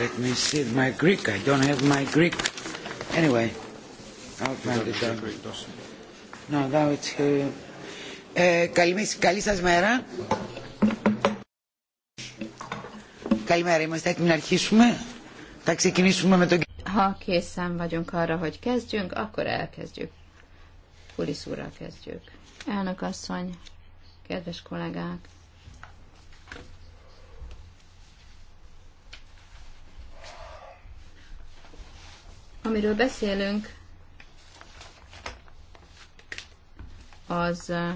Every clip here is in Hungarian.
Let me see my Greek. I don't have my Greek. Anyway, I'll find it No, now it's here. Uh, eh, ε, καλή, καλή σας μέρα. Καλημέρα, είμαστε έτοιμοι να αρχίσουμε. Θα ξεκινήσουμε με τον... Ha készen vagyunk arra, hogy kezdjünk, akkor elkezdjük. Pulisz úrral kezdjük. Elnök asszony, kedves kollégák! Amiről beszélünk, az a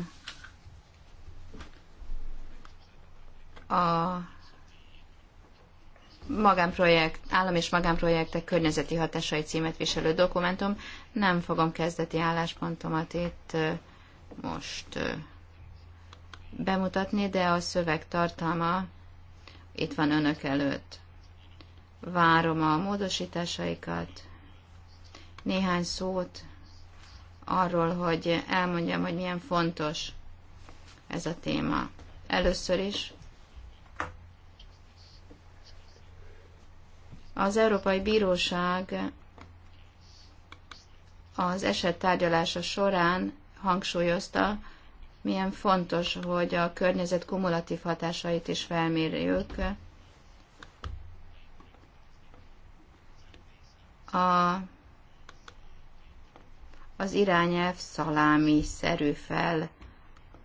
magánprojekt, állam és magánprojektek környezeti hatásai címet viselő dokumentum. Nem fogom kezdeti álláspontomat itt most bemutatni, de a szöveg tartalma itt van önök előtt. Várom a módosításaikat, néhány szót arról, hogy elmondjam, hogy milyen fontos ez a téma. Először is az Európai Bíróság az eset tárgyalása során hangsúlyozta, milyen fontos, hogy a környezet kumulatív hatásait is felmérjük. A az irányelv szalámi szerű fel,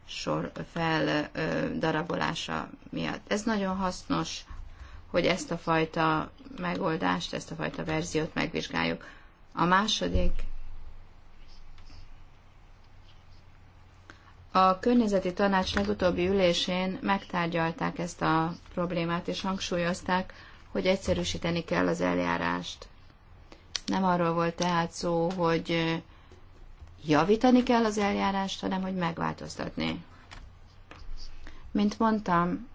sor, fel ö, darabolása miatt. Ez nagyon hasznos, hogy ezt a fajta megoldást, ezt a fajta verziót megvizsgáljuk. A második A környezeti tanács legutóbbi ülésén megtárgyalták ezt a problémát, és hangsúlyozták, hogy egyszerűsíteni kell az eljárást. Nem arról volt tehát szó, hogy javítani kell az eljárást, hanem hogy megváltoztatni. Mint mondtam,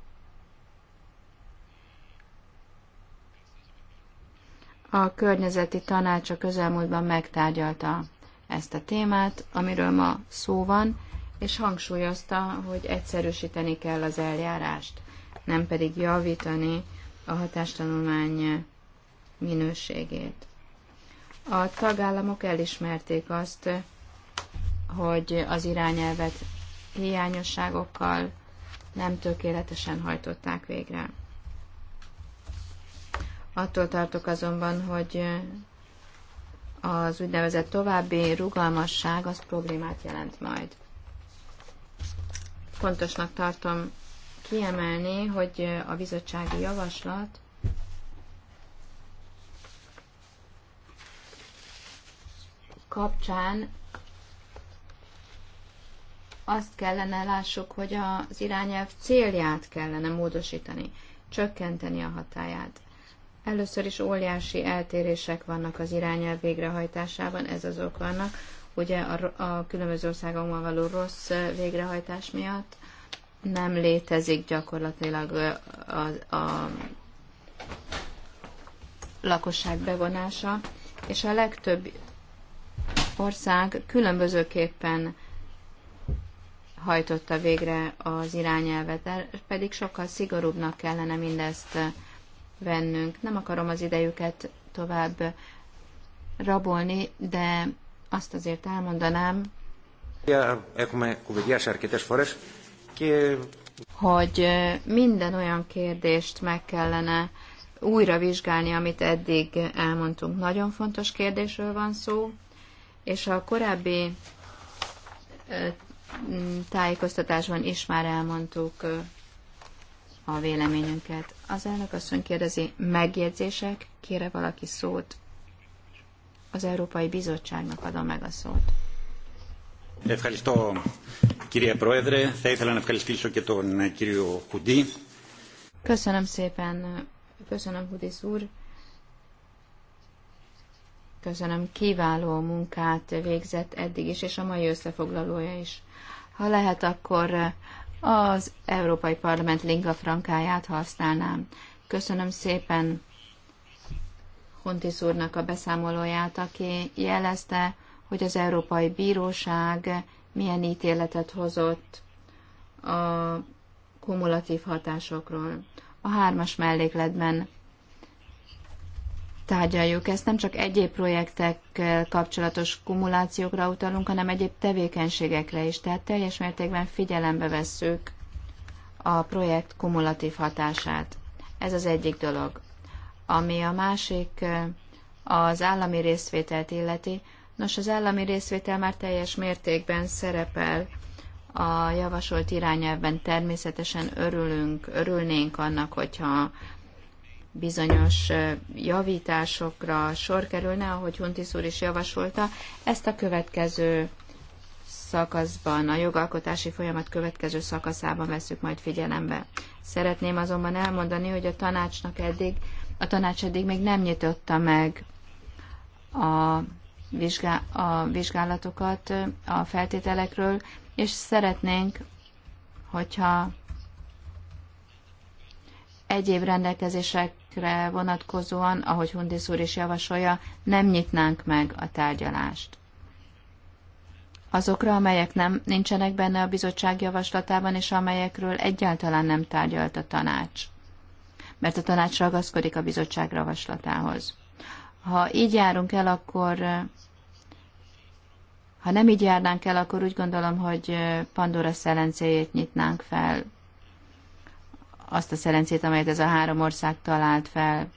a környezeti tanács a közelmúltban megtárgyalta ezt a témát, amiről ma szó van, és hangsúlyozta, hogy egyszerűsíteni kell az eljárást, nem pedig javítani a hatástanulmány minőségét. A tagállamok elismerték azt, hogy az irányelvet hiányosságokkal nem tökéletesen hajtották végre. Attól tartok azonban, hogy az úgynevezett további rugalmasság az problémát jelent majd. Fontosnak tartom kiemelni, hogy a bizottsági javaslat kapcsán azt kellene lássuk, hogy az irányelv célját kellene módosítani, csökkenteni a hatáját. Először is óriási eltérések vannak az irányelv végrehajtásában, ez az ok vannak, ugye a, a különböző országokban való rossz végrehajtás miatt nem létezik gyakorlatilag a, a lakosság bevonása, és a legtöbb ország különbözőképpen hajtotta végre az irányelvet, pedig sokkal szigorúbbnak kellene mindezt vennünk. Nem akarom az idejüket tovább rabolni, de azt azért elmondanám, hogy minden olyan kérdést meg kellene újra vizsgálni, amit eddig elmondtunk. Nagyon fontos kérdésről van szó, és a korábbi tájékoztatásban is már elmondtuk a véleményünket. Az elnök asszony kérdezi, megjegyzések, kére valaki szót? Az Európai Bizottságnak adom meg a szót. Ευχαριστώ κύριε Πρόεδρε. Θα ήθελα να ευχαριστήσω και τον κύριο Köszönöm szépen, köszönöm Hudis úr. Köszönöm, kiváló munkát végzett eddig is, és a mai összefoglalója is. Ha lehet, akkor eh, az Európai Parlament linga frankáját használnám. Köszönöm szépen Hontis úrnak a beszámolóját, aki jelezte, hogy az Európai Bíróság milyen ítéletet hozott a kumulatív hatásokról. A hármas mellékletben tárgyaljuk. Ezt nem csak egyéb projektekkel kapcsolatos kumulációkra utalunk, hanem egyéb tevékenységekre is. Tehát teljes mértékben figyelembe vesszük a projekt kumulatív hatását. Ez az egyik dolog. Ami a másik az állami részvételt illeti, nos az állami részvétel már teljes mértékben szerepel a javasolt irányelvben természetesen örülünk, örülnénk annak, hogyha bizonyos javításokra sor kerülne, ahogy Huntis úr is javasolta, ezt a következő szakaszban, a jogalkotási folyamat következő szakaszában veszük majd figyelembe. Szeretném azonban elmondani, hogy a tanácsnak eddig, a tanács eddig még nem nyitotta meg a, vizsgá, a vizsgálatokat a feltételekről, és szeretnénk, hogyha egyéb rendelkezések ügyekre vonatkozóan, ahogy Hundis úr is javasolja, nem nyitnánk meg a tárgyalást. Azokra, amelyek nem nincsenek benne a bizottság javaslatában, és amelyekről egyáltalán nem tárgyalt a tanács. Mert a tanács ragaszkodik a bizottság javaslatához. Ha így járunk el, akkor ha nem így járnánk el, akkor úgy gondolom, hogy Pandora szelencéjét nyitnánk fel azt a szerencét, amelyet ez a három ország talált fel.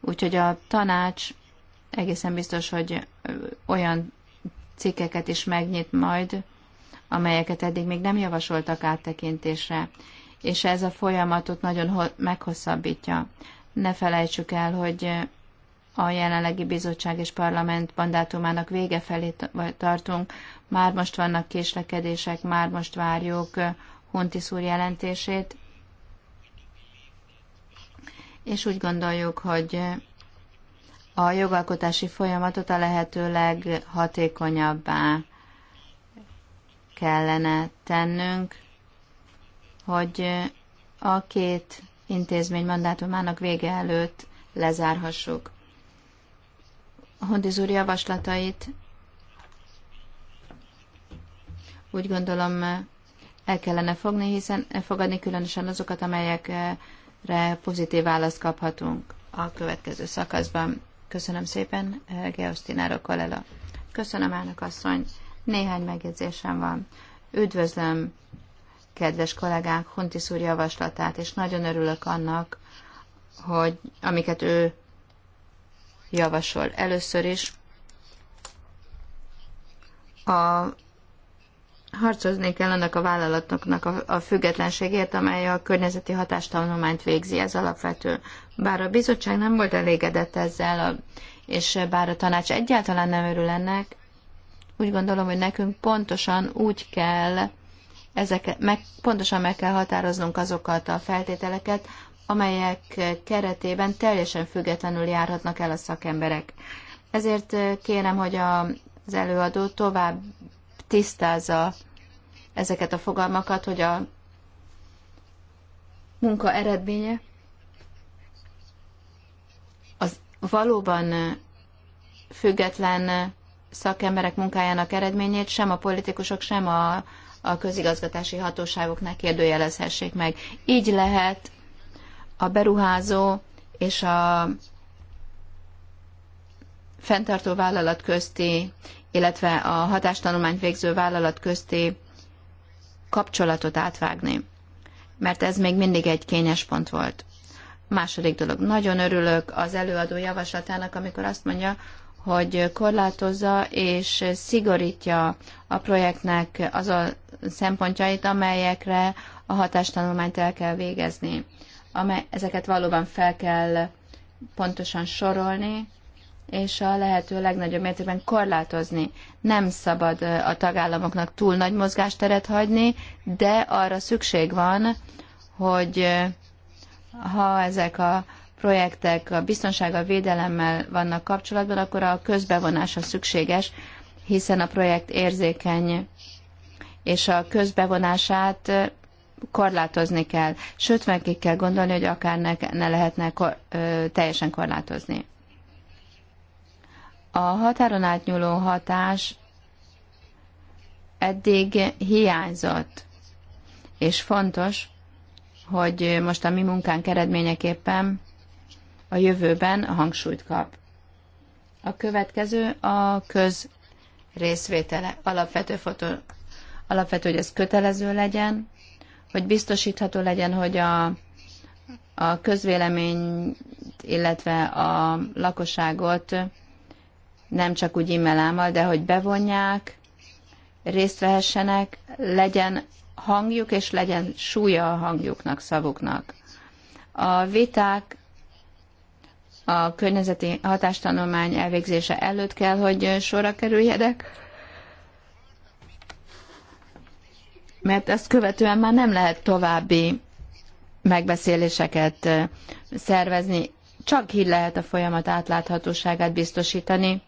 Úgyhogy a tanács egészen biztos, hogy olyan cikkeket is megnyit majd, amelyeket eddig még nem javasoltak áttekintésre, és ez a folyamatot nagyon meghosszabbítja. Ne felejtsük el, hogy a jelenlegi bizottság és parlament mandátumának vége felé tartunk, már most vannak késlekedések, már most várjuk Hunti jelentését, és úgy gondoljuk, hogy a jogalkotási folyamatot a lehető leghatékonyabbá kellene tennünk, hogy a két intézmény mandátumának vége előtt lezárhassuk. Hondiz úr javaslatait úgy gondolom el kellene fogni, hiszen fogadni különösen azokat, amelyek pozitív választ kaphatunk a következő szakaszban. Köszönöm szépen, eh, Geosztináro Kolela. Köszönöm, elnök asszony. Néhány megjegyzésem van. Üdvözlöm kedves kollégánk Huntis úr javaslatát, és nagyon örülök annak, hogy amiket ő javasol. Először is a harcozni kell annak a vállalatoknak a, a függetlenségért, amely a környezeti hatástanulmányt végzi, ez alapvető. Bár a bizottság nem volt elégedett ezzel, a, és bár a tanács egyáltalán nem örül ennek, úgy gondolom, hogy nekünk pontosan úgy kell, ezeket, meg, pontosan meg kell határoznunk azokat a feltételeket, amelyek keretében teljesen függetlenül járhatnak el a szakemberek. Ezért kérem, hogy a, az előadó tovább tisztázza ezeket a fogalmakat, hogy a munka eredménye az valóban független szakemberek munkájának eredményét sem a politikusok, sem a, a közigazgatási hatóságok ne kérdőjelezhessék meg. Így lehet a beruházó és a fenntartó vállalat közti illetve a hatástanulmányt végző vállalat közti kapcsolatot átvágni, mert ez még mindig egy kényes pont volt. második dolog, nagyon örülök az előadó javaslatának, amikor azt mondja, hogy korlátozza és szigorítja a projektnek az a szempontjait, amelyekre a hatástanulmányt el kell végezni. Amely, ezeket valóban fel kell pontosan sorolni, és a lehető legnagyobb mértékben korlátozni. Nem szabad a tagállamoknak túl nagy mozgásteret hagyni, de arra szükség van, hogy ha ezek a projektek a biztonsága védelemmel vannak kapcsolatban, akkor a közbevonása szükséges, hiszen a projekt érzékeny, és a közbevonását korlátozni kell. Sőt, meg kell gondolni, hogy akár ne, ne lehetne kor, ö, teljesen korlátozni. A határon átnyúló hatás eddig hiányzott, és fontos, hogy most a mi munkánk eredményeképpen a jövőben a hangsúlyt kap. A következő a köz részvétele. Alapvető, fotó, alapvető, hogy ez kötelező legyen, hogy biztosítható legyen, hogy a, a közvélemény, illetve a lakosságot nem csak úgy immelámmal, de hogy bevonják, részt vehessenek, legyen hangjuk és legyen súlya a hangjuknak, szavuknak. A viták a környezeti hatástanulmány elvégzése előtt kell, hogy sorra kerüljedek, mert ezt követően már nem lehet további megbeszéléseket eh, szervezni, csak így lehet a folyamat átláthatóságát biztosítani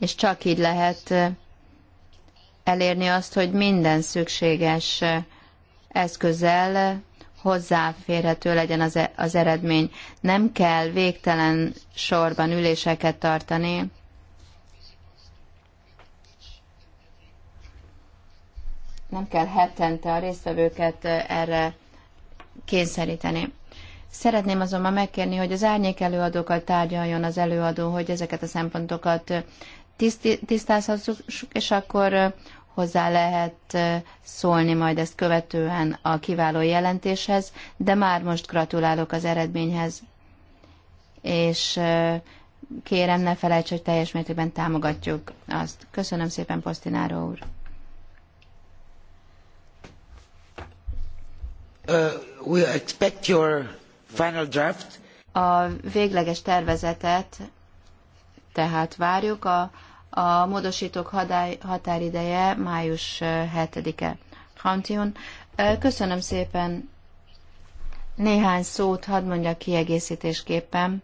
és csak így lehet elérni azt, hogy minden szükséges eszközzel hozzáférhető legyen az, e, az eredmény. Nem kell végtelen sorban üléseket tartani. Nem kell hetente a résztvevőket erre kényszeríteni. Szeretném azonban megkérni, hogy az árnyék előadókkal tárgyaljon az előadó, hogy ezeket a szempontokat tisztázhassuk, és akkor hozzá lehet szólni majd ezt követően a kiváló jelentéshez, de már most gratulálok az eredményhez, és kérem ne felejts, hogy teljes mértékben támogatjuk azt. Köszönöm szépen, Posztináró úr. Uh, we expect your final draft. A végleges tervezetet tehát várjuk a a módosítók hadály, határideje május 7-e. Eh, Hantion, eh, köszönöm szépen. Néhány szót hadd mondja kiegészítésképpen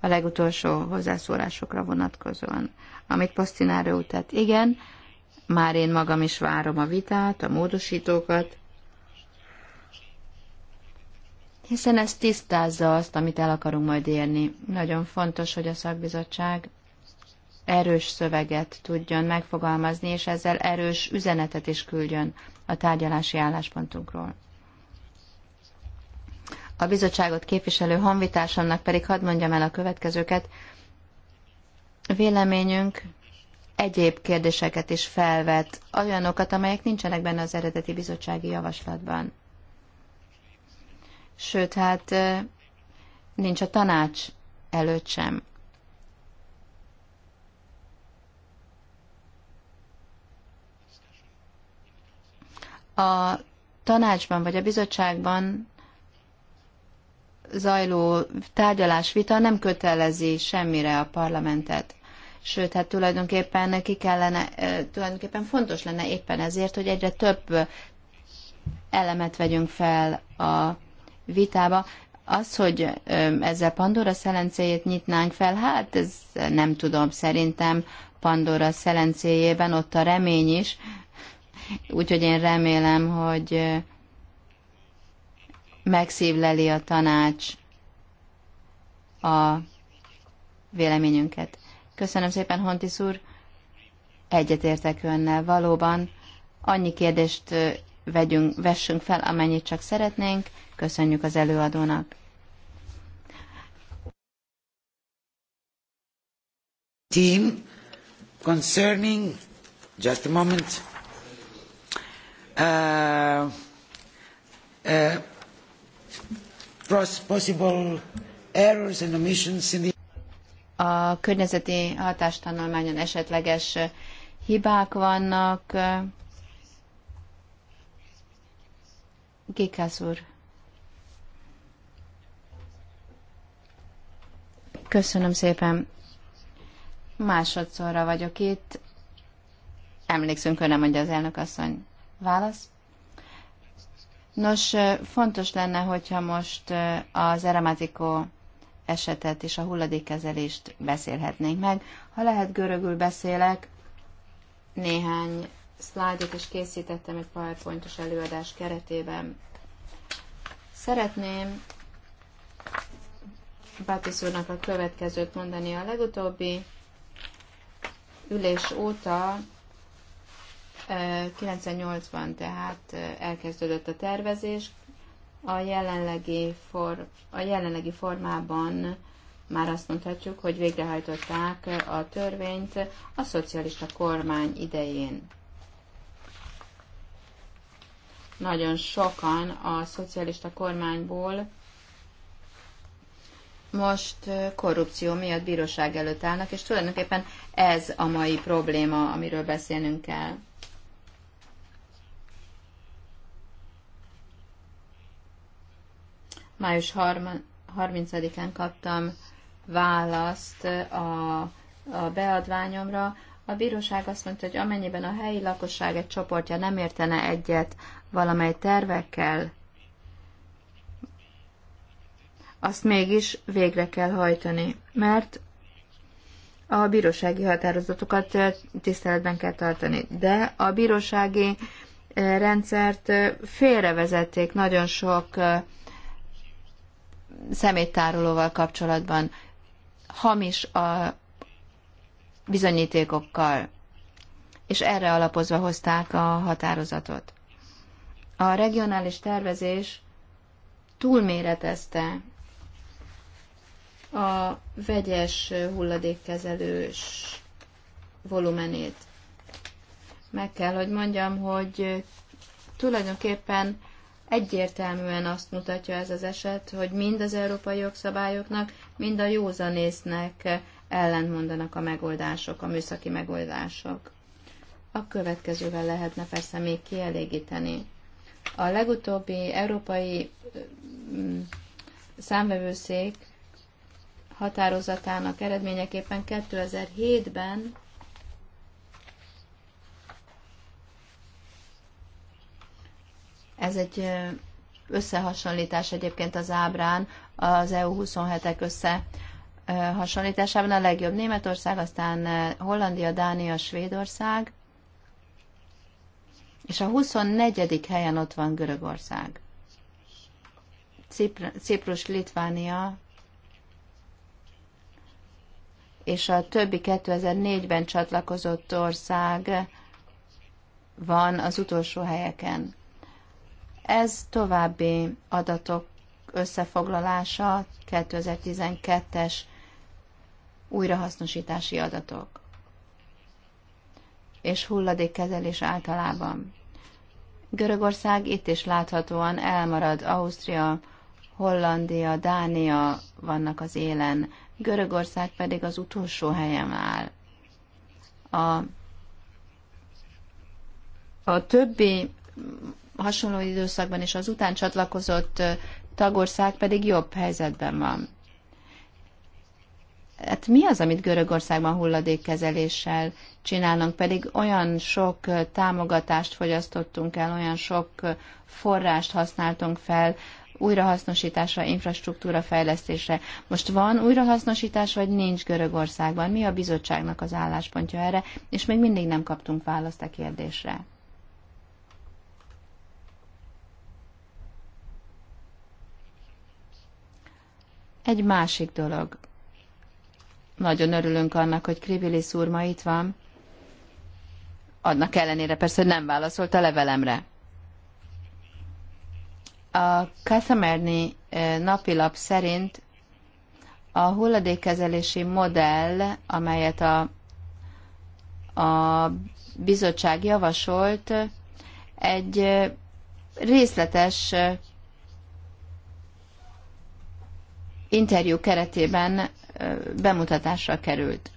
a legutolsó hozzászólásokra vonatkozóan, amit Posztinára utat. Igen, már én magam is várom a vitát, a módosítókat, hiszen ez tisztázza azt, amit el akarunk majd érni. Nagyon fontos, hogy a szakbizottság erős szöveget tudjon megfogalmazni, és ezzel erős üzenetet is küldjön a tárgyalási álláspontunkról. A bizottságot képviselő honvitársamnak pedig hadd mondjam el a következőket. Véleményünk egyéb kérdéseket is felvet, olyanokat, amelyek nincsenek benne az eredeti bizottsági javaslatban. Sőt, hát nincs a tanács előtt sem. a tanácsban vagy a bizottságban zajló tárgyalás, vita nem kötelezi semmire a parlamentet. Sőt, hát tulajdonképpen ki kellene, eh, tulajdonképpen fontos lenne éppen ezért, hogy egyre több elemet vegyünk fel a vitába. Az, hogy eh, ezzel Pandora szelencéjét nyitnánk fel, hát ez nem tudom, szerintem Pandora szelencéjében ott a remény is, Úgyhogy én remélem, hogy megszívleli a tanács a véleményünket. Köszönöm szépen, Honti úr. Egyetértek önnel valóban. Annyi kérdést vegyünk, vessünk fel, amennyit csak szeretnénk. Köszönjük az előadónak. Team concerning just a moment Uh, uh, a környezeti hatástanulmányon esetleges hibák vannak. Gikász úr. Köszönöm szépen. Másodszorra vagyok itt. Emlékszünk önre, mondja az elnök asszony. Válasz? Nos, fontos lenne, hogyha most az Eramatico esetet és a hulladékkezelést beszélhetnénk meg. Ha lehet, görögül beszélek. Néhány szlájdot is készítettem egy PowerPointos előadás keretében. Szeretném Bátis úrnak a következőt mondani. A legutóbbi ülés óta 98-ban tehát elkezdődött a tervezés, a jelenlegi, for, a jelenlegi formában már azt mondhatjuk, hogy végrehajtották a törvényt a szocialista kormány idején. Nagyon sokan a szocialista kormányból most korrupció miatt bíróság előtt állnak, és tulajdonképpen ez a mai probléma, amiről beszélnünk kell. Május 30-án kaptam választ a, a beadványomra. A bíróság azt mondta, hogy amennyiben a helyi lakosság egy csoportja nem értene egyet valamely tervekkel, azt mégis végre kell hajtani, mert a bírósági határozatokat tiszteletben kell tartani. De a bírósági eh, rendszert eh, félrevezették nagyon sok eh, szeméttárolóval kapcsolatban, hamis a bizonyítékokkal, és erre alapozva hozták a határozatot. A regionális tervezés túlméretezte a vegyes hulladékkezelős volumenét. Meg kell, hogy mondjam, hogy tulajdonképpen Egyértelműen azt mutatja ez az eset, hogy mind az európai jogszabályoknak, mind a józanésznek ellentmondanak a megoldások, a műszaki megoldások. A következővel lehetne persze még kielégíteni. A legutóbbi európai mm, számvevőszék határozatának eredményeképpen 2007-ben Ez egy összehasonlítás egyébként az ábrán, az EU 27-ek összehasonlításában a legjobb Németország, aztán Hollandia, Dánia, Svédország, és a 24. helyen ott van Görögország. Ciprus, Litvánia, és a többi 2004-ben csatlakozott ország van az utolsó helyeken. Ez további adatok összefoglalása 2012-es újrahasznosítási adatok és hulladékkezelés általában. Görögország itt is láthatóan elmarad, Ausztria, Hollandia, Dánia vannak az élen, Görögország pedig az utolsó helyen áll. A, a többi hasonló időszakban és az után csatlakozott tagország pedig jobb helyzetben van. Hát mi az, amit Görögországban hulladékkezeléssel csinálnak, pedig olyan sok támogatást fogyasztottunk el, olyan sok forrást használtunk fel, újrahasznosításra, infrastruktúra fejlesztésre. Most van újrahasznosítás, vagy nincs Görögországban? Mi a bizottságnak az álláspontja erre? És még mindig nem kaptunk választ a kérdésre. Egy másik dolog. Nagyon örülünk annak, hogy Krivili úr ma itt van. Annak ellenére persze, hogy nem válaszolt a levelemre. A Kathamerni eh, napilap szerint a hulladékkezelési modell, amelyet a, a bizottság javasolt, egy eh, részletes eh, interjú keretében bemutatásra került.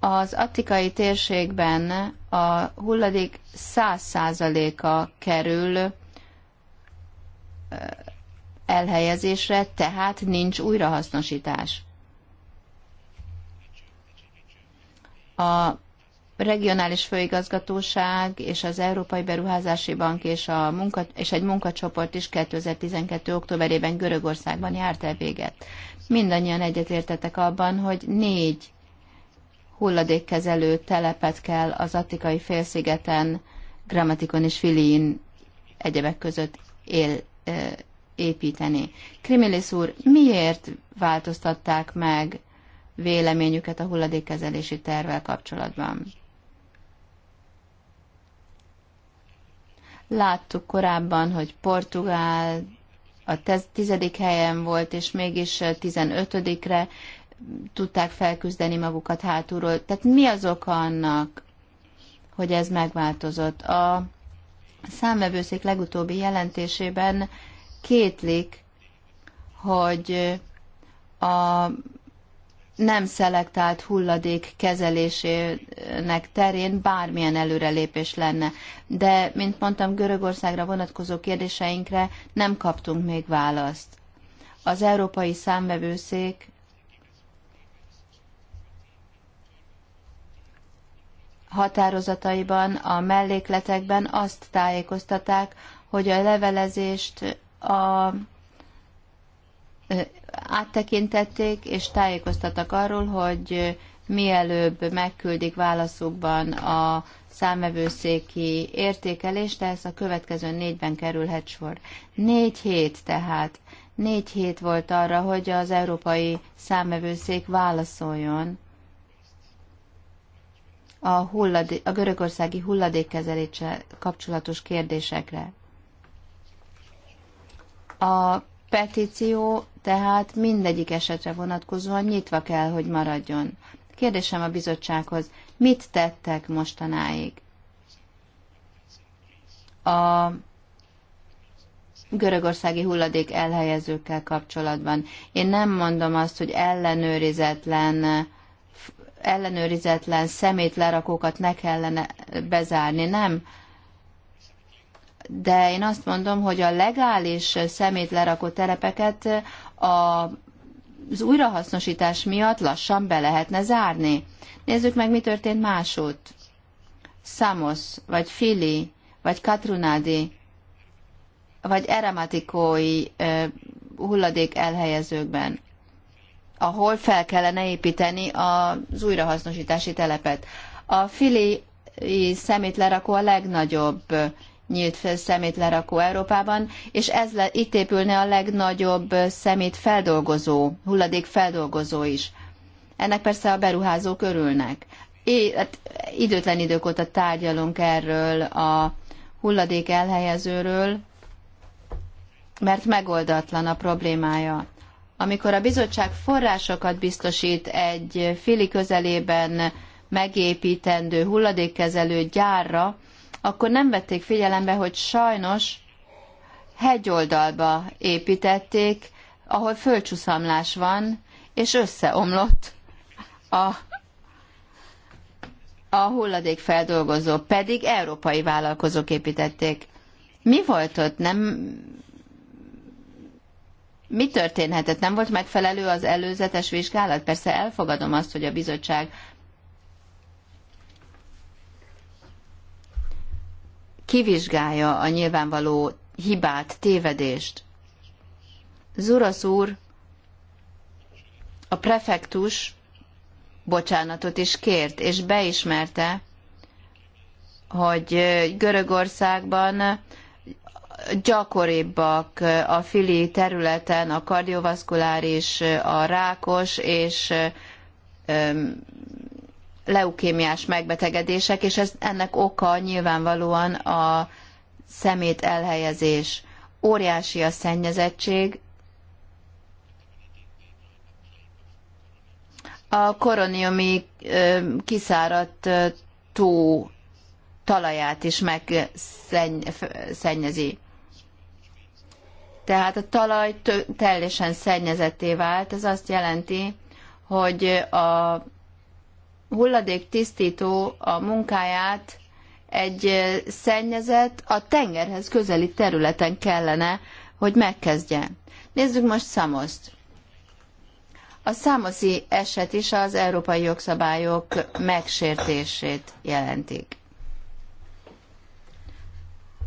Az attikai térségben a hulladék 100 százaléka kerül elhelyezésre, tehát nincs újrahasznosítás. A regionális főigazgatóság és az Európai Beruházási Bank és, a munka, és egy munkacsoport is 2012. októberében Görögországban járt el véget. Mindannyian egyetértetek abban, hogy négy hulladékkezelő telepet kell az Attikai félszigeten, Grammatikon és Filiin egyebek között él, építeni. Krimilis úr, miért változtatták meg véleményüket a hulladékkezelési tervvel kapcsolatban? Láttuk korábban, hogy Portugál a tizedik helyen volt, és mégis eh, tizenötödikre tudták felküzdeni magukat hátulról. Tehát mi az oka annak, hogy ez megváltozott? A számvevőszék legutóbbi jelentésében kétlik, hogy a nem szelektált hulladék kezelésének terén bármilyen előrelépés lenne. De, mint mondtam, Görögországra vonatkozó kérdéseinkre nem kaptunk még választ. Az Európai Számvevőszék határozataiban, a mellékletekben azt tájékoztaták, hogy a levelezést a áttekintették, és tájékoztattak arról, hogy mielőbb megküldik válaszukban a számevőszéki értékelést, ez a következő négyben kerülhet sor. Négy hét tehát. Négy hét volt arra, hogy az Európai Számevőszék válaszoljon a, hulladé- a görögországi hulladékkezelése kapcsolatos kérdésekre. A petíció tehát mindegyik esetre vonatkozóan nyitva kell, hogy maradjon. Kérdésem a bizottsághoz, mit tettek mostanáig? A görögországi hulladék elhelyezőkkel kapcsolatban. Én nem mondom azt, hogy ellenőrizetlen ellenőrizetlen szemétlerakókat ne kellene bezárni, nem de én azt mondom, hogy a legális szemét lerakó telepeket a, az újrahasznosítás miatt lassan be lehetne zárni. Nézzük meg, mi történt másút. Samos, vagy Fili, vagy Katrunádi, vagy eramatikói hulladék elhelyezőkben, ahol fel kellene építeni az újrahasznosítási telepet. A fili szemétlerakó a legnagyobb nyílt szemétlerakó Európában, és ez le, itt épülne a legnagyobb szemétfeldolgozó, hulladékfeldolgozó is. Ennek persze a beruházók örülnek. É, hát időtlen idők óta tárgyalunk erről a hulladék elhelyezőről, mert megoldatlan a problémája. Amikor a bizottság forrásokat biztosít egy féli közelében megépítendő hulladékkezelő gyárra, akkor nem vették figyelembe, hogy sajnos hegyoldalba építették, ahol földcsúszamlás van, és összeomlott a, a hulladékfeldolgozó, pedig európai vállalkozók építették. Mi volt ott? Nem... Mi történhetett? Nem volt megfelelő az előzetes vizsgálat? Persze elfogadom azt, hogy a bizottság kivizsgálja a nyilvánvaló hibát, tévedést. Zurasz úr a prefektus bocsánatot is kért, és beismerte, hogy Görögországban gyakoribbak a fili területen a kardiovaszkuláris, a rákos és leukémiás megbetegedések, és ez, ennek oka nyilvánvalóan a szemét elhelyezés. Óriási a szennyezettség. A koroniumi kiszáradt tó talaját is megszennyezi. Tehát a talaj teljesen szennyezetté vált, ez azt jelenti, hogy a hulladék tisztító a munkáját egy szennyezett, a tengerhez közeli területen kellene, hogy megkezdje. Nézzük most Szamoszt. A számoszi eset is az európai jogszabályok megsértését jelentik.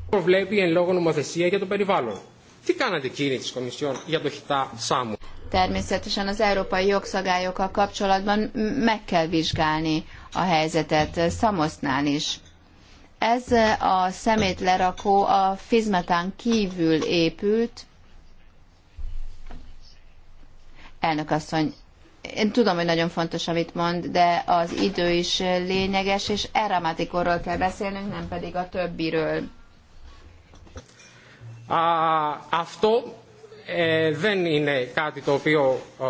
Προβλέπει εν λόγω νομοθεσία για το περιβάλλον. Τι κάνατε κύριε της Κομισιόν για το χιτά Σάμου természetesen az európai jogszabályokkal kapcsolatban meg kell vizsgálni a helyzetet Szamosznál is. Ez a szemétlerakó a Fizmetán kívül épült. Elnök asszony, én tudom, hogy nagyon fontos, amit mond, de az idő is lényeges, és erramatikorról kell beszélnünk, nem pedig a többiről. αυτό ε, δεν είναι κάτι το οποίο ε,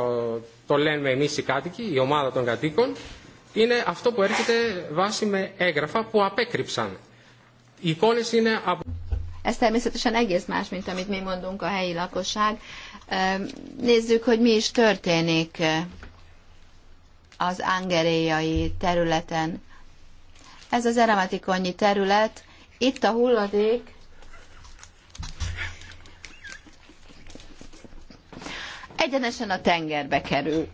το λέμε εμείς οι κάτοικοι, η ομάδα των κατοίκων, είναι αυτό που έρχεται βάσει με έγγραφα που απέκρυψαν. Οι εικόνες είναι από... Ez természetesen egész más, mint amit mi mondunk a helyi lakosság. Nézzük, hogy mi is történik az angeréjai területen. Ez az erematikonyi terület. Itt a hulladék egyenesen a tengerbe kerül.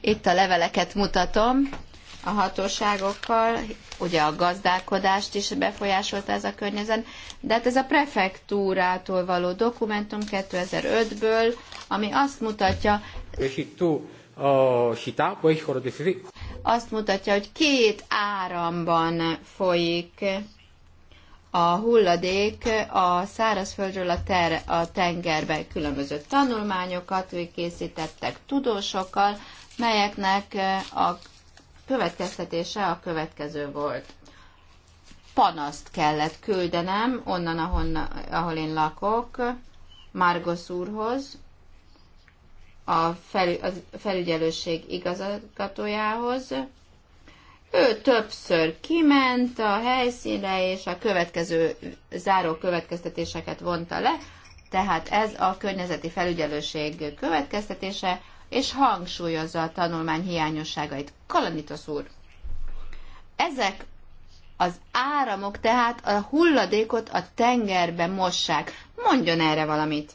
Itt a leveleket mutatom a hatóságokkal, ugye a gazdálkodást is befolyásolta ez a környezet, de hát ez a prefektúrától való dokumentum 2005-ből, ami azt mutatja, azt mutatja, hogy két áramban folyik a hulladék a szárazföldről a, ter, a tengerbe különböző tanulmányokat készítettek tudósokkal, melyeknek eh, a következtetése a következő volt. Panaszt kellett küldenem onnan, ahonna, ahol én lakok, Márgosz úrhoz, a, fel, a felügyelőség igazgatójához, ő többször kiment a helyszínre, és a következő záró következtetéseket vonta le, tehát ez a környezeti felügyelőség következtetése, és hangsúlyozza a tanulmány hiányosságait. Kalanitos úr, ezek az áramok tehát a hulladékot a tengerbe mossák. Mondjon erre valamit!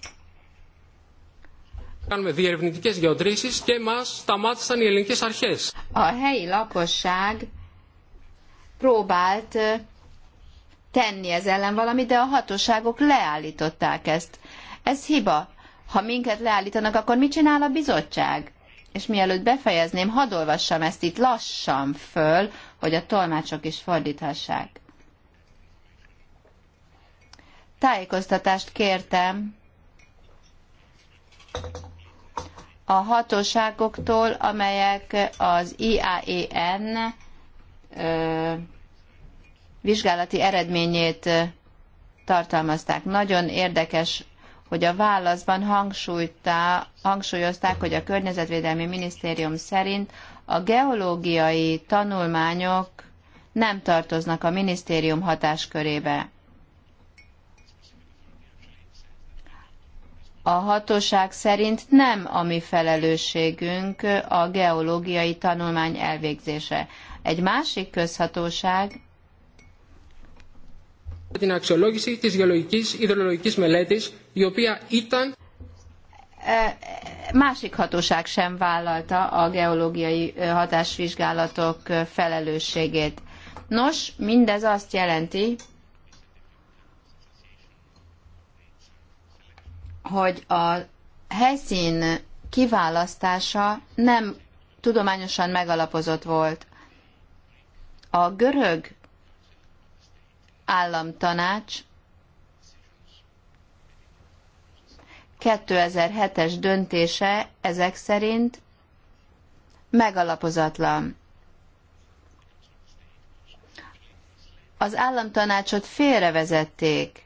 Κάνουμε διερευνητικές γεωτρήσεις και μας σταμάτησαν οι ελληνικές αρχές. A helyi lakosság próbált tenni ez ellen valamit, de a hatóságok leállították ezt. Ez hiba. Ha minket leállítanak, akkor mit csinál a bizottság? És mielőtt befejezném, hadd olvassam ezt itt lassan föl, hogy a tolmácsok is fordíthassák. Tájékoztatást kértem a hatóságoktól, amelyek az IAEN vizsgálati eredményét tartalmazták. Nagyon érdekes, hogy a válaszban hangsúlyozták, hogy a Környezetvédelmi Minisztérium szerint a geológiai tanulmányok nem tartoznak a minisztérium hatáskörébe. A hatóság szerint nem a mi felelősségünk a geológiai tanulmány elvégzése. Egy másik közhatóság másik hatóság sem vállalta a geológiai hatásvizsgálatok felelősségét. Nos, mindez azt jelenti, hogy a helyszín kiválasztása nem tudományosan megalapozott volt. A görög államtanács 2007-es döntése ezek szerint megalapozatlan. Az államtanácsot félrevezették.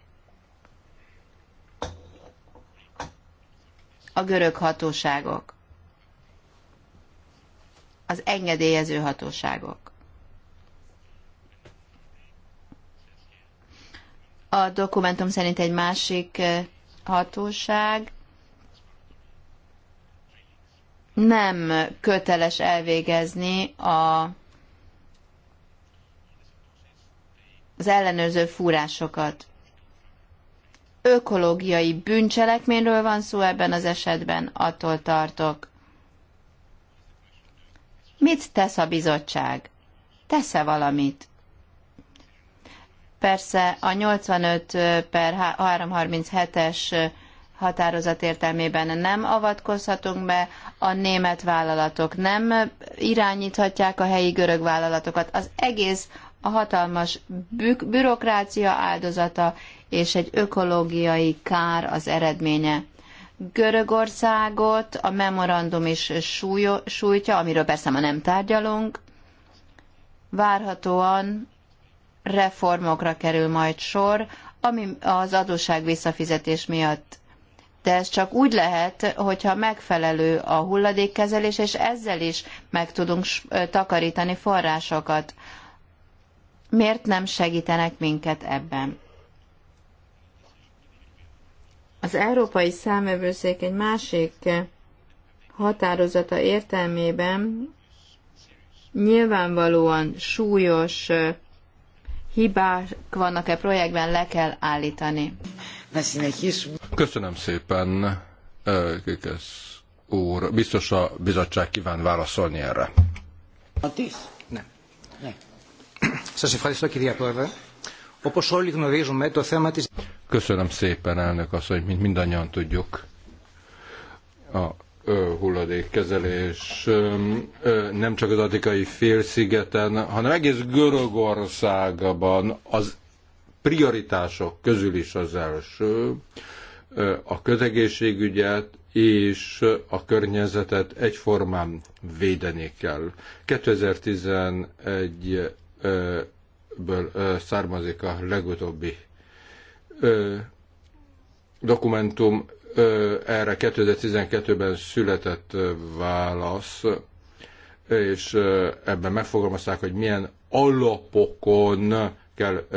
a görög hatóságok, az engedélyező hatóságok. A dokumentum szerint egy másik eh, hatóság nem köteles elvégezni a, az ellenőrző fúrásokat ökológiai bűncselekményről van szó ebben az esetben, attól tartok. Mit tesz a bizottság? Tesz-e valamit? Persze a 85 per 337-es határozat értelmében nem avatkozhatunk be, a német vállalatok nem irányíthatják a helyi görög vállalatokat. Az egész a hatalmas bürokrácia áldozata, és egy ökológiai kár az eredménye. Görögországot a memorandum is súlyo, sújtja, amiről persze ma nem tárgyalunk. Várhatóan reformokra kerül majd sor, ami az adósság visszafizetés miatt. De ez csak úgy lehet, hogyha megfelelő a hulladékkezelés, és ezzel is meg tudunk takarítani forrásokat. Miért nem segítenek minket ebben? Az Európai Számvevőszék egy másik határozata értelmében nyilvánvalóan súlyos hibák vannak-e projektben, le kell állítani. Köszönöm szépen, Kikesz úr. Biztos a bizottság kíván válaszolni erre. A tíz? Nem. Nem. Köszönöm szépen, κυρία Köszönöm szépen, elnök asszony, mint mindannyian tudjuk. A hulladékkezelés nem csak az Atikai félszigeten, hanem egész Görögországban az prioritások közül is az első a közegészségügyet és a környezetet egyformán védeni kell. 2011 ből származik a legutóbbi dokumentum. Erre 2012-ben született válasz, és ebben megfogalmazták, hogy milyen alapokon kell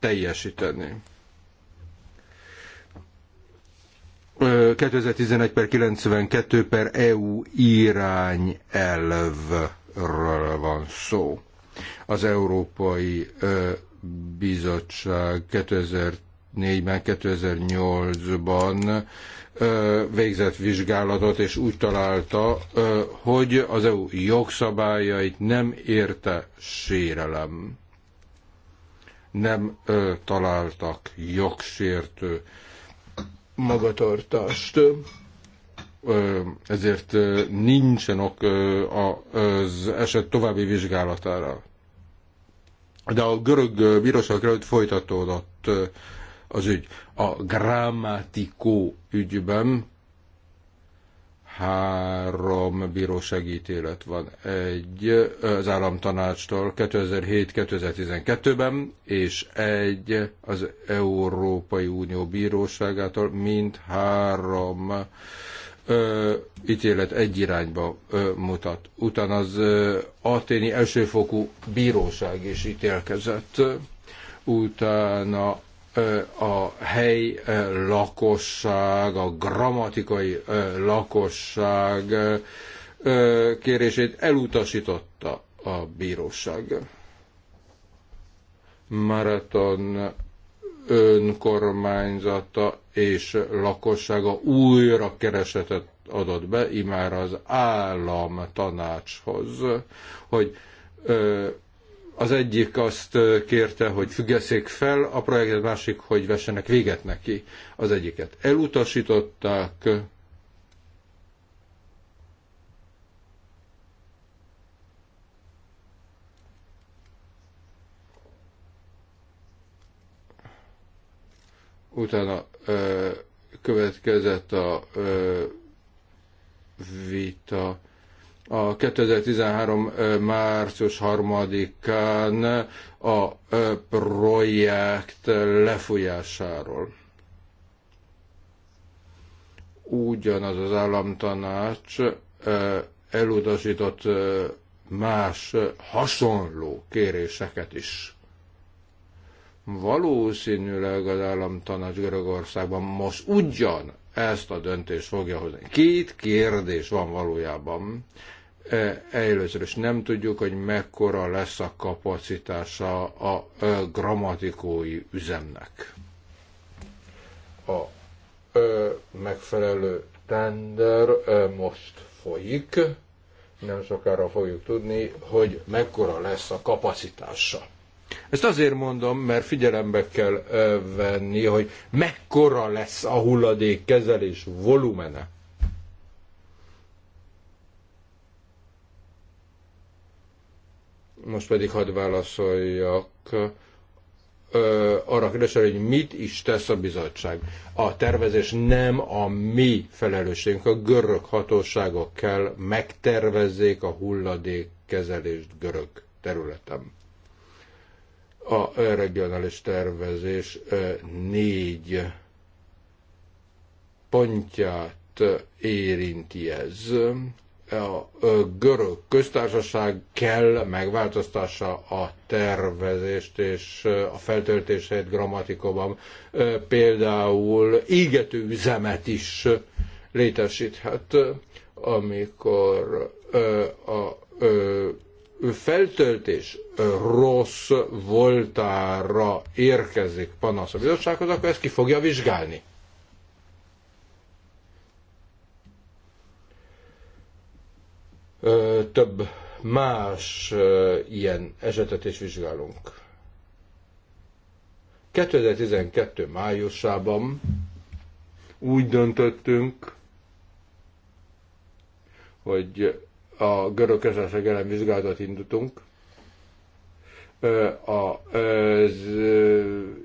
teljesíteni. 2011 per 92 per EU irányelvről van szó. Az Európai Bizottság 2004-ben, 2008-ban végzett vizsgálatot, és úgy találta, hogy az EU jogszabályait nem érte sérelem. Nem találtak jogsértő magatartást. Ezért nincsen ok az eset további vizsgálatára de a görög bíróság előtt folytatódott az ügy. A grammatikó ügyben három bíróságítélet van. Egy az államtanácstól 2007-2012-ben, és egy az Európai Unió bíróságától, mint három ö, ítélet egy irányba ö, mutat. Utána az ö, aténi elsőfokú bíróság is ítélkezett. Utána ö, a hely ö, lakosság, a grammatikai ö, lakosság ö, kérését elutasította a bíróság. Maraton önkormányzata és lakossága újra keresetet adott be, imár az állam tanácshoz, hogy az egyik azt kérte, hogy függeszék fel a projektet, másik, hogy vessenek véget neki az egyiket. Elutasították Utána következett a vita a 2013. március 3-án a projekt lefújásáról. Ugyanaz az államtanács elutasított más hasonló kéréseket is valószínűleg az államtanács Görögországban most ugyan ezt a döntést fogja hozni. Két kérdés van valójában. E, először is nem tudjuk, hogy mekkora lesz a kapacitása a e, grammatikói üzemnek. A e, megfelelő tender most folyik, nem sokára fogjuk tudni, hogy mekkora lesz a kapacitása ezt azért mondom, mert figyelembe kell venni, hogy mekkora lesz a hulladékkezelés volumene. Most pedig hadd válaszoljak ö, arra kérdésre, hogy mit is tesz a bizottság. A tervezés nem a mi felelősségünk, a görög hatóságok kell megtervezzék a hulladékkezelést görög területen. A regionális tervezés négy pontját érinti ez. A görög köztársaság kell megváltoztassa a tervezést és a feltöltését grammatikában. Például égető üzemet is létesíthet, amikor a feltöltés rossz voltára érkezik panasz a bizottsághoz, akkor ezt ki fogja vizsgálni. Több más ilyen esetet is vizsgálunk. 2012. májusában úgy döntöttünk, hogy a görög közösség ellen vizsgálatot indítunk, az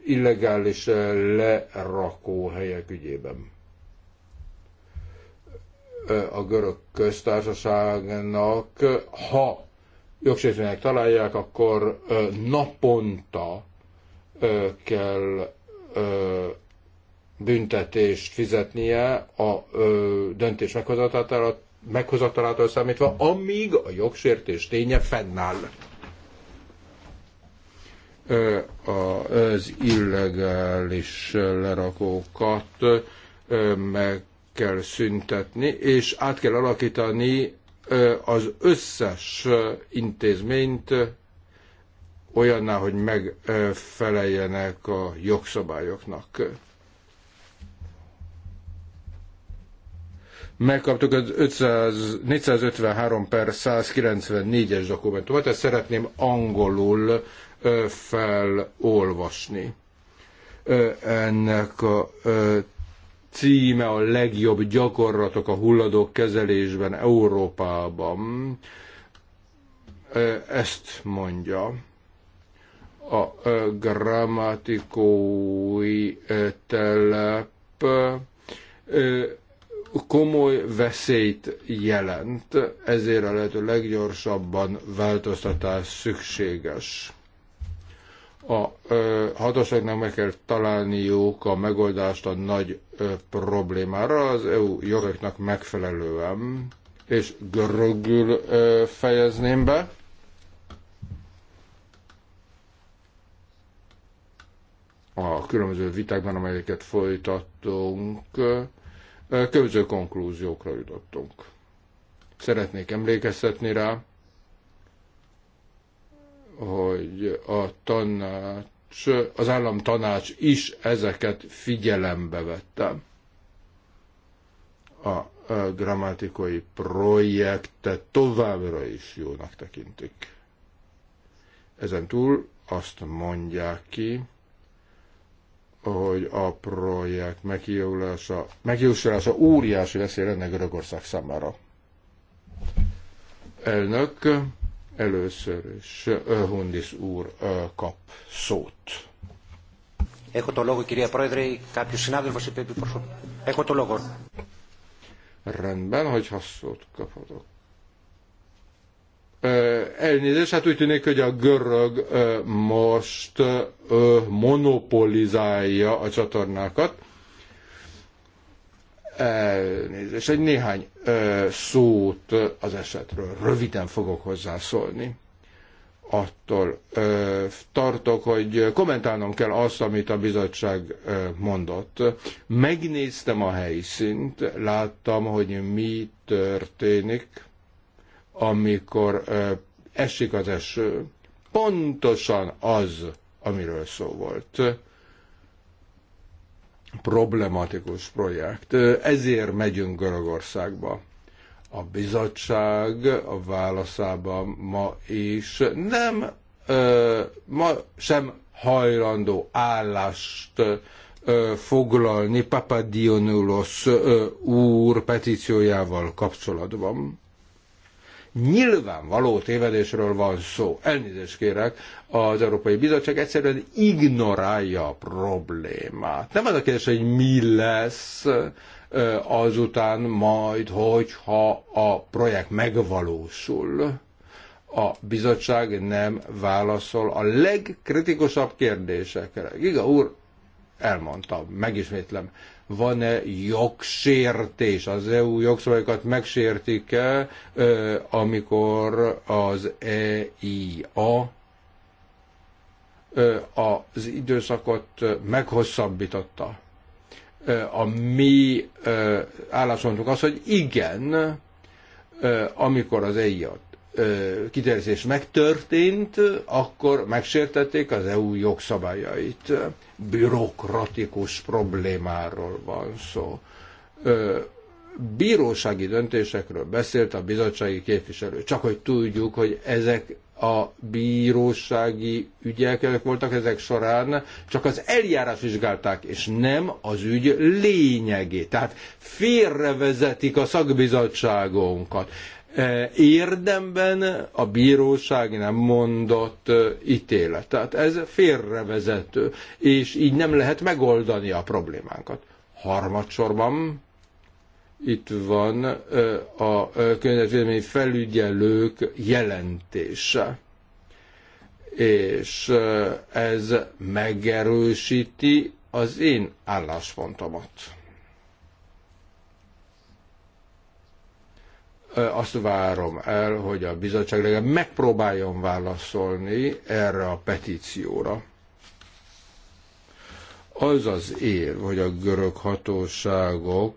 illegális lerakó helyek ügyében. A görög köztársaságnak, ha jogsértőnek találják, akkor naponta kell büntetést fizetnie a döntés alatt meghozatalától számítva, amíg a jogsértés ténye fennáll. Az illegális lerakókat meg kell szüntetni, és át kell alakítani az összes intézményt olyanná, hogy megfeleljenek a jogszabályoknak. megkaptuk az 500, 453 per 194-es dokumentumot, ezt szeretném angolul felolvasni. Ennek a címe a legjobb gyakorlatok a hulladók kezelésben Európában. Ezt mondja a grammatikói telep komoly veszélyt jelent, ezért a lehető leggyorsabban változtatás szükséges. A ö, hatóságnak meg kell találniuk a megoldást a nagy ö, problémára az EU jogoknak megfelelően, és görögül ö, fejezném be. A különböző vitákban, amelyeket folytattunk, Következő konklúziókra jutottunk. Szeretnék emlékeztetni rá, hogy a tanács, az állam tanács is ezeket figyelembe vette. A grammatikai projektet továbbra is jónak tekintik. Ezen túl azt mondják ki, hogy a projekt megjólása, óriási veszély lenne Görögország számára. Elnök, először is Hundis úr kap szót. Έχω το λόγο, κυρία Πρόεδρε, κάποιο συνάδελφο είπε Έχω το λόγο. Rendben, hogyha szót kaphatok. Elnézést, hát úgy tűnik, hogy a görög most monopolizálja a csatornákat. Elnézést, egy néhány szót az esetről. Röviden fogok hozzászólni attól tartok, hogy kommentálnom kell azt, amit a bizottság mondott. Megnéztem a helyszínt, láttam, hogy mi történik amikor esik az eső, pontosan az, amiről szó volt. Problematikus projekt. Ezért megyünk Görögországba. A bizottság a válaszában ma is nem, ma sem hajlandó állást foglalni Papadionulos úr petíciójával kapcsolatban. Nyilvánvaló tévedésről van szó. Elnézést kérek, az Európai Bizottság egyszerűen ignorálja a problémát. Nem az a kérdés, hogy mi lesz azután majd, hogyha a projekt megvalósul a bizottság nem válaszol a legkritikusabb kérdésekre. Giga úr, elmondtam, megismétlem, van-e jogsértés, az EU jogszabályokat megsértik-e, amikor az EIA az időszakot meghosszabbította. A mi álláspontunk az, hogy igen, amikor az EIA kiterjesztés megtörtént, akkor megsértették az EU jogszabályait. Bürokratikus problémáról van szó. Bírósági döntésekről beszélt a bizottsági képviselő. Csak hogy tudjuk, hogy ezek a bírósági ügyek voltak ezek során, csak az eljárás vizsgálták, és nem az ügy lényegét. Tehát félrevezetik a szakbizottságunkat E, érdemben a bíróság nem mondott e, ítélet. Tehát ez félrevezető, és így nem lehet megoldani a problémánkat. Harmadsorban itt van e, a környezetvédelmi felügyelők jelentése és ez megerősíti az én álláspontomat. azt várom el, hogy a bizottság legalább megpróbáljon válaszolni erre a petícióra. Az az ér, hogy a görög hatóságok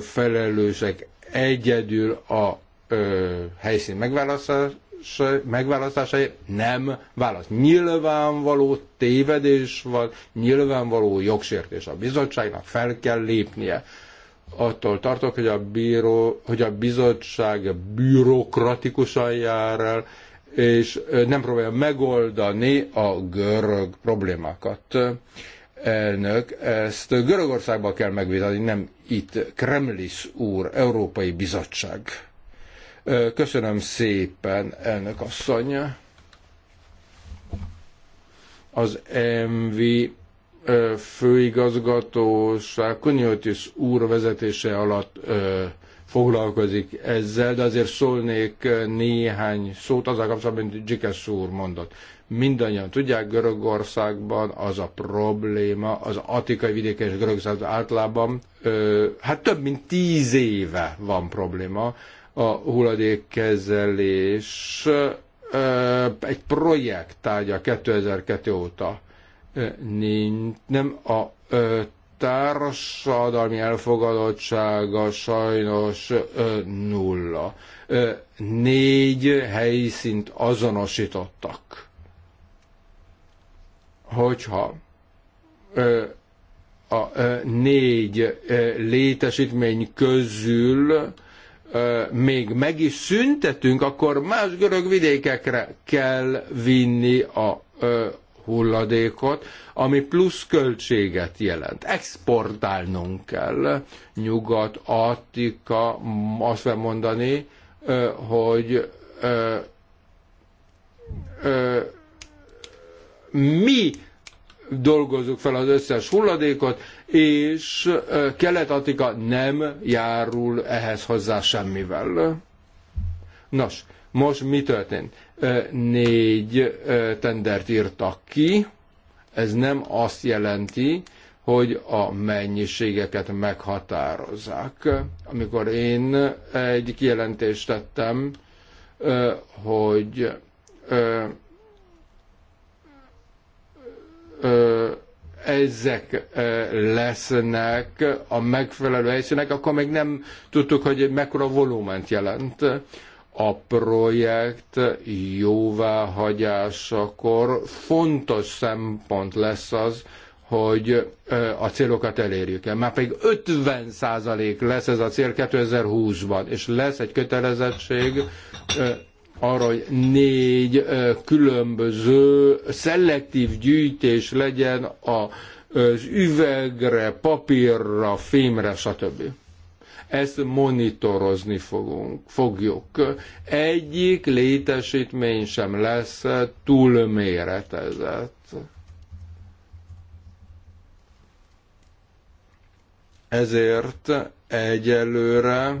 felelősek egyedül a helyszín megválasztásáért, nem válasz. Nyilvánvaló tévedés van, nyilvánvaló jogsértés a bizottságnak fel kell lépnie attól tartok, hogy a, bíró, hogy a bizottság bürokratikusan jár el, és nem próbálja megoldani a görög problémákat. Elnök, ezt Görögországban kell megvitatni, nem itt Kremlis úr, Európai Bizottság. Köszönöm szépen, elnök asszony. Az MV főigazgatóság Konyoltis úr vezetése alatt foglalkozik ezzel, de azért szólnék néhány szót a kapcsolatban, mint Dzsikesz úr mondott. Mindannyian tudják, Görögországban az a probléma, az atikai vidéke és Görögország általában, ö, hát több mint tíz éve van probléma a hulladékkezelés, ö, egy projekt tárgya 2002 óta nincs, nem a társadalmi elfogadottsága sajnos nulla. Négy helyszínt azonosítottak. Hogyha a négy létesítmény közül még meg is szüntetünk, akkor más görög vidékekre kell vinni a hulladékot, ami plusz költséget jelent. Exportálnunk kell. Nyugat, Attika, azt kell mondani, hogy mi dolgozzuk fel az összes hulladékot, és Kelet-Attika nem járul ehhez hozzá semmivel. Nos, most mi történt? négy tendert írtak ki. Ez nem azt jelenti, hogy a mennyiségeket meghatározzák. Amikor én egy kijelentést tettem, hogy ezek lesznek a megfelelő helyszínek, akkor még nem tudtuk, hogy mekkora volument jelent. A projekt jóváhagyásakor fontos szempont lesz az, hogy a célokat elérjük-e. Már pedig 50 lesz ez a cél 2020-ban, és lesz egy kötelezettség arra, hogy négy különböző szelektív gyűjtés legyen az üvegre, papírra, fémre, stb. Ezt monitorozni fogunk, fogjuk. Egyik létesítmény sem lesz túlméretezett. Ezért egyelőre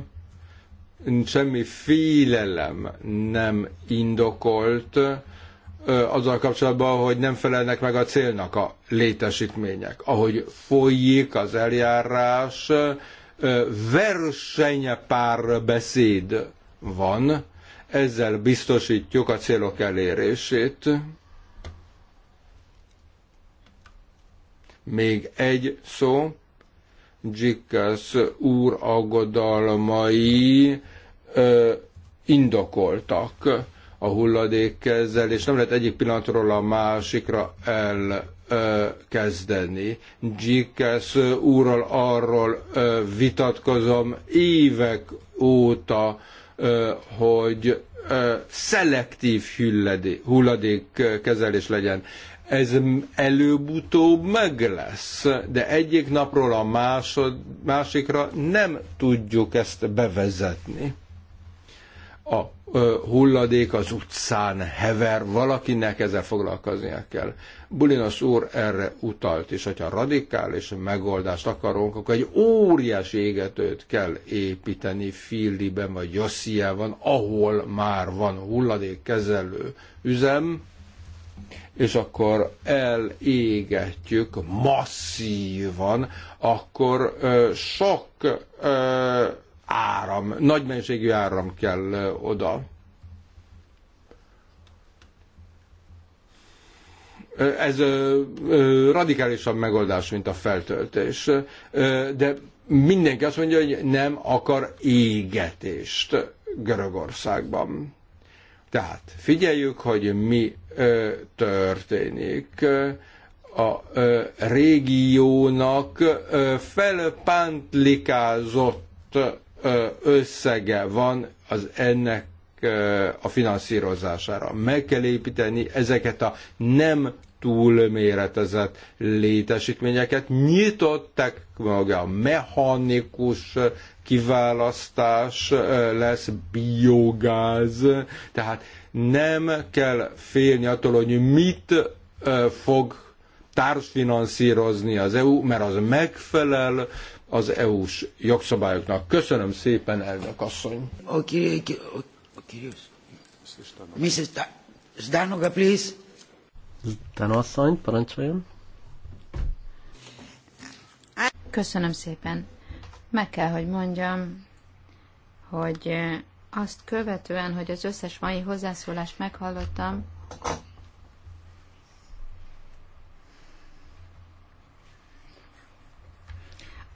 semmi félelem nem indokolt azzal kapcsolatban, hogy nem felelnek meg a célnak a létesítmények. Ahogy folyik az eljárás, versenypárbeszéd van, ezzel biztosítjuk a célok elérését. Még egy szó, Dzsikasz úr aggodalmai ö, indokoltak a hulladékkezelés. Nem lehet egyik pillanatról a másikra el kezdeni. Gyikesz úrral arról vitatkozom évek óta, hogy szelektív kezelés legyen. Ez előbb-utóbb meg lesz, de egyik napról a másod, másikra nem tudjuk ezt bevezetni. A hulladék az utcán hever, valakinek ezzel foglalkoznia kell. Bulinos úr erre utalt, és hogyha radikális megoldást akarunk, akkor egy óriási égetőt kell építeni Fildiben vagy Jossziában, ahol már van hulladékkezelő üzem, és akkor elégetjük masszívan, akkor ö, sok ö, áram, nagy mennyiségű áram kell oda. Ez radikálisabb megoldás, mint a feltöltés. De mindenki azt mondja, hogy nem akar égetést Görögországban. Tehát figyeljük, hogy mi történik a régiónak felpántlikázott összege van az ennek a finanszírozására. Meg kell építeni ezeket a nem túlméretezett létesítményeket. Nyitottak maga a mechanikus kiválasztás lesz biogáz, tehát nem kell félni attól, hogy mit fog társfinanszírozni az EU, mert az megfelel az EU-s jogszabályoknak. Köszönöm szépen, elnök asszony. Mrs. Zdanoga, please. Zdanoga asszony, parancsoljon. Köszönöm szépen. Meg kell, hogy mondjam, hogy eh, azt követően, hogy az összes mai hozzászólást meghallottam,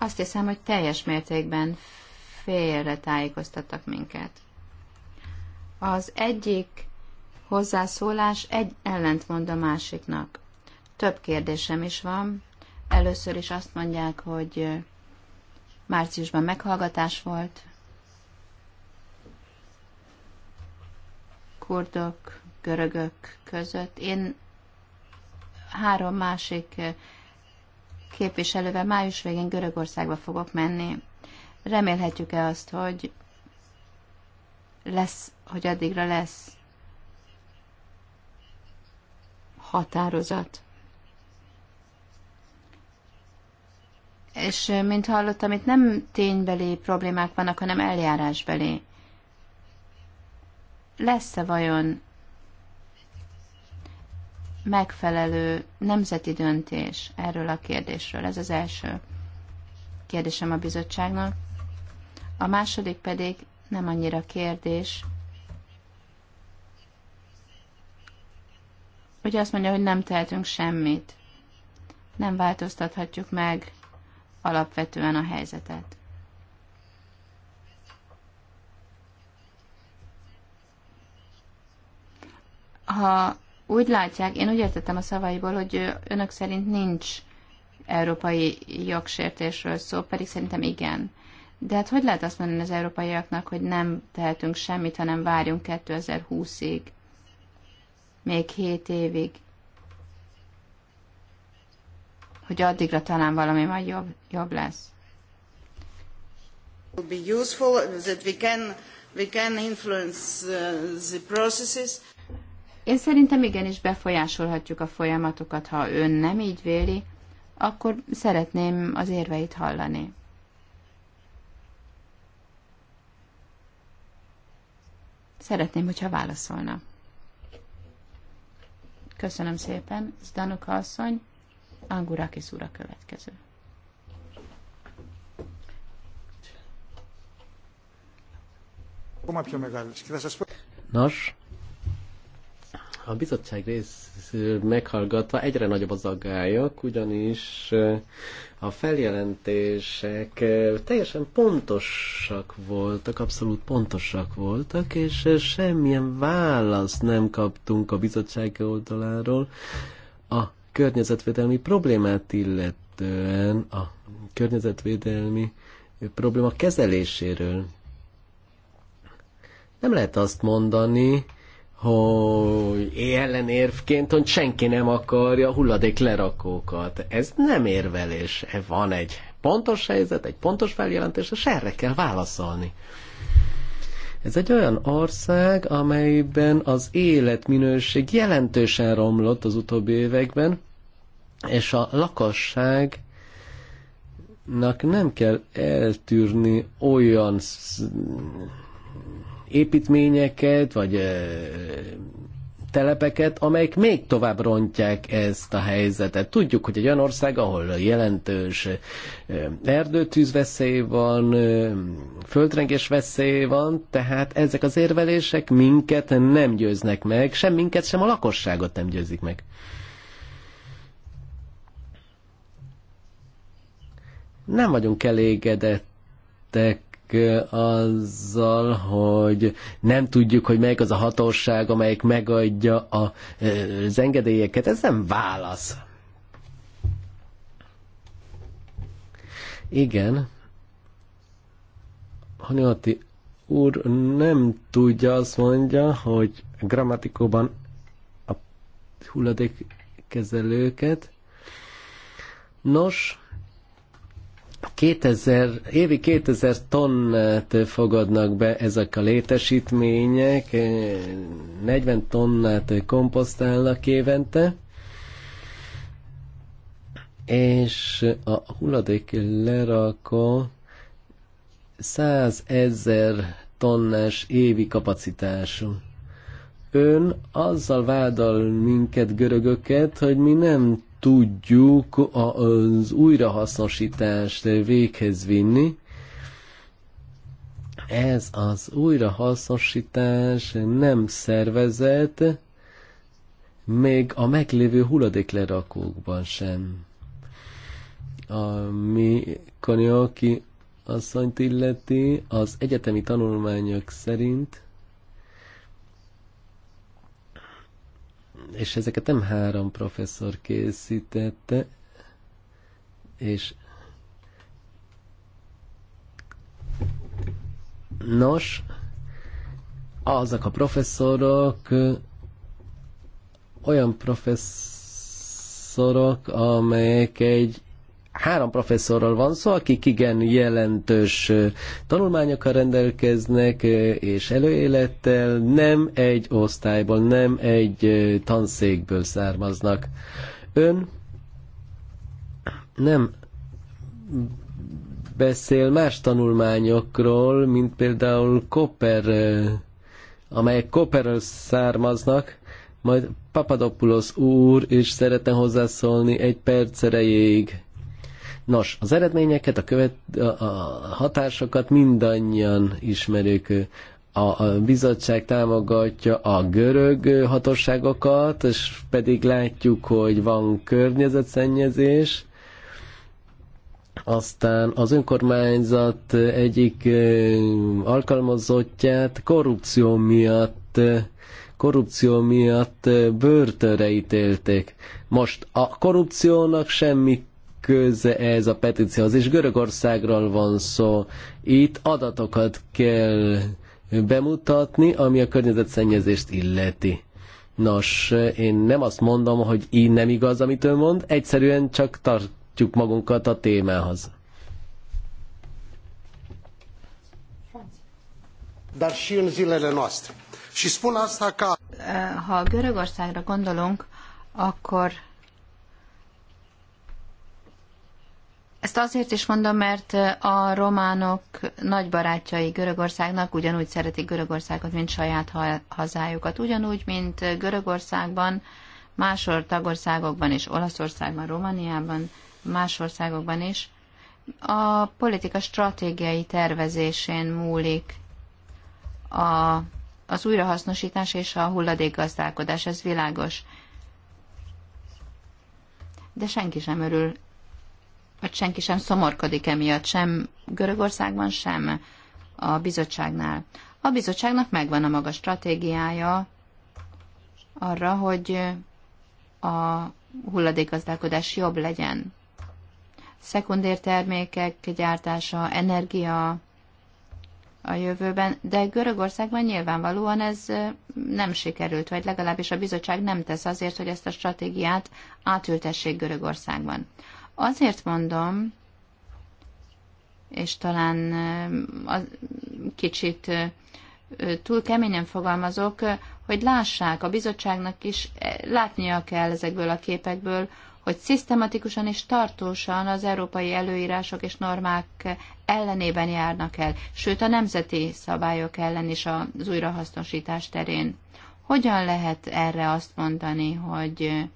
Azt hiszem, hogy teljes mértékben félre tájékoztattak minket. Az egyik hozzászólás egy ellentmond a másiknak. Több kérdésem is van. Először is azt mondják, hogy márciusban meghallgatás volt. Kurdok, görögök között. Én három másik képviselővel május végén Görögországba fogok menni. Remélhetjük-e azt, hogy lesz, hogy addigra lesz határozat. És mint hallottam, itt nem ténybeli problémák vannak, hanem eljárásbeli. Lesz-e vajon megfelelő nemzeti döntés erről a kérdésről. Ez az első kérdésem a bizottságnak. A második pedig nem annyira kérdés. Ugye azt mondja, hogy nem tehetünk semmit. Nem változtathatjuk meg alapvetően a helyzetet. Ha úgy látják, én úgy értettem a szavaiból, hogy önök szerint nincs európai jogsértésről szó, pedig szerintem igen. De hát hogy lehet azt mondani az európaiaknak, hogy nem tehetünk semmit, hanem várjunk 2020-ig, még 7 évig, hogy addigra talán valami majd jobb, jobb lesz. It be useful that we can, we can influence uh, the processes én szerintem igenis befolyásolhatjuk a folyamatokat, ha ön nem így véli, akkor szeretném az érveit hallani. Szeretném, hogyha válaszolna. Köszönöm szépen. Zdanuka asszony, Angurakis úr a következő. Nos, a bizottság részről meghallgatva egyre nagyobb az aggályok, ugyanis eh, a feljelentések eh, teljesen pontosak voltak, abszolút pontosak voltak, és eh, semmilyen választ nem kaptunk a bizottság oldaláról a környezetvédelmi problémát illetően, a környezetvédelmi probléma kezeléséről. Nem lehet azt mondani, hogy ellenérvként, hogy senki nem akarja hulladék lerakókat. Ez nem érvelés. E, van egy pontos helyzet, egy pontos feljelentés, és erre kell válaszolni. Ez egy olyan ország, amelyben az életminőség jelentősen romlott az utóbbi években, és a lakosság nem kell eltűrni olyan építményeket, vagy telepeket, amelyek még tovább rontják ezt a helyzetet. Tudjuk, hogy egy olyan ország, ahol jelentős erdőtűz veszély van, földrengés veszély van, tehát ezek az érvelések minket nem győznek meg, sem minket, sem a lakosságot nem győzik meg. Nem vagyunk elégedettek azzal, hogy nem tudjuk, hogy melyik az a hatóság, amelyik megadja a, az engedélyeket. Ez nem válasz. Igen. Hanyati úr nem tudja, azt mondja, hogy grammatikóban a hulladékkezelőket. Nos, 2000, évi 2000 tonnát fogadnak be ezek a létesítmények, 40 eh, tonnát komposztálnak évente, és a hulladék lerakó 100 ezer tonnás évi kapacitású. Ön azzal vádal minket, görögöket, hogy mi nem tudjuk az újrahasznosítást véghez vinni. Ez az újrahasznosítás nem szervezett, még a meglévő hulladéklerakókban sem. Ami Kanyaki asszonyt illeti, az egyetemi tanulmányok szerint és ezeket nem három professzor készítette, és nos, azok a professzorok olyan professzorok, amelyek egy három professzorral van szó, akik igen jelentős tanulmányokkal rendelkeznek, és előélettel nem egy osztályból, nem egy tanszékből származnak. Ön nem beszél más tanulmányokról, mint például Koper, amelyek Koperről származnak, majd Papadopoulos úr is szeretne hozzászólni egy perc erejéig. Nos, az eredményeket, a, követ, a hatásokat mindannyian ismerjük a, bizottság támogatja a görög hatóságokat, és pedig látjuk, hogy van környezetszennyezés. Aztán az önkormányzat egyik alkalmazottját korrupció miatt korrupció miatt börtönre ítélték. Most a korrupciónak semmit köze ez a petícióhoz, és Görögországról van szó. Itt adatokat kell bemutatni, ami a környezetszennyezést illeti. Nos, én nem azt mondom, hogy így nem igaz, amit ő mond, egyszerűen csak tartjuk magunkat a témához. Ha Görögországra gondolunk, akkor Ezt azért is mondom, mert a románok nagy barátjai Görögországnak ugyanúgy szeretik Görögországot, mint saját hazájukat. Ugyanúgy, mint Görögországban, más tagországokban és Olaszországban, Romániában, más országokban is. A politika stratégiai tervezésén múlik a, az újrahasznosítás és a hulladékgazdálkodás, ez világos. De senki sem örül vagy senki sem szomorkodik emiatt, sem Görögországban, sem a bizottságnál. A bizottságnak megvan a maga stratégiája arra, hogy a hulladékgazdálkodás jobb legyen. Szekundér termékek gyártása, energia a jövőben, de Görögországban nyilvánvalóan ez nem sikerült, vagy legalábbis a bizottság nem tesz azért, hogy ezt a stratégiát átültessék Görögországban. Azért mondom, és talán eh, az, kicsit eh, túl keményen fogalmazok, eh, hogy lássák, a bizottságnak is látnia kell ezekből a képekből, hogy szisztematikusan és tartósan az európai előírások és normák ellenében járnak el, sőt a nemzeti szabályok ellen is az újrahasznosítás terén. Hogyan lehet erre azt mondani, hogy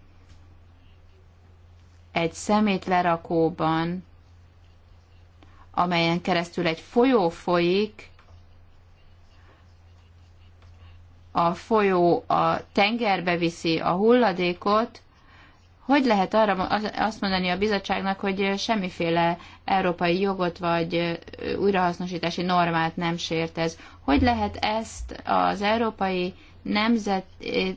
egy szemétlerakóban, amelyen keresztül egy folyó folyik, a folyó a tengerbe viszi a hulladékot, hogy lehet arra azt mondani a bizottságnak, hogy semmiféle európai jogot vagy újrahasznosítási normát nem sért ez? Hogy lehet ezt az európai nemzet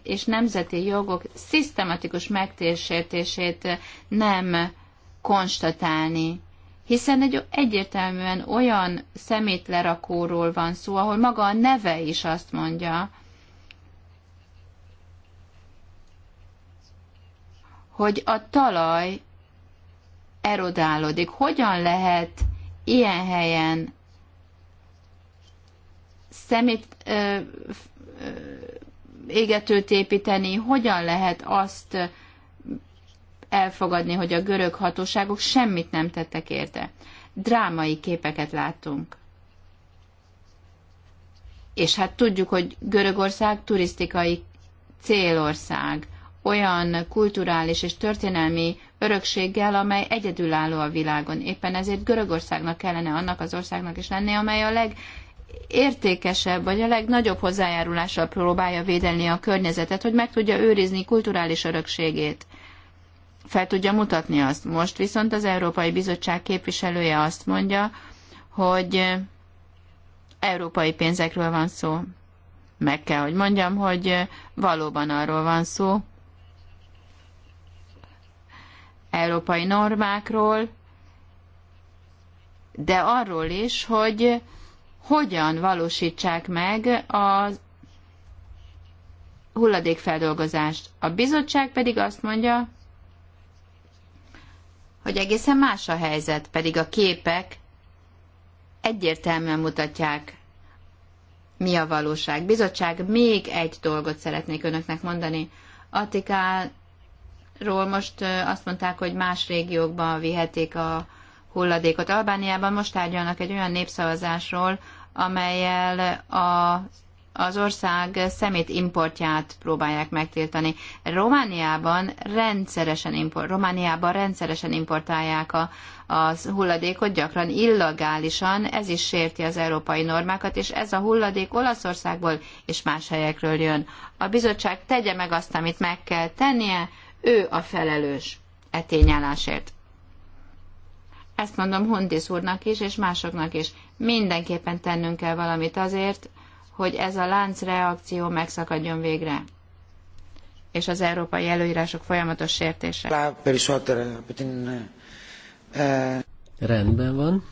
és nemzeti jogok szisztematikus megtérsértését nem konstatálni? hiszen egy egyértelműen olyan szemétlerakóról van szó, ahol maga a neve is azt mondja, hogy a talaj erodálódik. Hogyan lehet ilyen helyen szemét ö, ö, égetőt építeni, hogyan lehet azt elfogadni, hogy a görög hatóságok semmit nem tettek érte. Drámai képeket láttunk. És hát tudjuk, hogy Görögország turisztikai célország olyan kulturális és történelmi örökséggel, amely egyedülálló a világon. Éppen ezért Görögországnak kellene annak az országnak is lenni, amely a leg értékesebb, vagy a legnagyobb hozzájárulással próbálja védeni a környezetet, hogy meg tudja őrizni kulturális örökségét. Fel tudja mutatni azt. Most viszont az Európai Bizottság képviselője azt mondja, hogy európai pénzekről van szó. Meg kell, hogy mondjam, hogy valóban arról van szó, európai normákról, de arról is, hogy hogyan valósítsák meg a hulladékfeldolgozást. A bizottság pedig azt mondja, hogy egészen más a helyzet, pedig a képek egyértelműen mutatják, mi a valóság. Bizottság, még egy dolgot szeretnék önöknek mondani. Atikán, ról most azt mondták, hogy más régiókban vihetik a hulladékot. Albániában most tárgyalnak egy olyan népszavazásról, amelyel a, az ország szemét importját próbálják megtiltani. Romániában rendszeresen, import, Romániában rendszeresen importálják a, a hulladékot, gyakran illegálisan, ez is sérti az európai normákat, és ez a hulladék Olaszországból és más helyekről jön. A bizottság tegye meg azt, amit meg kell tennie, ő a felelős e tényállásért. Ezt mondom Hundis úrnak is, és másoknak is. Mindenképpen tennünk kell valamit azért, hogy ez a láncreakció megszakadjon végre és az európai előírások folyamatos sértése. Eh, eh, eh. Rendben van.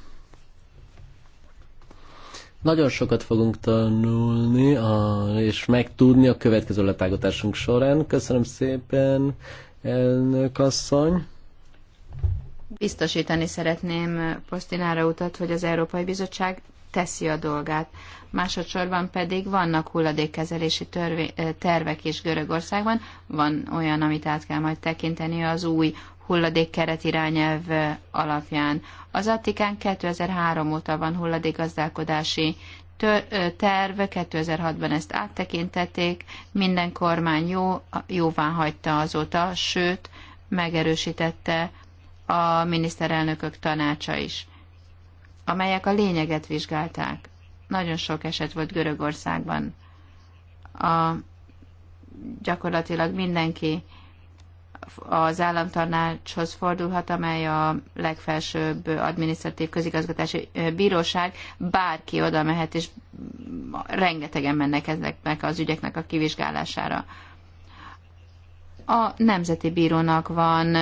Nagyon sokat fogunk tanulni a, és megtudni a következő letágotásunk során. Köszönöm szépen, elnök asszony. Biztosítani szeretném Posztinára utat, hogy az Európai Bizottság teszi a dolgát. Másodszorban pedig vannak hulladékkezelési törvé, tervek is Görögországban, van olyan, amit át kell majd tekinteni az új hulladékkeret irányelv alapján. Az Attikán 2003 óta van hulladékgazdálkodási terv, 2006-ban ezt áttekintették, minden kormány jó, jóvá hagyta azóta, sőt, megerősítette a miniszterelnökök tanácsa is, amelyek a lényeget vizsgálták. Nagyon sok eset volt Görögországban. A, gyakorlatilag mindenki az államtanácshoz fordulhat, amely a legfelsőbb adminisztratív közigazgatási bíróság, bárki oda mehet, és rengetegen mennek ezeknek az ügyeknek a kivizsgálására. A nemzeti bírónak van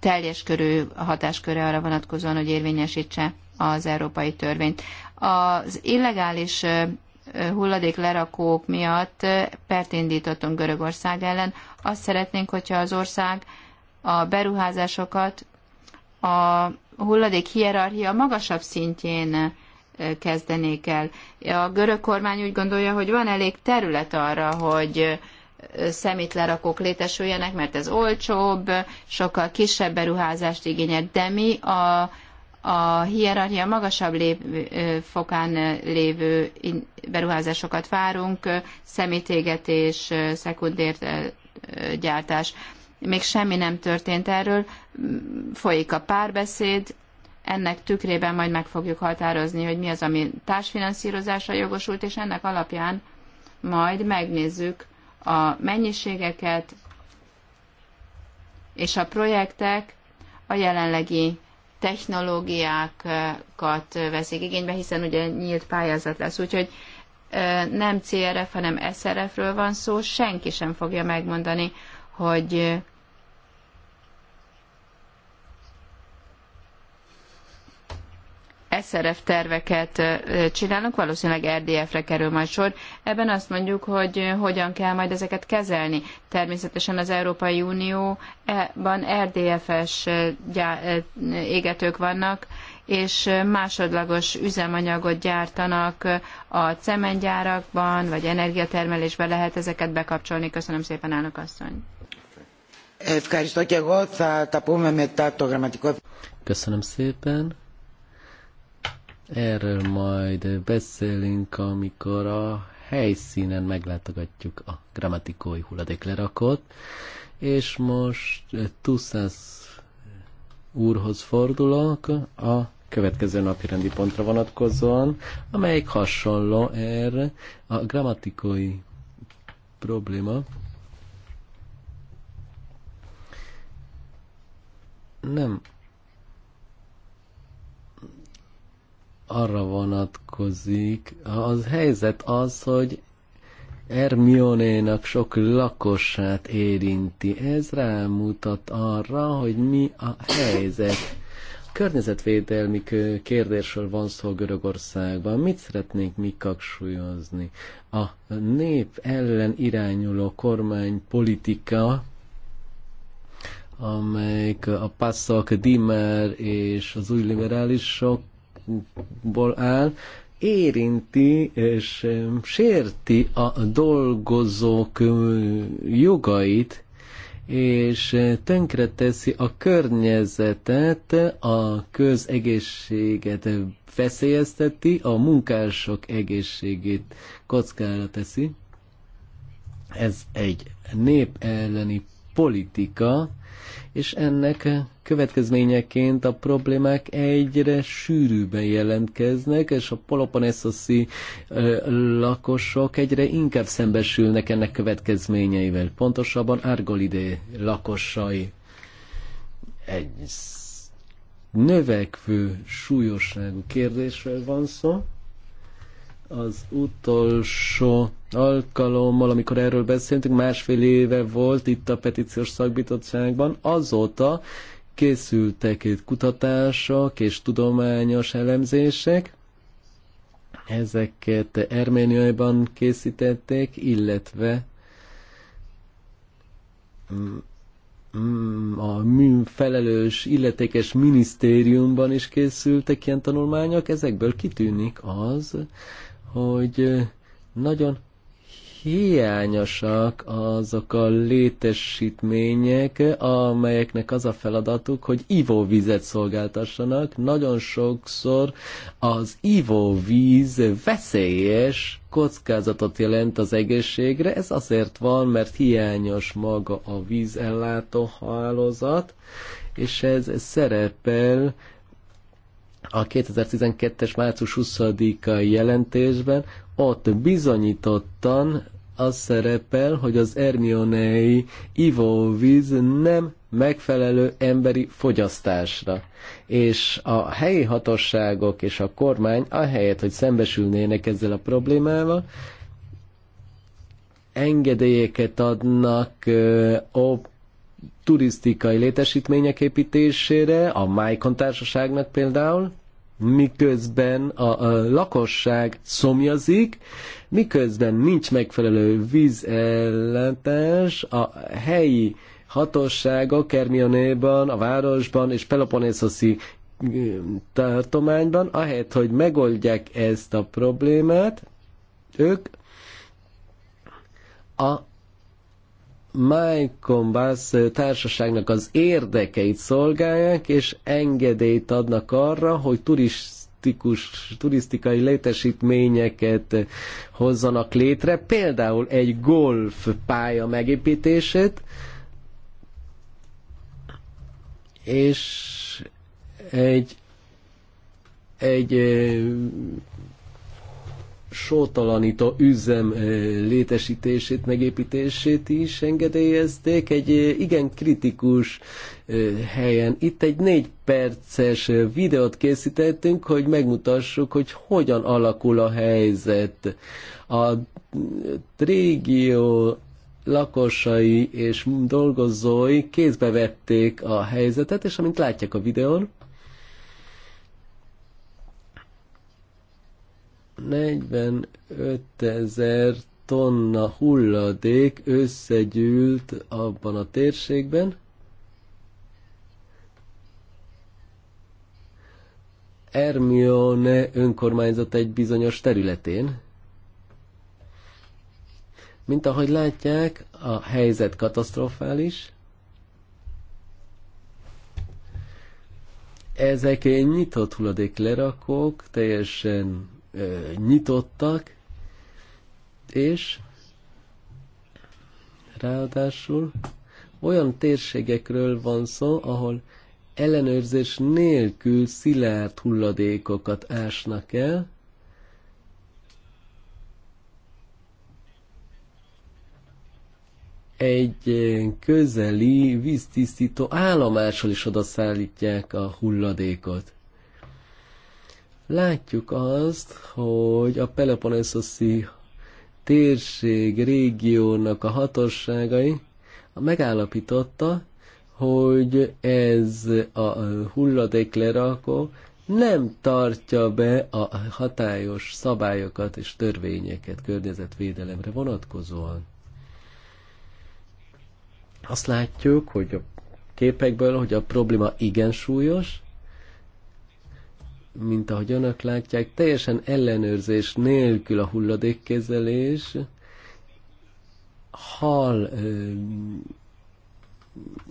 teljes körű hatásköre arra vonatkozóan, hogy érvényesítse az európai törvényt. Az illegális hulladéklerakók miatt pert indítottunk Görögország ellen. Azt szeretnénk, hogyha az ország a beruházásokat a hulladék hierarchia magasabb szintjén eh, kezdenék el. A görög kormány úgy gondolja, hogy van elég terület arra, hogy eh, szemétlerakók létesüljenek, mert ez olcsóbb, sokkal kisebb beruházást igényel, de mi a a hierarchia magasabb lév, fokán lévő beruházásokat várunk, szemétégetés, szekundér gyártás. Még semmi nem történt erről, mm, folyik a párbeszéd, ennek tükrében majd meg fogjuk határozni, hogy mi az, ami társfinanszírozásra jogosult, és ennek alapján majd megnézzük a mennyiségeket és a projektek a jelenlegi technológiákat veszik igénybe, hiszen ugye nyílt pályázat lesz, úgyhogy nem CRF, hanem SRF-ről van szó, senki sem fogja megmondani, hogy SRF terveket csinálunk, valószínűleg RDF-re kerül majd sor. Ebben azt mondjuk, hogy hogyan kell majd ezeket kezelni. Természetesen az Európai Unióban RDF-es égetők vannak, és másodlagos üzemanyagot gyártanak a cementgyárakban, vagy energiatermelésben lehet ezeket bekapcsolni. Köszönöm szépen, elnök asszony. Köszönöm szépen. Erről majd beszélünk, amikor a helyszínen meglátogatjuk a grammatikai hulladéklerakot, és most eh, Tuszász úrhoz fordulok a következő napi rendi pontra vonatkozóan, amelyik hasonló erre a grammatikai probléma. Nem arra vonatkozik. Az helyzet az, hogy Ermionénak sok lakosát érinti. Ez rámutat arra, hogy mi a helyzet. A környezetvédelmi kérdésről van szó Görögországban. Mit szeretnénk mi kaksúlyozni? A nép ellen irányuló kormánypolitika, amelyik a passzok, Dimer és az új liberálisok dolgokból áll, érinti és sérti a dolgozók jogait, és tönkreteszi a környezetet, a közegészséget veszélyezteti, a munkások egészségét kockára teszi. Ez egy nép elleni politika, és ennek következményeként a problémák egyre sűrűbben jelentkeznek, és a poloponeszoszi lakosok egyre inkább szembesülnek ennek következményeivel, pontosabban Argolide lakosai. Egy növekvő súlyosságú kérdésről van szó. Az utolsó alkalommal, amikor erről beszéltünk, másfél éve volt itt a petíciós szakbizottságban, azóta készültek itt kutatások és tudományos elemzések, ezeket Erméniaiban készítették, illetve a felelős illetékes minisztériumban is készültek ilyen tanulmányok, ezekből kitűnik az, hogy nagyon hiányosak azok a létesítmények, amelyeknek az a feladatuk, hogy ivóvizet szolgáltassanak. Nagyon sokszor az ivóvíz veszélyes kockázatot jelent az egészségre. Ez azért van, mert hiányos maga a vízellátó hálózat, és ez szerepel a 2012-es március 20-ai jelentésben ott bizonyítottan az szerepel, hogy az ernionei ivóvíz nem megfelelő emberi fogyasztásra. És a helyi hatosságok és a kormány ahelyett, hogy szembesülnének ezzel a problémával, engedélyeket adnak a turisztikai létesítmények építésére, a Maikon társaságnak például, miközben a, a lakosság szomjazik, miközben nincs megfelelő vízellátás, a helyi hatóságok Kermionéban, a városban és Peloponészoszi mm, tartományban, ahelyett, hogy megoldják ezt a problémát, ők a Mycombász társaságnak az érdekeit szolgálják, és engedélyt adnak arra, hogy turisztikus, turisztikai létesítményeket hozzanak létre, például egy golf pálya megépítését, és egy egy sótalanító üzem eh, létesítését, megépítését is engedélyezték egy eh, igen kritikus eh, helyen. Itt egy négy perces videót készítettünk, hogy megmutassuk, hogy hogyan alakul a helyzet. A régió lakosai és dolgozói kézbe vették a helyzetet, és amint látják a videón, 45 ezer tonna hulladék összegyűlt abban a térségben. Ermione önkormányzat egy bizonyos területén. Mint ahogy látják, a helyzet katasztrofális. Ezek egy nyitott lerakók teljesen nyitottak, és ráadásul olyan térségekről van szó, ahol ellenőrzés nélkül szilárd hulladékokat ásnak el, egy közeli víztisztító állomásról is odaszállítják a hulladékot. Látjuk azt, hogy a Peloponnesoszi térség régiónak a hatosságai megállapította, hogy ez a hulladék lerakó nem tartja be a hatályos szabályokat és törvényeket környezetvédelemre vonatkozóan. Azt látjuk, hogy a képekből, hogy a probléma igen súlyos, mint ahogy önök látják, teljesen ellenőrzés nélkül a hulladékkezelés, hal,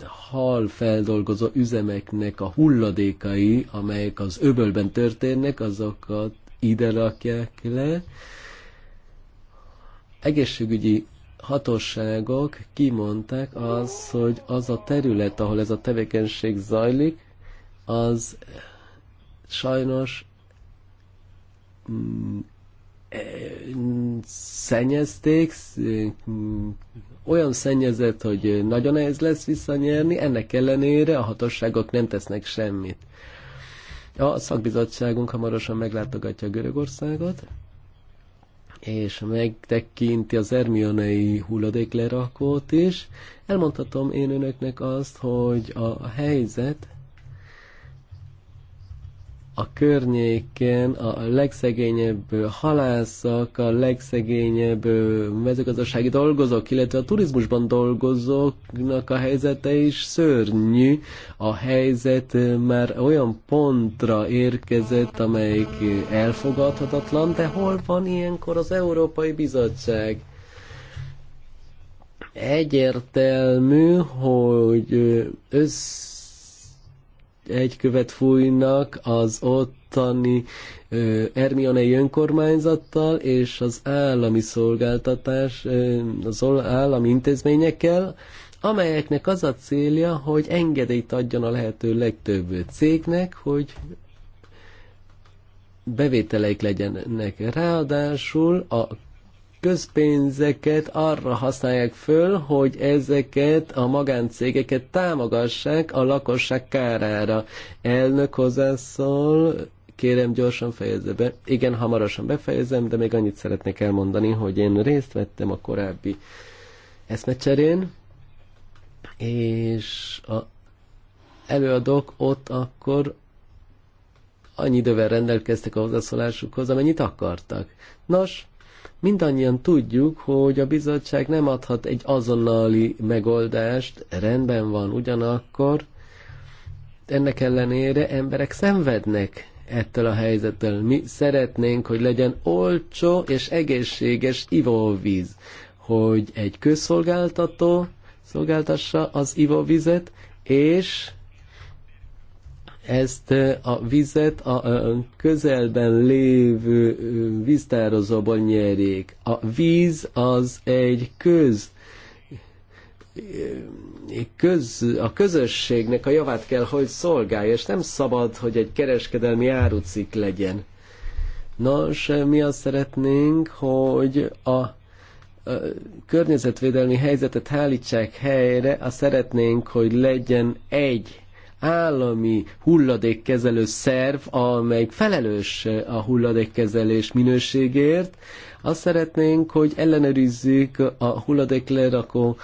hal feldolgozó üzemeknek a hulladékai, amelyek az öbölben történnek, azokat ide rakják le. Egészségügyi hatóságok kimondták az, hogy az a terület, ahol ez a tevékenység zajlik, az sajnos mm, e, szennyezték, olyan szennyezett, hogy nagyon nehéz lesz visszanyerni, ennek ellenére a hatóságok nem tesznek semmit. A szakbizottságunk hamarosan meglátogatja Görögországot, és megtekinti az ermionei hulladéklerakót is. Elmondhatom én önöknek azt, hogy a helyzet a környéken a legszegényebb halászok, a legszegényebb mezőgazdasági dolgozók, illetve a turizmusban dolgozóknak a helyzete is szörnyű. A helyzet már olyan pontra érkezett, amelyik elfogadhatatlan, de hol van ilyenkor az Európai Bizottság? Egyértelmű, hogy össz egy követ fújnak az ottani Ermionei önkormányzattal és az állami szolgáltatás, az állami intézményekkel, amelyeknek az a célja, hogy engedélyt adjon a lehető legtöbb cégnek, hogy bevételeik legyenek. Ráadásul a közpénzeket arra használják föl, hogy ezeket a magáncégeket támogassák a lakosság kárára. Elnök hozzászól, kérem gyorsan fejezze be. Igen, hamarosan befejezem, de még annyit szeretnék elmondani, hogy én részt vettem a korábbi eszmecserén, és a előadók ott akkor annyi idővel rendelkeztek a hozzászólásukhoz, amennyit akartak. Nos, Mindannyian tudjuk, hogy a bizottság nem adhat egy azonnali megoldást, rendben van ugyanakkor, ennek ellenére emberek szenvednek ettől a helyzettől. Mi szeretnénk, hogy legyen olcsó és egészséges ivóvíz, hogy egy közszolgáltató szolgáltassa az ivóvizet, és ezt a vizet a közelben lévő víztározóban nyerjék. A víz az egy köz köz, a közösségnek a javát kell, hogy szolgálja, és nem szabad, hogy egy kereskedelmi árucik legyen. Nos, mi azt szeretnénk, hogy a környezetvédelmi helyzetet hálítsák helyre, azt szeretnénk, hogy legyen egy állami hulladékkezelő szerv, amely felelős a hulladékkezelés minőségért. Azt szeretnénk, hogy ellenőrizzük a hulladéklerakó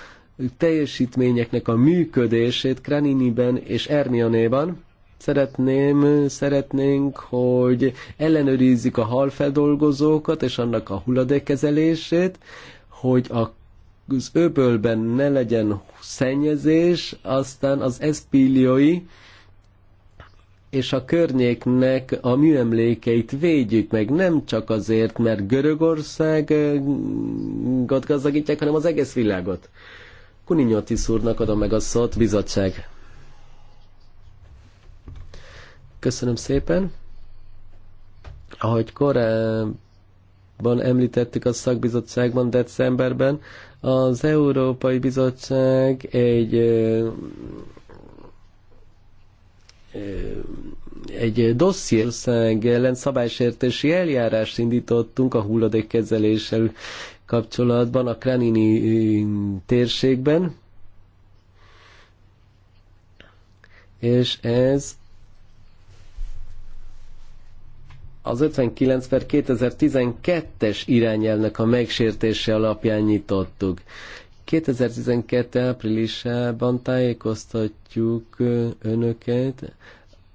teljesítményeknek a működését Kraniniben és Ernianéban. Szeretném, szeretnénk, hogy ellenőrizzük a halfeldolgozókat és annak a hulladékkezelését, hogy a az öbölben ne legyen szennyezés, aztán az eszpíliói és a környéknek a műemlékeit védjük meg, nem csak azért, mert Görögországot gazdagítják, hanem az egész világot. Kuninyóti szúrnak adom meg a szót, bizottság. Köszönöm szépen. Ahogy korábban Ban említettük a szakbizottságban decemberben, az Európai Bizottság egy egy dossziország ellen szabálysértési eljárást indítottunk a hulladékkezeléssel kapcsolatban a Kranini térségben, és ez az 59 per 2012-es irányelvnek a megsértése alapján nyitottuk. 2012. áprilisában tájékoztatjuk önöket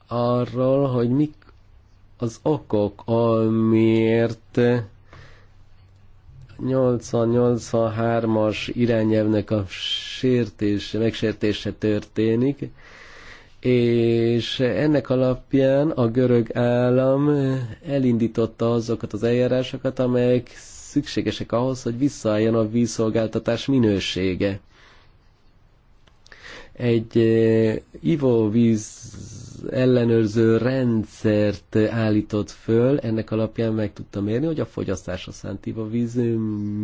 arról, hogy mik az okok, amiért 80-83-as irányelvnek a sértése, megsértése történik és ennek alapján a görög állam elindította azokat az eljárásokat, amelyek szükségesek ahhoz, hogy visszaálljon a vízszolgáltatás minősége. Egy eh, ivóvíz ellenőrző rendszert állított föl, ennek alapján meg tudtam érni, hogy a fogyasztásra szánt ivóvíz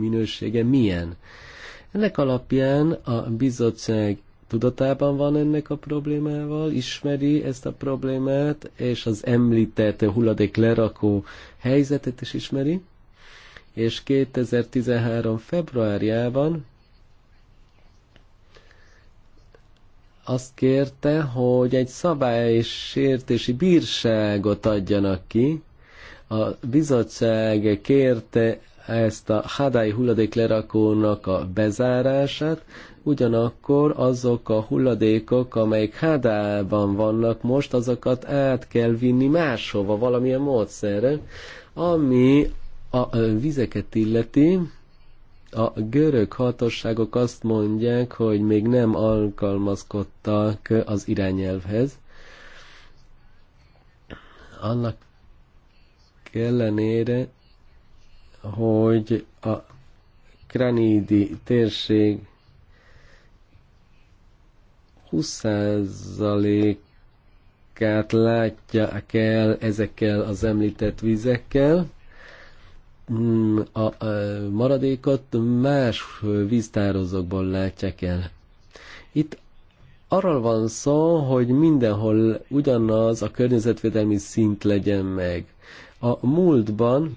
minősége milyen. Ennek alapján a bizottság tudatában van ennek a problémával, ismeri ezt a problémát, és az említett hulladék lerakó helyzetet is ismeri, és 2013. februárjában azt kérte, hogy egy sértési bírságot adjanak ki. A bizottság kérte ezt a Hadály lerakónak a bezárását, ugyanakkor azok a hulladékok, amelyek hádában vannak most, azokat át kell vinni máshova, valamilyen módszerre, ami a vizeket illeti, a görög hatóságok azt mondják, hogy még nem alkalmazkodtak az irányelvhez. Annak ellenére, hogy a Kranidi térség 20%-át látja kell ezekkel az említett vizekkel, hmm, a maradékot más víztározókból látják el. Itt arról van szó, hogy mindenhol ugyanaz a környezetvédelmi szint legyen meg. A múltban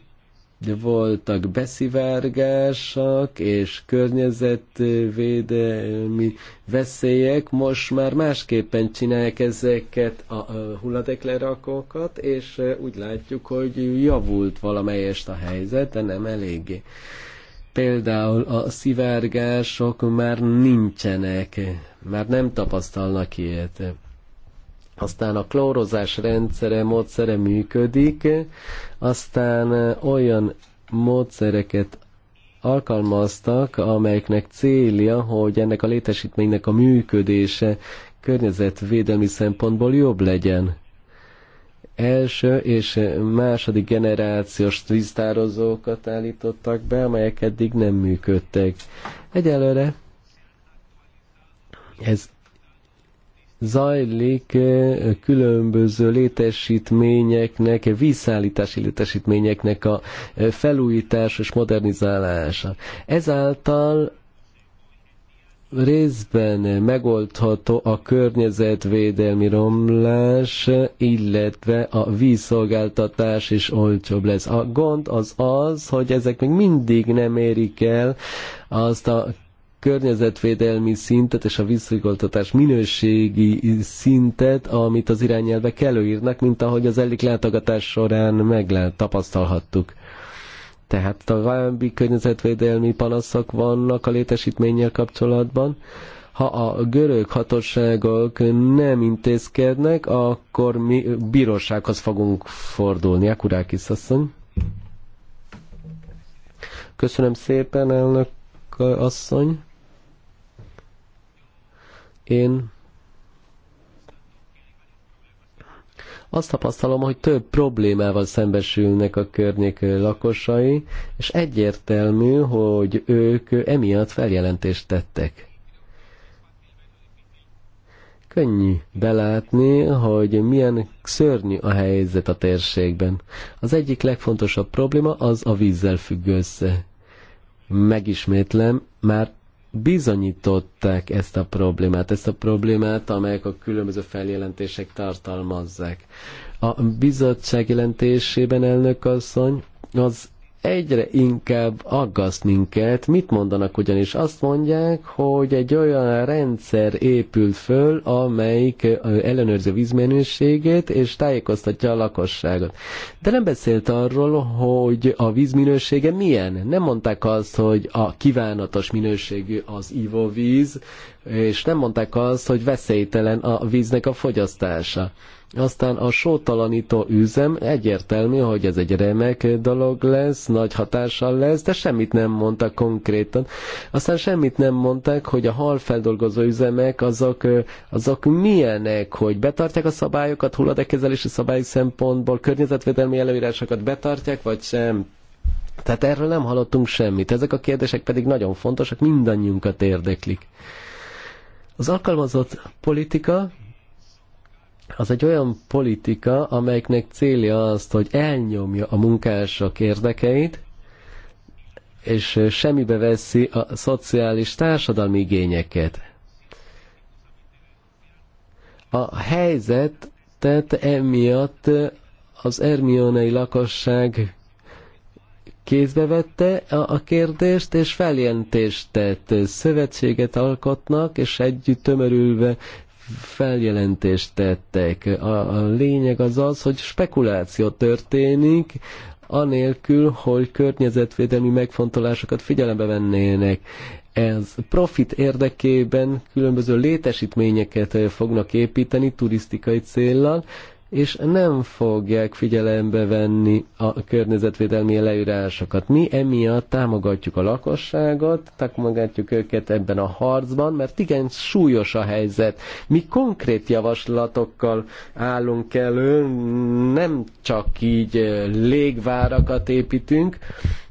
de voltak beszivárgások és környezetvédelmi veszélyek, most már másképpen csinálják ezeket a hulladéklerakókat, és úgy látjuk, hogy javult valamelyest a helyzet, de nem eléggé. Például a szivárgások már nincsenek, már nem tapasztalnak ilyet aztán a klórozás rendszere, módszere működik, aztán olyan módszereket alkalmaztak, amelyeknek célja, hogy ennek a létesítménynek a működése környezetvédelmi szempontból jobb legyen. Első és második generációs víztározókat állítottak be, amelyek eddig nem működtek. Egyelőre ez zajlik különböző létesítményeknek, vízszállítási létesítményeknek a felújítás és modernizálása. Ezáltal részben megoldható a környezetvédelmi romlás, illetve a vízszolgáltatás is olcsóbb lesz. A gond az az, hogy ezek még mindig nem érik el azt a környezetvédelmi szintet és a vízszolgáltatás minőségi szintet, amit az irányelvek előírnak, mint ahogy az egyik látogatás során meglát, tapasztalhattuk. Tehát további környezetvédelmi panaszok vannak a létesítménnyel kapcsolatban. Ha a görög hatóságok nem intézkednek, akkor mi bírósághoz fogunk fordulni. Akurákis asszony. Köszönöm szépen, elnök asszony. Én azt tapasztalom, hogy több problémával szembesülnek a környék lakosai, és egyértelmű, hogy ők emiatt feljelentést tettek. Könnyű belátni, hogy milyen szörnyű a helyzet a térségben. Az egyik legfontosabb probléma az a vízzel függ össze. Megismétlem, már bizonyították ezt a problémát, ezt a problémát, amelyek a különböző feljelentések tartalmazzák. A bizottság jelentésében elnök asszony az egyre inkább aggaszt minket. Mit mondanak ugyanis? Azt mondják, hogy egy olyan rendszer épült föl, amelyik ellenőrzi a vízminőségét és tájékoztatja a lakosságot. De nem beszélt arról, hogy a vízminősége milyen. Nem mondták azt, hogy a kívánatos minőségű az ivóvíz, és nem mondták azt, hogy veszélytelen a víznek a fogyasztása. Aztán a sótalanító üzem egyértelmű, hogy ez egy remek dolog lesz, nagy hatással lesz, de semmit nem mondtak konkrétan. Aztán semmit nem mondtak, hogy a halfeldolgozó üzemek azok, azok milyenek, hogy betartják a szabályokat, hulladekezelési szabály szempontból, környezetvédelmi előírásokat betartják, vagy sem. Tehát erről nem hallottunk semmit. Ezek a kérdések pedig nagyon fontosak, mindannyiunkat érdeklik. Az alkalmazott politika az egy olyan politika, amelyiknek célja az, hogy elnyomja a munkások érdekeit, és semmibe veszi a szociális társadalmi igényeket. A helyzet tehát emiatt az ermionei lakosság kézbe vette a kérdést, és feljelentést tett. Szövetséget alkotnak, és együtt tömörülve feljelentést tettek. A, a lényeg az az, hogy spekuláció történik, anélkül, hogy környezetvédelmi megfontolásokat figyelembe vennének. Ez profit érdekében különböző létesítményeket fognak építeni turisztikai céllal, és nem fogják figyelembe venni a környezetvédelmi leírásokat. Mi emiatt támogatjuk a lakosságot, támogatjuk őket ebben a harcban, mert igen súlyos a helyzet. Mi konkrét javaslatokkal állunk elő, nem csak így légvárakat építünk,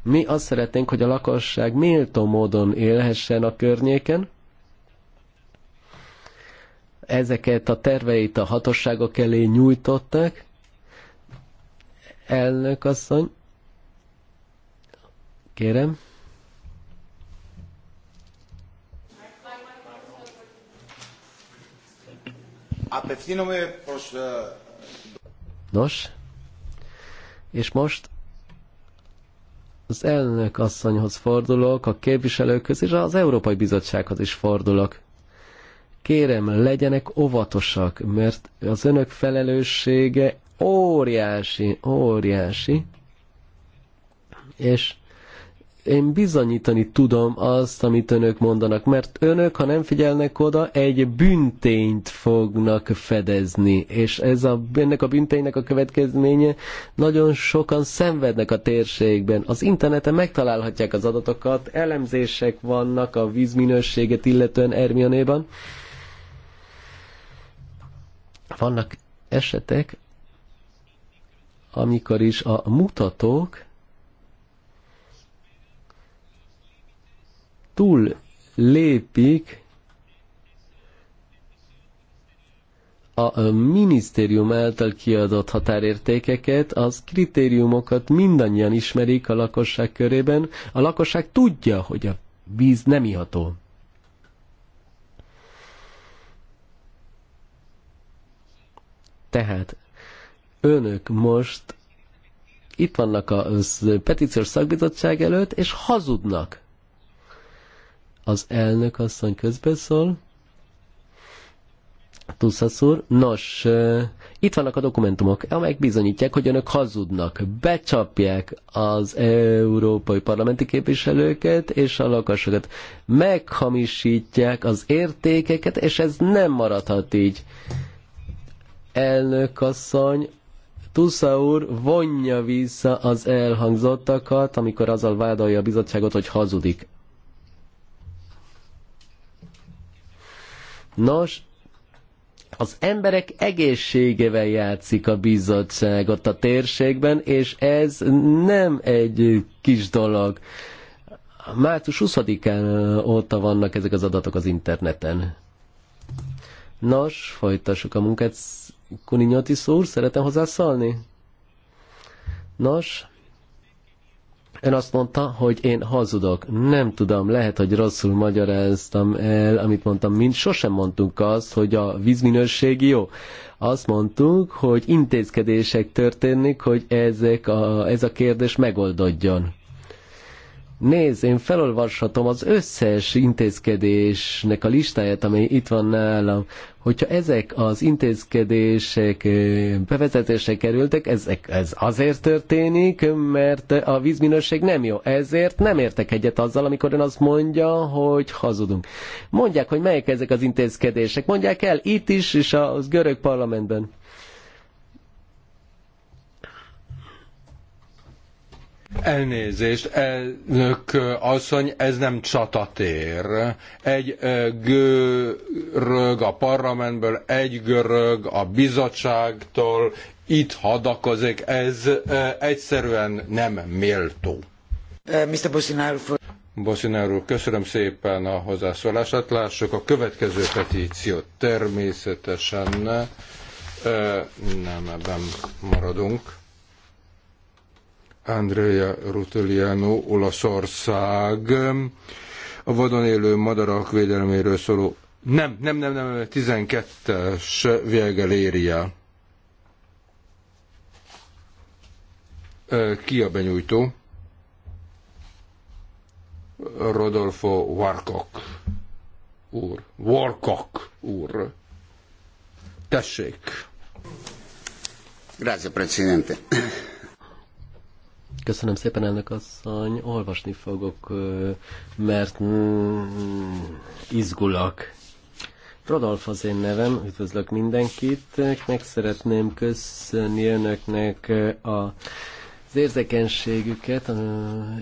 mi azt szeretnénk, hogy a lakosság méltó módon élhessen a környéken, Ezeket a terveit a hatóságok elé nyújtották. Elnök asszony, kérem. Nos, és most az elnök asszonyhoz fordulok, a képviselőkhöz és az Európai Bizottsághoz is fordulok. Kérem, legyenek óvatosak, mert az önök felelőssége óriási, óriási, és én bizonyítani tudom azt, amit önök mondanak, mert önök, ha nem figyelnek oda, egy büntényt fognak fedezni, és ez a, ennek a bünténynek a következménye nagyon sokan szenvednek a térségben. Az interneten megtalálhatják az adatokat, elemzések vannak a vízminőséget illetően Ermianéban, vannak esetek, amikor is a mutatók túl lépik a minisztérium által kiadott határértékeket, az kritériumokat mindannyian ismerik a lakosság körében. A lakosság tudja, hogy a víz nem iható. Tehát önök most itt vannak a petíciós szakbizottság előtt, és hazudnak. Az elnök asszony közbeszól. Tuszasz úr, nos, itt vannak a dokumentumok, amelyek bizonyítják, hogy önök hazudnak, becsapják az európai parlamenti képviselőket és a lakosokat, meghamisítják az értékeket, és ez nem maradhat így elnök asszony, Tusza úr vonja vissza az elhangzottakat, amikor azzal vádolja a bizottságot, hogy hazudik. Nos, az emberek egészségevel játszik a bizottság ott a térségben, és ez nem egy kis dolog. Március 20-án óta vannak ezek az adatok az interneten. Nos, folytassuk a munkát. Kuninyotis úr, szeretem hozzászólni? Nos, ön azt mondta, hogy én hazudok. Nem tudom, lehet, hogy rosszul magyaráztam el, amit mondtam, mint sosem mondtunk azt, hogy a vízminőség jó. Azt mondtuk, hogy intézkedések történnek, hogy ezek a, ez a kérdés megoldodjon. Nézd, én felolvashatom az összes intézkedésnek a listáját, amely itt van nálam. Hogyha ezek az intézkedések bevezetésre kerültek, ezek, ez azért történik, mert a vízminőség nem jó. Ezért nem értek egyet azzal, amikor ön azt mondja, hogy hazudunk. Mondják, hogy melyek ezek az intézkedések. Mondják el itt is, és a görög parlamentben. Elnézést, elnök asszony, ez nem csatatér. Egy görög a parlamentből, egy görög a bizottságtól, itt hadakozik, ez egyszerűen nem méltó. Mr. Bolsonaro, for... köszönöm szépen a hozzászólását. Lássuk a következő petíciót. Természetesen nem ebben maradunk. Andrea Ruteliano, Olaszország, a vadon élő madarak védelméről szóló, nem, nem, nem, nem, 12-es Viegeléria. Ki a benyújtó? Rodolfo Warcock úr. Warcock úr. Tessék. Grazie, Presidente. Köszönöm szépen, elnök asszony. Olvasni fogok, mert mm, izgulak. Rodolf az én nevem, üdvözlök mindenkit. Meg szeretném köszönni önöknek a az érzékenységüket,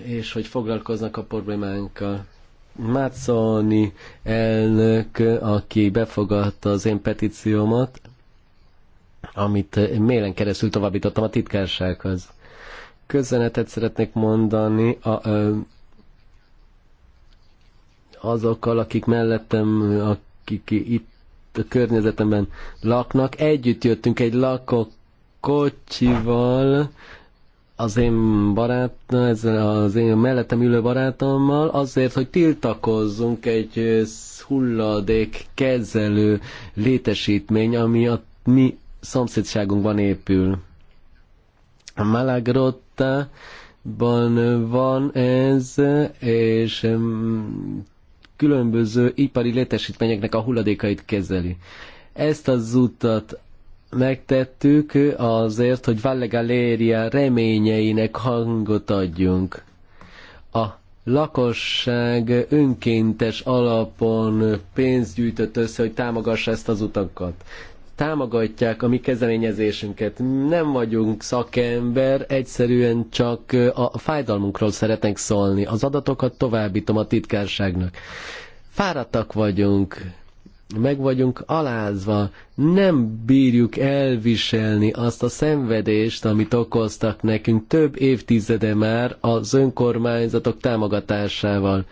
és hogy foglalkoznak a problémánkkal. Mátszolni elnök, aki befogadta az én petíciómat, amit mélen keresztül továbbítottam a titkársághoz közzenetet szeretnék mondani a, azokkal, akik mellettem, akik itt a környezetemben laknak. Együtt jöttünk egy lakókocsival, az én barátom, ez az én mellettem ülő barátommal, azért, hogy tiltakozzunk egy hulladék kezelő létesítmény, ami a mi szomszédságunkban épül. a Malagrot ban van ez, és különböző ipari létesítményeknek a hulladékait kezeli. Ezt az utat megtettük azért, hogy Valle Galéria reményeinek hangot adjunk. A lakosság önkéntes alapon pénzt gyűjtött össze, hogy támogassa ezt az utakat támogatják a mi kezdeményezésünket. Nem vagyunk szakember, egyszerűen csak a fájdalmunkról szeretnénk szólni. Az adatokat továbbítom a titkárságnak. Fáradtak vagyunk, meg vagyunk alázva, nem bírjuk elviselni azt a szenvedést, amit okoztak nekünk több évtizede már az önkormányzatok támogatásával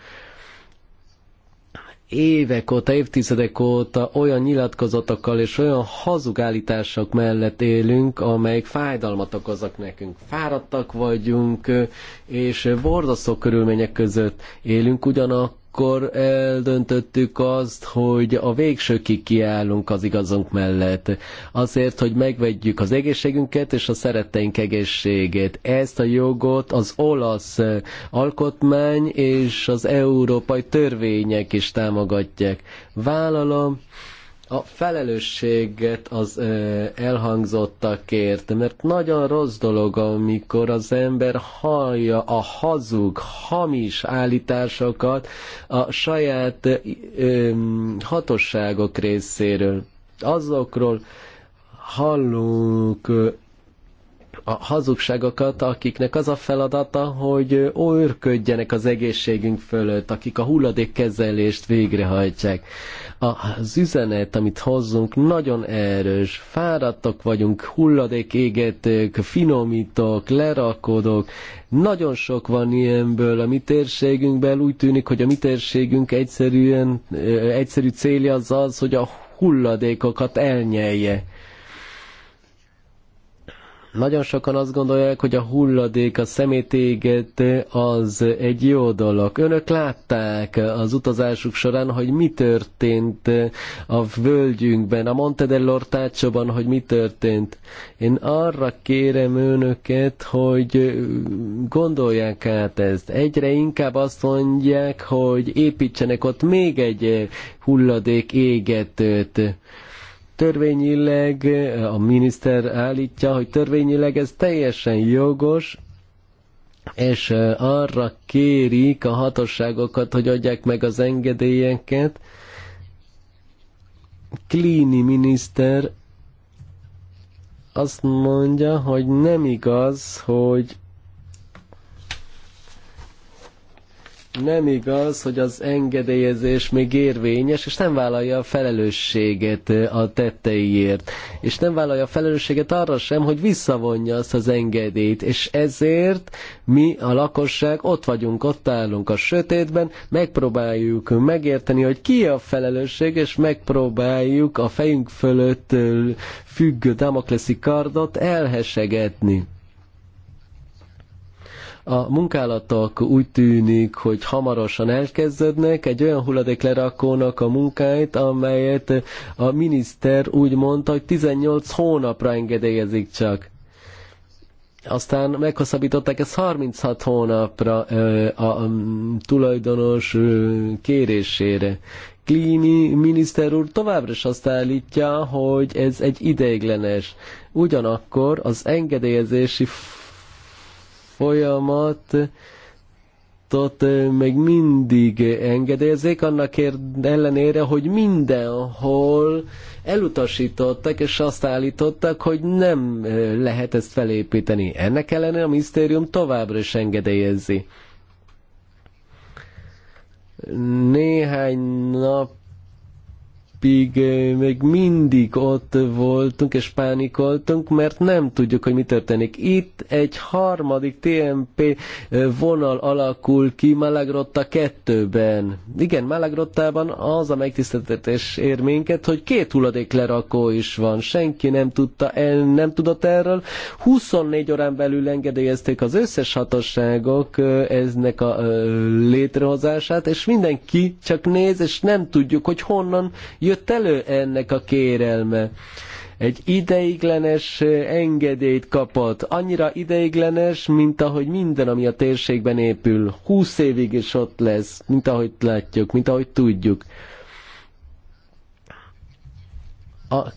évek óta, évtizedek óta olyan nyilatkozatokkal és olyan hazug állítások mellett élünk, amelyek fájdalmat okoznak nekünk. Fáradtak vagyunk, és borzasztó körülmények között élünk, ugyanakkor akkor eldöntöttük azt, hogy a végsőkig kiállunk az igazunk mellett. Azért, hogy megvegyük az egészségünket és a szeretteink egészségét. Ezt a jogot az olasz alkotmány és az európai törvények is támogatják. Vállalom, a felelősséget az elhangzottakért, mert nagyon rossz dolog, amikor az ember hallja a hazug, hamis állításokat a saját hatosságok részéről. Azokról hallunk a hazugságokat, akiknek az a feladata, hogy őrködjenek az egészségünk fölött, akik a hulladékkezelést végrehajtják. Az üzenet, amit hozzunk, nagyon erős. Fáradtak vagyunk, hulladékégetők, finomítók, lerakodók. Nagyon sok van ilyenből a mi térségünkben. Úgy tűnik, hogy a mi térségünk egyszerűen, egyszerű célja az az, hogy a hulladékokat elnyelje nagyon sokan azt gondolják, hogy a hulladék, a szemétéget az egy jó dolog. Önök látták az utazásuk során, hogy mi történt a völgyünkben, a Monte dell'Ortácsoban, hogy mi történt. Én arra kérem önöket, hogy gondolják át ezt. Egyre inkább azt mondják, hogy építsenek ott még egy hulladék égetőt törvényileg eh, a miniszter állítja, hogy törvényileg ez teljesen jogos, és eh, arra kérik a hatóságokat, hogy adják meg az engedélyeket. Klini miniszter azt mondja, hogy nem igaz, hogy nem igaz, hogy az engedélyezés még érvényes, és nem vállalja a felelősséget a tetteiért. És nem vállalja a felelősséget arra sem, hogy visszavonja azt az engedélyt. És ezért mi, a lakosság, ott vagyunk, ott állunk a sötétben, megpróbáljuk megérteni, hogy ki a felelősség, és megpróbáljuk a fejünk fölött függő damokleszi kardot elhesegetni a munkálatok úgy tűnik, hogy hamarosan elkezdődnek, egy olyan hulladéklerakónak a munkáit, amelyet a miniszter úgy mondta, hogy 18 hónapra engedélyezik csak aztán meghosszabbították ezt 36 hónapra ö, a, a tulajdonos ö, kérésére. Klíni miniszter úr továbbra is azt állítja, hogy ez egy ideiglenes. Ugyanakkor az engedélyezési folyamat tot még mindig engedélyezik, annak ellenére, hogy mindenhol elutasították, és azt állítottak, hogy nem lehet ezt felépíteni. Ennek ellenére a misztérium továbbra is engedélyezi. Néhány nap napig még mindig ott voltunk és pánikoltunk, mert nem tudjuk, hogy mi történik. Itt egy harmadik TMP vonal alakul ki Malagrotta 2-ben. Igen, Malagrottában az a megtiszteltetés ér minket, hogy két lerakó is van. Senki nem tudta, el, nem tudott erről. 24 órán belül engedélyezték az összes hatosságok eznek a létrehozását, és mindenki csak néz, és nem tudjuk, hogy honnan jött jött elő ennek a kérelme? Egy ideiglenes engedélyt kapott, annyira ideiglenes, mint ahogy minden, ami a térségben épül. Húsz évig is ott lesz, mint ahogy látjuk, mint ahogy tudjuk. A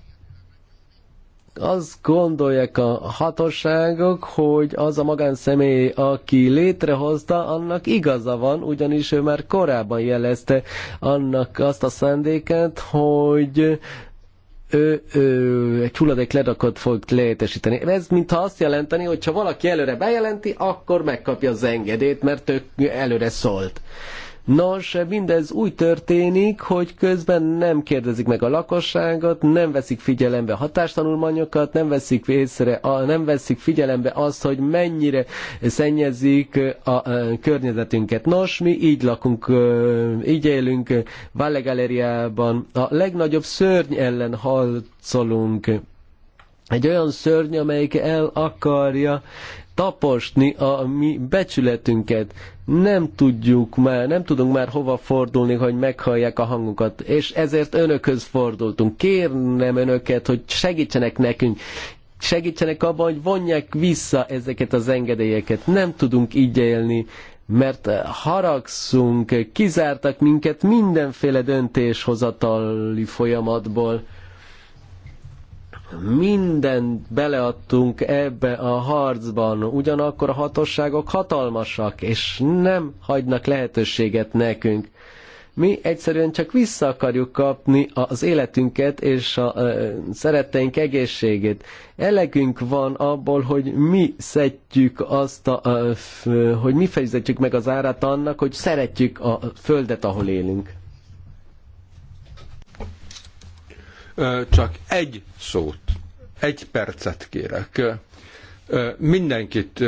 azt gondolják a hatóságok, hogy az a magánszemély, aki létrehozta, annak igaza van, ugyanis ő már korábban jelezte annak azt a szándékát, hogy ő, ő egy hulladék ledakot fog létesíteni. Ez mintha azt jelenteni, hogy ha valaki előre bejelenti, akkor megkapja az engedélyt, mert ő előre szólt. Nos, mindez úgy történik, hogy közben nem kérdezik meg a lakosságot, nem veszik figyelembe hatástanulmányokat, nem veszik, észre, nem veszik figyelembe azt, hogy mennyire szennyezik a környezetünket. Nos, mi így lakunk, így élünk Valle Galeriában. A legnagyobb szörny ellen harcolunk. Egy olyan szörny, amelyik el akarja taposni a mi becsületünket. Nem tudjuk már, nem tudunk már hova fordulni, hogy meghallják a hangunkat, és ezért önökhöz fordultunk. Kérnem önöket, hogy segítsenek nekünk, segítsenek abban, hogy vonják vissza ezeket az engedélyeket. Nem tudunk így élni, mert haragszunk, kizártak minket mindenféle döntéshozatali folyamatból mindent beleadtunk ebbe a harcban, ugyanakkor a hatosságok hatalmasak, és nem hagynak lehetőséget nekünk. Mi egyszerűen csak vissza akarjuk kapni az életünket és a szeretteink egészségét. Elegünk van abból, hogy mi szedjük azt a, hogy mi fejezetjük meg az árat annak, hogy szeretjük a földet, ahol élünk. Csak egy szót, egy percet kérek. Mindenkit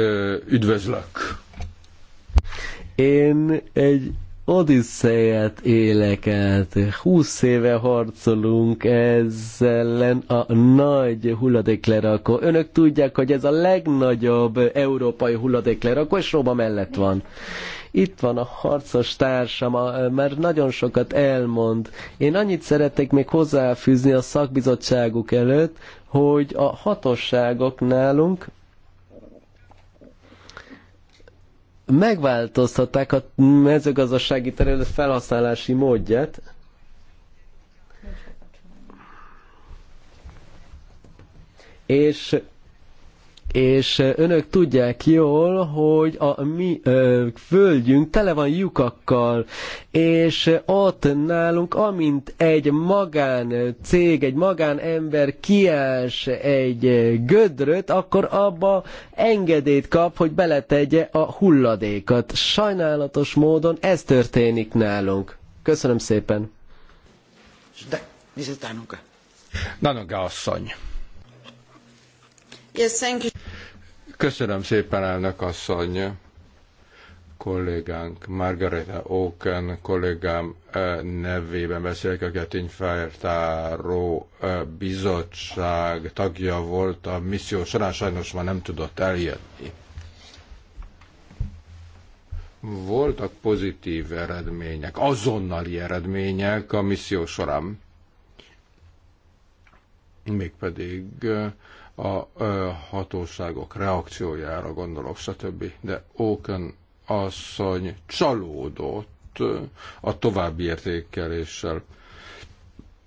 üdvözlök. Én egy Odisszeját élek át. Húsz éve harcolunk ezzel a nagy hulladéklerakó. Önök tudják, hogy ez a legnagyobb európai hulladéklerakó, és Róba mellett van. Itt van a harcos társam, mert nagyon sokat elmond. Én annyit szeretnék még hozzáfűzni a szakbizottságuk előtt, hogy a hatosságok nálunk megváltoztatták a mezőgazdasági terület felhasználási módját, és és önök tudják jól, hogy a mi ö, földjünk tele van lyukakkal, és ott nálunk, amint egy magán cég, egy magán ember kiás egy gödröt, akkor abba engedélyt kap, hogy beletegye a hulladékat. Sajnálatos módon ez történik nálunk. Köszönöm szépen. De, mi Danuka asszony. Köszönöm szépen, elnök asszony kollégánk, Margareta Oken kollégám eh, nevében beszélek, aki a tényfeltáró eh, bizottság tagja volt a misszió során, sajnos már nem tudott eljönni. Voltak pozitív eredmények, azonnali eredmények a misszió során. Mégpedig eh, a hatóságok reakciójára gondolok, stb. De Oaken asszony csalódott a további értékeléssel,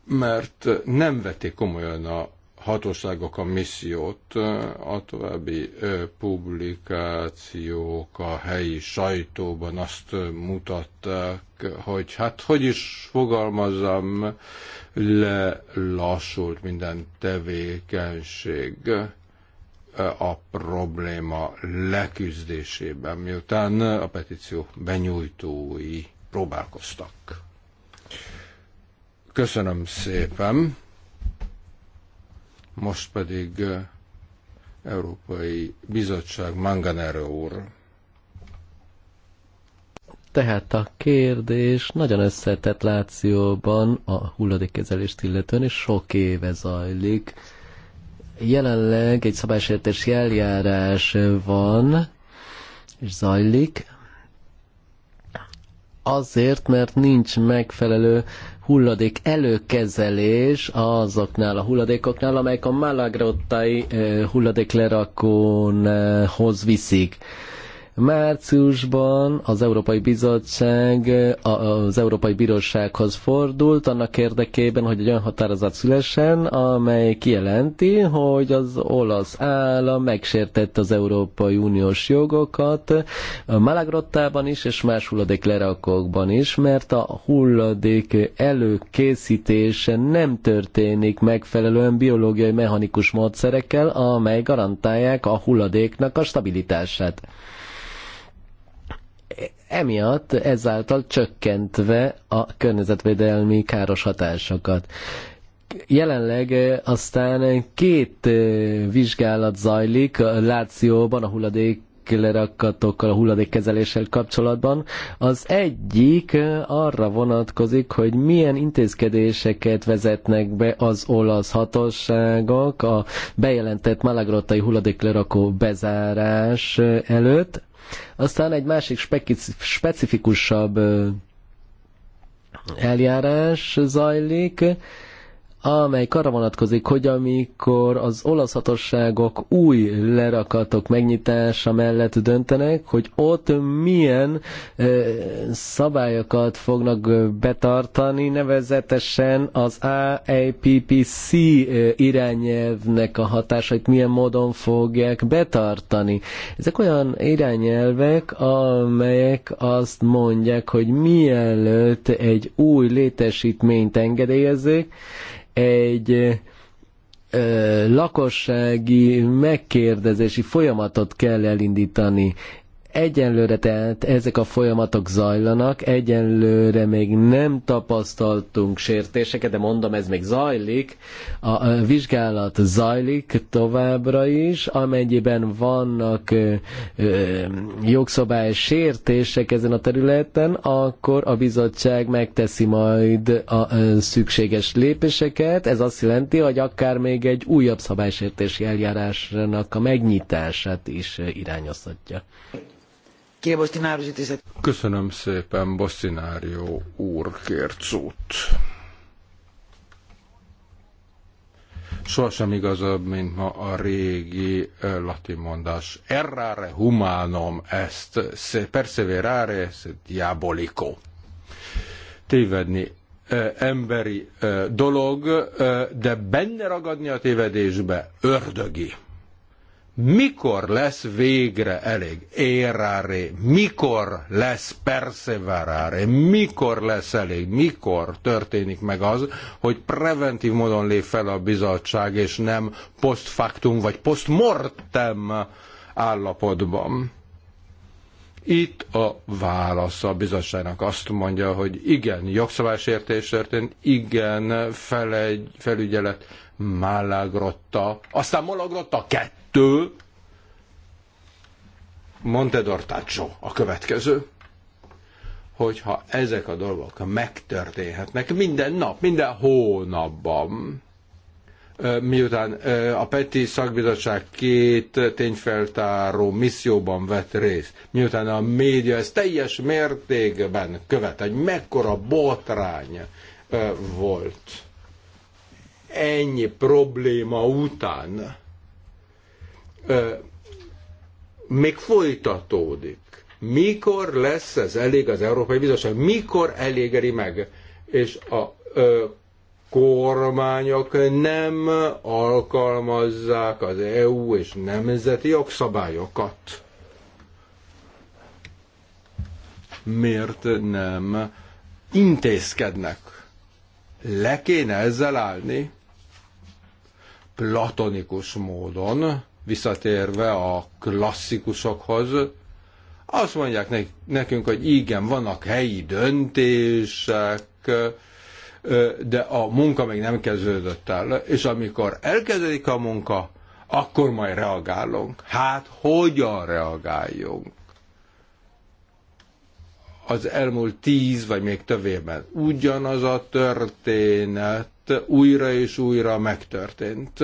mert nem vették komolyan a hatóságok a missziót, a további publikációk a helyi sajtóban azt mutatták, hogy hát hogy is fogalmazzam, lelassult minden tevékenység a probléma leküzdésében, miután a petíció benyújtói próbálkoztak. Köszönöm szépen! Most pedig Európai Bizottság Manganero úr. Tehát a kérdés nagyon összetett Lációban a hulladékkezelést illetően, és sok éve zajlik. Jelenleg egy szabálysértés eljárás van, és zajlik azért, mert nincs megfelelő hulladék előkezelés azoknál a hulladékoknál, amelyek a Malagrottai eh, hulladéklerakónhoz viszik. Márciusban az Európai Bizottság az Európai Bírósághoz fordult annak érdekében, hogy egy olyan határozat szülessen, amely kijelenti, hogy az olasz állam megsértette az Európai Uniós jogokat Malagrottában is, és más hulladéklerakókban is, mert a hulladék előkészítése nem történik megfelelően biológiai mechanikus módszerekkel, amely garantálják a hulladéknak a stabilitását emiatt ezáltal csökkentve a környezetvédelmi káros hatásokat. Jelenleg eh, aztán két eh, vizsgálat zajlik a Lációban a hulladék lerakatokkal, a hulladékkezeléssel kapcsolatban. Az egyik eh, arra vonatkozik, hogy milyen intézkedéseket vezetnek be az olasz hatóságok a bejelentett malagrottai hulladéklerakó bezárás előtt, aztán egy másik specifikusabb eljárás zajlik, Amely arra vonatkozik, hogy amikor az olasz hatosságok új lerakatok megnyitása mellett döntenek, hogy ott milyen ö, szabályokat fognak betartani, nevezetesen az AAPPC irányelvnek a hatásait milyen módon fogják betartani. Ezek olyan irányelvek, amelyek azt mondják, hogy mielőtt egy új létesítményt engedélyezik, egy lakossági megkérdezési folyamatot kell elindítani. Egyenlőre tehát ezek a folyamatok zajlanak, egyenlőre még nem tapasztaltunk sértéseket, de mondom, ez még zajlik. A, vizsgálat zajlik továbbra is, amennyiben vannak ö, ö, jogszabály sértések ezen a területen, akkor a bizottság megteszi majd a ö, szükséges lépéseket. Ez azt jelenti, hogy akár még egy újabb szabálysértési eljárásnak a megnyitását is irányozhatja. Köszönöm szépen, Bosszinárió úr kért szót. Sohasem igazabb, mint ma a régi eh, latin mondás. Errare humanum est, se perseverare, se diabolico. Tévedni eh, emberi eh, dolog, de benne ragadni a tévedésbe ördögi mikor lesz végre elég érare? mikor lesz perseverare, mikor lesz elég, mikor történik meg az, hogy preventív módon lép fel a bizottság, és nem post factum vagy post mortem állapotban. Itt a válasz a bizottságnak azt mondja, hogy igen, jogszabálysértés történt, igen, felegy, felügyelet, Málágrotta, aztán Malagrotta kettő től Montedortaccio a következő, hogyha ezek a dolgok megtörténhetnek minden nap, minden hónapban, miután a Peti szakbizottság két tényfeltáró misszióban vett részt, miután a média ezt teljes mértékben követ, egy mekkora botrány volt ennyi probléma után, még folytatódik. Mikor lesz ez elég az Európai Bizottság? Mikor elégeri meg? És a ö, kormányok nem alkalmazzák az EU és nemzeti jogszabályokat. Miért nem intézkednek? Le kéne ezzel állni platonikus módon, visszatérve a klasszikusokhoz, azt mondják nekünk, hogy igen, vannak helyi döntések, de a munka még nem kezdődött el. És amikor elkezdődik a munka, akkor majd reagálunk. Hát hogyan reagáljunk? Az elmúlt tíz vagy még tövében ugyanaz a történet újra és újra megtörtént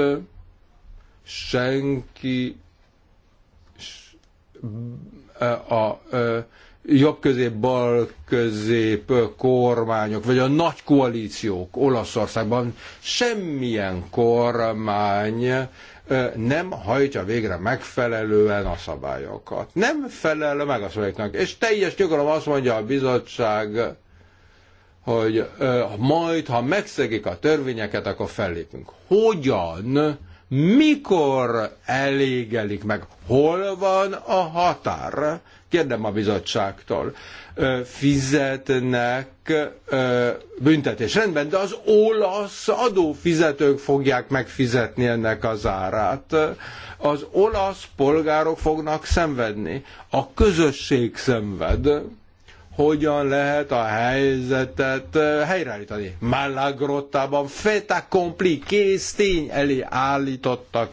senki a jobb közép, bal közép kormányok, vagy a nagy koalíciók Olaszországban semmilyen kormány nem hajtja végre megfelelően a szabályokat. Nem felel meg a szabályoknak. És teljes gyakorlom azt mondja a bizottság, hogy majd, ha megszegik a törvényeket, akkor fellépünk. Hogyan mikor elégelik meg, hol van a határ? Kérdem a bizottságtól. Fizetnek büntetés. Rendben, de az olasz adófizetők fogják megfizetni ennek az árát. Az olasz polgárok fognak szenvedni. A közösség szenved hogyan lehet a helyzetet helyreállítani. Malagrottában feta kompli késztény elé állítottak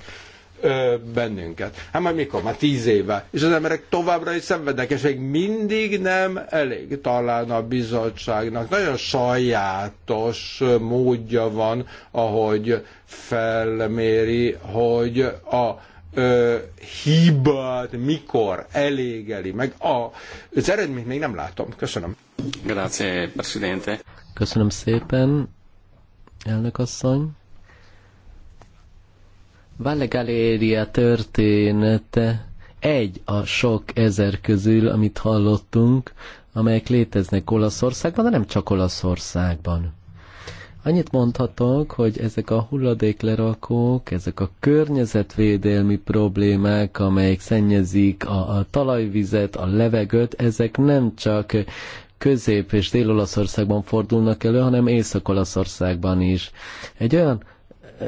ö, bennünket. Hát már mikor? Már tíz éve. És az emberek továbbra is szenvednek, és még mindig nem elég talán a bizottságnak. Nagyon sajátos módja van, ahogy felméri, hogy a ö, hibát mikor elégeli meg. A, az eredményt még nem látom. Köszönöm. Grazie, Presidente. Köszönöm szépen, elnök asszony. Valle Galéria története egy a sok ezer közül, amit hallottunk, amelyek léteznek Olaszországban, de nem csak Olaszországban. Annyit mondhatok, hogy ezek a hulladéklerakók, ezek a környezetvédelmi problémák, amelyek szennyezik a, a talajvizet, a levegőt, ezek nem csak Közép- és Dél-Olaszországban fordulnak elő, hanem Észak-Olaszországban is. Egy olyan ö,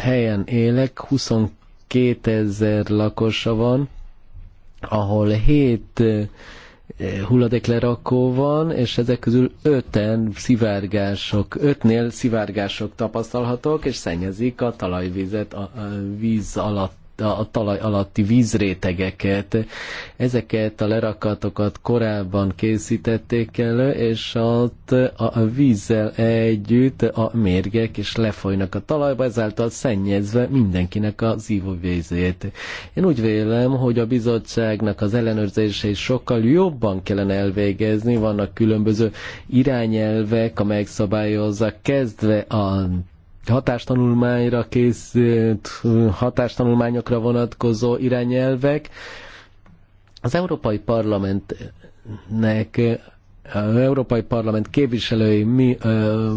helyen élek, 22 ezer lakosa van, ahol 7 hulladéklerakó van, és ezek közül öten szivárgások, ötnél szivárgások tapasztalhatók, és szennyezik a talajvizet, a víz alatt a talaj alatti vízrétegeket. Ezeket a lerakatokat korábban készítették elő, és ott a vízzel együtt a mérgek is lefolynak a talajba, ezáltal szennyezve mindenkinek az ivóvízét. Én úgy vélem, hogy a bizottságnak az is sokkal jobban kellene elvégezni, vannak különböző irányelvek, amelyek szabályozzák kezdve a hatástanulmányra készült, hatástanulmányokra vonatkozó irányelvek. Az Európai Parlamentnek az Európai Parlament képviselői mi ö,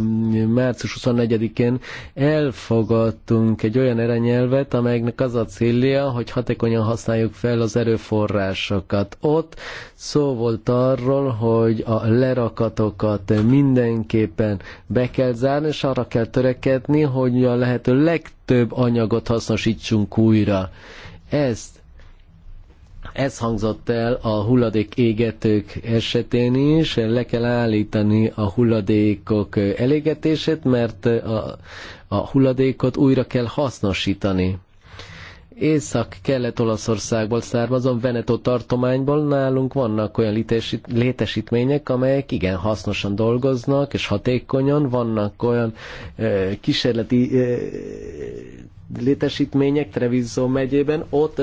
március 24-én elfogadtunk egy olyan erenyelvet, amelynek az a célja, hogy hatékonyan használjuk fel az erőforrásokat. Ott szó volt arról, hogy a lerakatokat mindenképpen be kell zárni, és arra kell törekedni, hogy a lehető legtöbb anyagot hasznosítsunk újra. Ezt ez hangzott el a hulladék égetők esetén is, le kell állítani a hulladékok elégetését, mert a, a hulladékot újra kell hasznosítani. Észak-Kelet-Olaszországból származom, Veneto tartományból nálunk vannak olyan létesít, létesítmények, amelyek igen hasznosan dolgoznak, és hatékonyan vannak olyan ö, kísérleti ö, létesítmények Treviso megyében, ott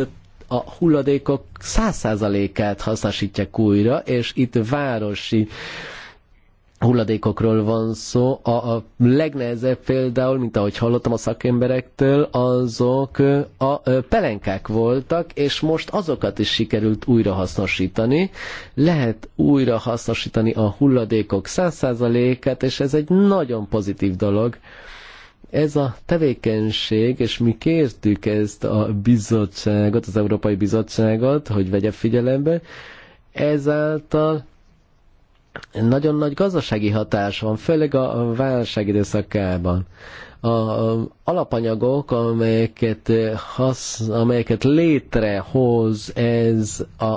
a hulladékok száz százalékát hasznosítják újra, és itt városi hulladékokról van szó. A, a legnehezebb például, mint ahogy hallottam a szakemberektől, azok a pelenkák voltak, és most azokat is sikerült újrahasznosítani. Lehet újrahasznosítani a hulladékok száz százalékát, és ez egy nagyon pozitív dolog ez a tevékenység, és mi kértük ezt a bizottságot, az Európai Bizottságot, hogy vegye figyelembe, ezáltal nagyon nagy gazdasági hatás van, főleg a válság időszakában a alapanyagok, amelyeket, hasz, amelyeket létrehoz ez a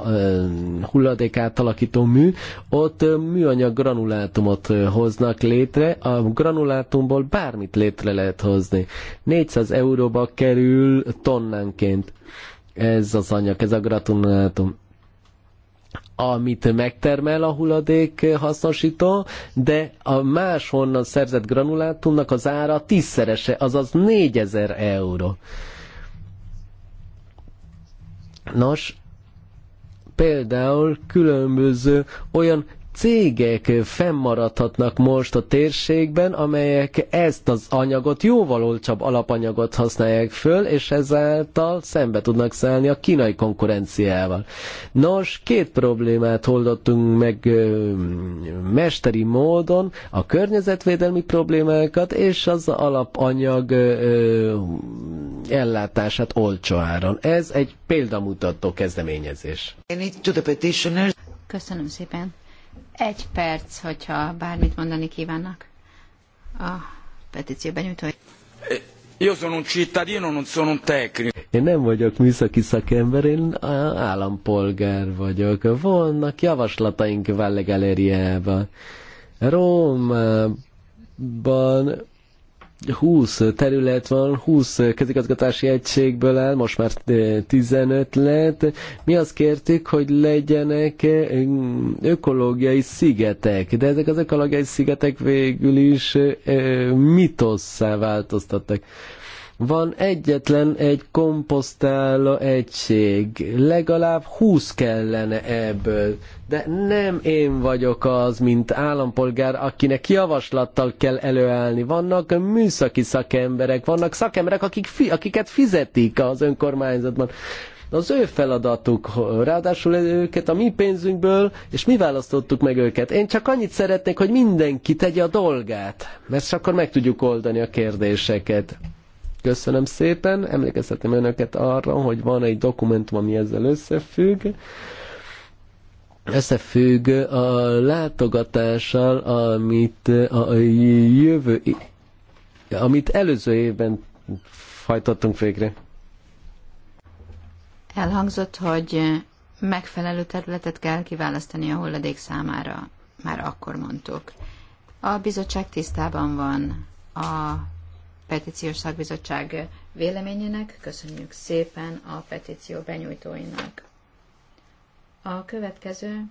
hulladék átalakító mű, ott műanyag granulátumot hoznak létre, a granulátumból bármit létre lehet hozni. 400 euróba kerül tonnánként ez az anyag, ez a granulátum amit megtermel a hulladék hasznosító, de a máshonnan szerzett granulátumnak az ára tízszerese, azaz 4000 euró. Nos, például különböző olyan cégek fennmaradhatnak most a térségben, amelyek ezt az anyagot jóval olcsóbb alapanyagot használják föl, és ezáltal szembe tudnak szállni a kínai konkurenciával. Nos, két problémát oldottunk meg ö, mesteri módon, a környezetvédelmi problémákat és az alapanyag ö, ellátását olcsó áron. Ez egy példamutató kezdeményezés. Köszönöm szépen. Egy perc, hogyha bármit mondani kívánnak a petíció benyújtói. Io sono un cittadino, non sono un tecnico. Én nem vagyok műszaki szakember, én állampolgár vagyok. Vannak javaslataink Valle Galeriában. Rómában 20 terület van, 20 közigazgatási egységből áll, most már 15 eh, lett. Mi azt kértük, hogy legyenek eh, ökológiai szigetek, de ezek az ökológiai szigetek végül is eh, mitosszá változtattak. Van egyetlen egy komposztáló egység, legalább húsz kellene ebből. De nem én vagyok az, mint állampolgár, akinek javaslattal kell előállni. Vannak műszaki szakemberek, vannak szakemberek, akik fi, akiket fizetik az önkormányzatban az ő feladatuk, ráadásul őket a mi pénzünkből, és mi választottuk meg őket. Én csak annyit szeretnék, hogy mindenki tegye a dolgát, mert csak akkor meg tudjuk oldani a kérdéseket. Köszönöm szépen, emlékeztetem önöket arra, hogy van egy dokumentum, ami ezzel összefügg összefügg a látogatással, amit a jövő, amit előző évben hajtottunk végre. Elhangzott, hogy megfelelő területet kell kiválasztani a hulladék számára. Már akkor mondtuk. A bizottság tisztában van a petíciós szakbizottság véleményének. Köszönjük szépen a petíció benyújtóinak. A következő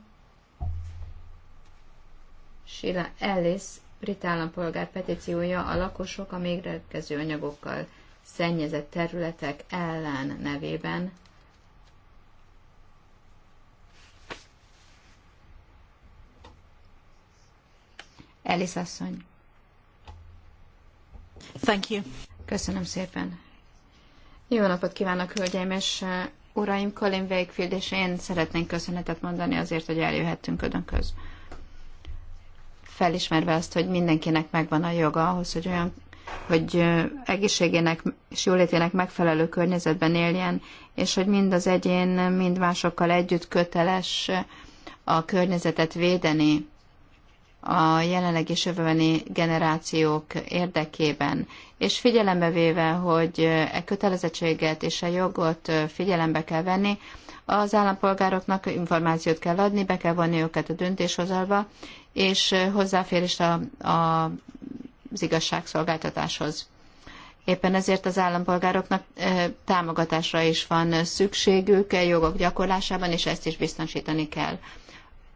Sheila Ellis, brit állampolgár petíciója a lakosok a mégrekező anyagokkal szennyezett területek ellen nevében. Ellis asszony. Thank you. Köszönöm szépen. Jó napot kívánok, hölgyeim és eh, uraim, Colin Wakefield, és én szeretnénk köszönetet mondani azért, hogy eljöhettünk Önökhöz. Felismerve azt, hogy mindenkinek megvan a joga ahhoz, hogy olyan hogy eh, egészségének és jólétének megfelelő környezetben éljen, és hogy mind az egyén, mind másokkal együtt köteles eh, a környezetet védeni, a jelenlegi és jövőbeni generációk érdekében, és figyelembe véve, hogy e kötelezettséget és a e jogot figyelembe kell venni, az állampolgároknak információt kell adni, be kell vonni őket a döntéshozalba, és hozzáférés a, a, az igazságszolgáltatáshoz. Éppen ezért az állampolgároknak e, támogatásra is van szükségük e jogok gyakorlásában, és ezt is biztosítani kell.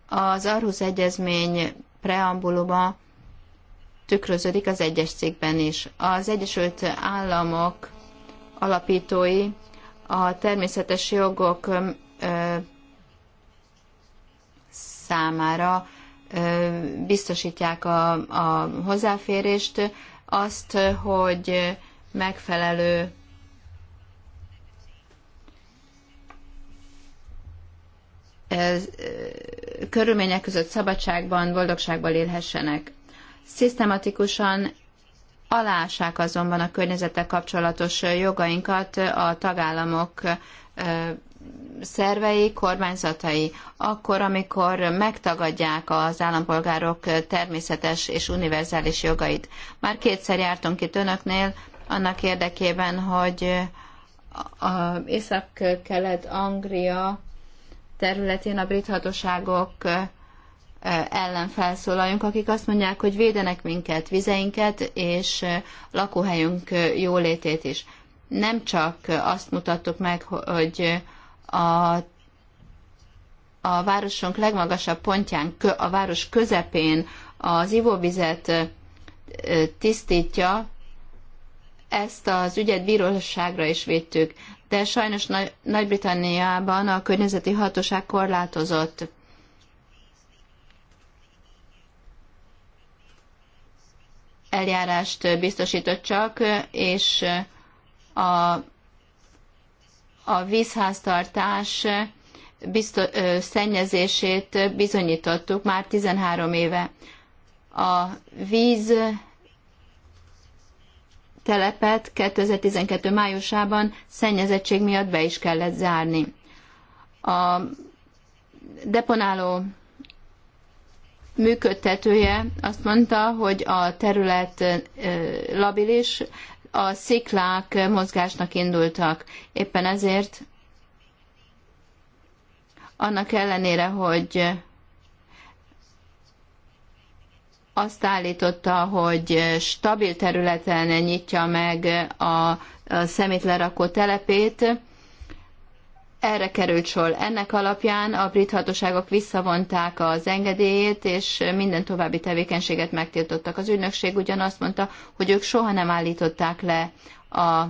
Az Arhus Egyezmény preambuluma tükröződik az egyes cégben is. Az Egyesült Államok alapítói a természetes jogok számára biztosítják a, a hozzáférést, azt, hogy megfelelő körülmények között szabadságban, boldogságban élhessenek. Szisztematikusan alássák azonban a környezettel kapcsolatos jogainkat a tagállamok szervei, kormányzatai, akkor, amikor megtagadják az állampolgárok természetes és univerzális jogait. Már kétszer jártunk itt önöknél, annak érdekében, hogy a Észak-Kelet-Anglia területén a brit hatóságok ellen felszólaljunk, akik azt mondják, hogy védenek minket, vizeinket és lakóhelyünk jólétét is. Nem csak azt mutattuk meg, hogy a, a városunk legmagasabb pontján, a város közepén az ivóvizet tisztítja, ezt az ügyet bíróságra is védtük, de sajnos Nagy-Britanniában a környezeti hatóság korlátozott eljárást biztosított csak, és a, a vízháztartás biztos, szennyezését bizonyítottuk már 13 éve. A víz telepet 2012. májusában szennyezettség miatt be is kellett zárni. A deponáló működtetője azt mondta, hogy a terület labilis, a sziklák mozgásnak indultak. Éppen ezért annak ellenére, hogy azt állította, hogy stabil területen nyitja meg a, a szemétlerakó telepét, erre került sor. Ennek alapján a brit hatóságok visszavonták az engedélyét, és minden további tevékenységet megtiltottak. Az ügynökség ugyanazt mondta, hogy ők soha nem állították le a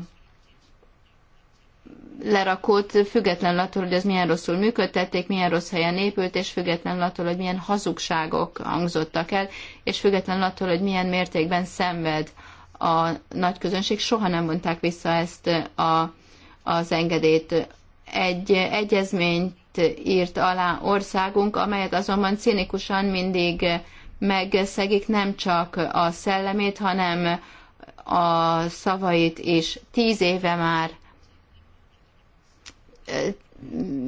lerakott független attól, hogy az milyen rosszul működtették, milyen rossz helyen épült, és független attól, hogy milyen hazugságok hangzottak el, és független attól, hogy milyen mértékben szenved a nagy közönség, soha nem vonták vissza ezt a, az engedélyt. Egy egyezményt írt alá országunk, amelyet azonban cinikusan mindig megszegik nem csak a szellemét, hanem a szavait is. Tíz éve már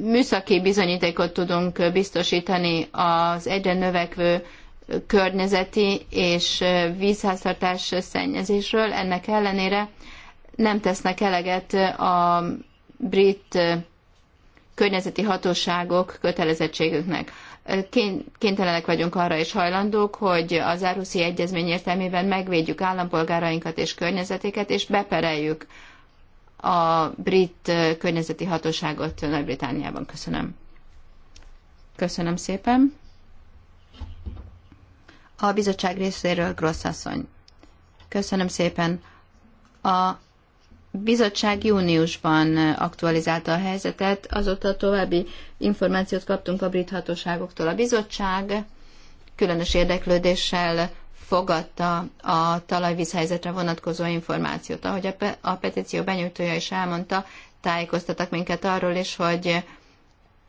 műszaki bizonyítékot tudunk biztosítani az egyre növekvő környezeti és vízháztartás szennyezésről. Ennek ellenére nem tesznek eleget a brit környezeti hatóságok kötelezettségüknek. Kénytelenek vagyunk arra is hajlandók, hogy az Áruszi Egyezmény értelmében megvédjük állampolgárainkat és környezetéket, és bepereljük a brit környezeti hatóságot Nagy-Britániában. Köszönöm. Köszönöm szépen. A bizottság részéről Grossz asszony. Köszönöm szépen. A bizottság júniusban aktualizálta a helyzetet, azóta további információt kaptunk a brit hatóságoktól. A bizottság különös érdeklődéssel fogadta a talajvízhelyzetre vonatkozó információt. Ahogy a, pe- a petíció benyújtója is elmondta, tájékoztattak minket arról is, hogy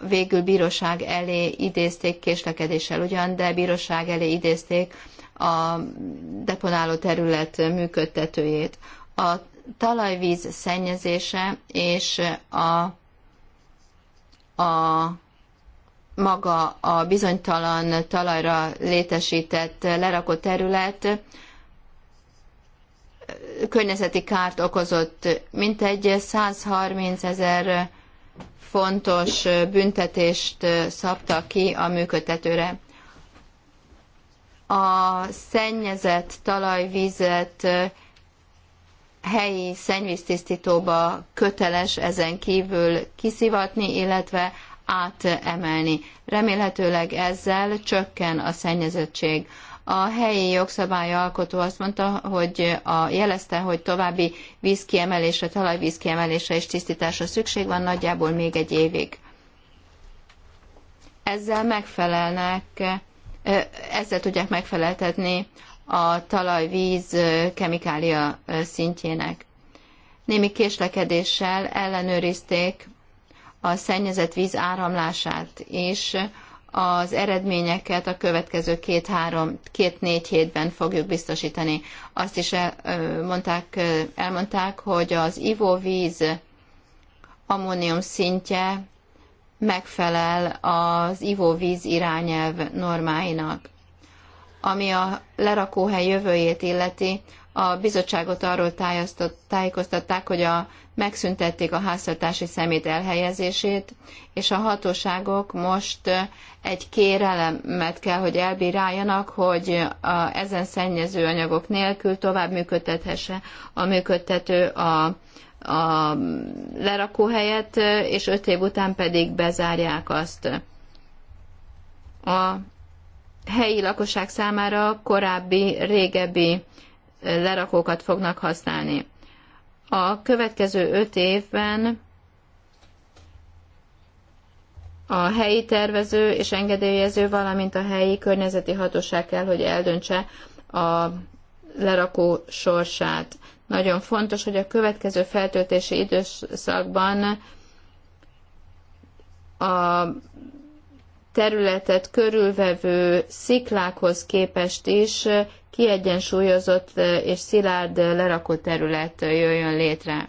végül bíróság elé idézték késlekedéssel ugyan, de bíróság elé idézték a deponáló terület működtetőjét. A talajvíz szennyezése és a, a maga a bizonytalan talajra létesített lerakott terület környezeti kárt okozott, mint egy 130 ezer fontos büntetést szabta ki a működtetőre. A szennyezett talajvizet helyi szennyvíztisztítóba köteles ezen kívül kiszivatni, illetve átemelni. Remélhetőleg ezzel csökken a szennyezettség. A helyi jogszabály alkotó azt mondta, hogy a, jelezte, hogy további vízkiemelésre, talajvízkiemelésre és tisztításra szükség van nagyjából még egy évig. Ezzel megfelelnek, ezzel tudják megfeleltetni a talajvíz kemikália szintjének. Némi késlekedéssel ellenőrizték a szennyezett víz áramlását és az eredményeket a következő két-három, két-négy hétben fogjuk biztosítani. Azt is elmondták, elmondták hogy az ivóvíz ammónium szintje megfelel az ivóvíz irányelv normáinak. Ami a lerakóhely jövőjét illeti, a bizottságot arról tájékoztatták, hogy a, megszüntették a háztartási szemét elhelyezését, és a hatóságok most egy kérelemet kell, hogy elbíráljanak, hogy a, ezen szennyező anyagok nélkül tovább működtethesse a működtető a, a lerakóhelyet, és öt év után pedig bezárják azt. A helyi lakosság számára korábbi, régebbi lerakókat fognak használni. A következő öt évben a helyi tervező és engedélyező, valamint a helyi környezeti hatóság kell, hogy eldöntse a lerakó sorsát. Nagyon fontos, hogy a következő feltöltési időszakban a területet körülvevő sziklákhoz képest is kiegyensúlyozott és szilárd lerakó terület jöjjön létre.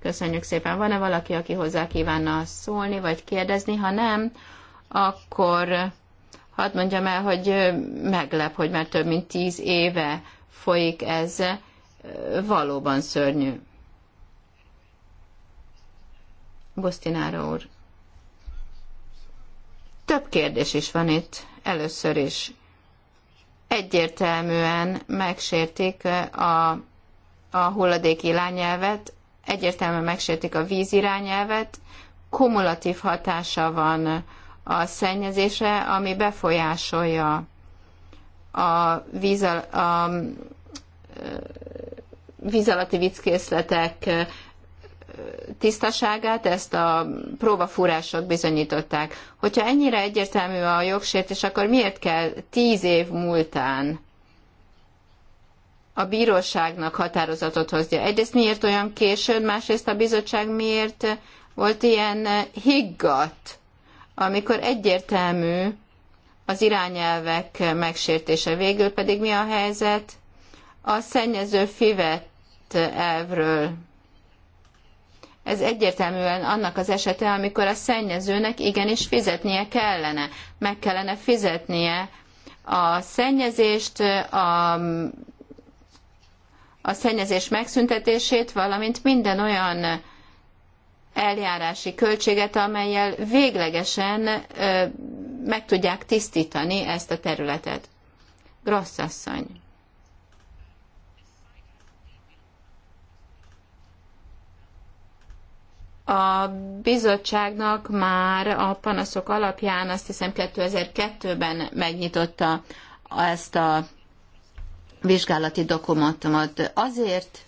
Köszönjük szépen. Van-e valaki, aki hozzá kívánna szólni, vagy kérdezni? Ha nem, akkor hadd mondjam el, hogy meglep, hogy már több mint tíz éve folyik ez. Valóban szörnyű. Bosztinára úr. Több kérdés is van itt. Először is egyértelműen megsértik a, a hulladék irányelvet, egyértelműen megsértik a víz irányelvet, kumulatív hatása van a szennyezése, ami befolyásolja a víz, a, a víz alatti vízkészletek tisztaságát, ezt a próbafúrások bizonyították. Hogyha ennyire egyértelmű a jogsértés, akkor miért kell tíz év múltán a bíróságnak határozatot hoznia? Egyrészt miért olyan későn, másrészt a bizottság miért volt ilyen higgadt, amikor egyértelmű az irányelvek megsértése. Végül pedig mi a helyzet a szennyező fivet elvről? Ez egyértelműen annak az esete, amikor a szennyezőnek igenis fizetnie kellene. Meg kellene fizetnie a szennyezést, a, a szennyezés megszüntetését, valamint minden olyan eljárási költséget, amelyel véglegesen ö, meg tudják tisztítani ezt a területet. Grossz asszony. a bizottságnak már a panaszok alapján azt hiszem 2002-ben megnyitotta ezt a vizsgálati dokumentumot. Azért,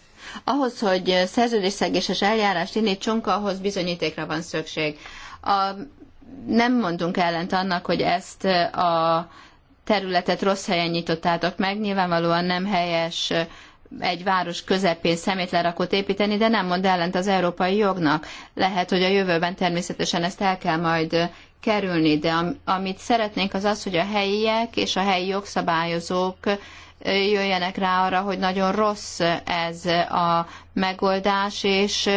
ahhoz, hogy szerződésszegéses eljárást indítsunk, ahhoz bizonyítékra van szükség. A, nem mondunk ellent annak, hogy ezt a területet rossz helyen nyitottátok meg, nyilvánvalóan nem helyes egy város közepén szemétlerakót építeni, de nem mond ellent az európai jognak. Lehet, hogy a jövőben természetesen ezt el kell majd kerülni, de amit szeretnénk az az, hogy a helyiek és a helyi jogszabályozók jöjjenek rá arra, hogy nagyon rossz ez a megoldás, és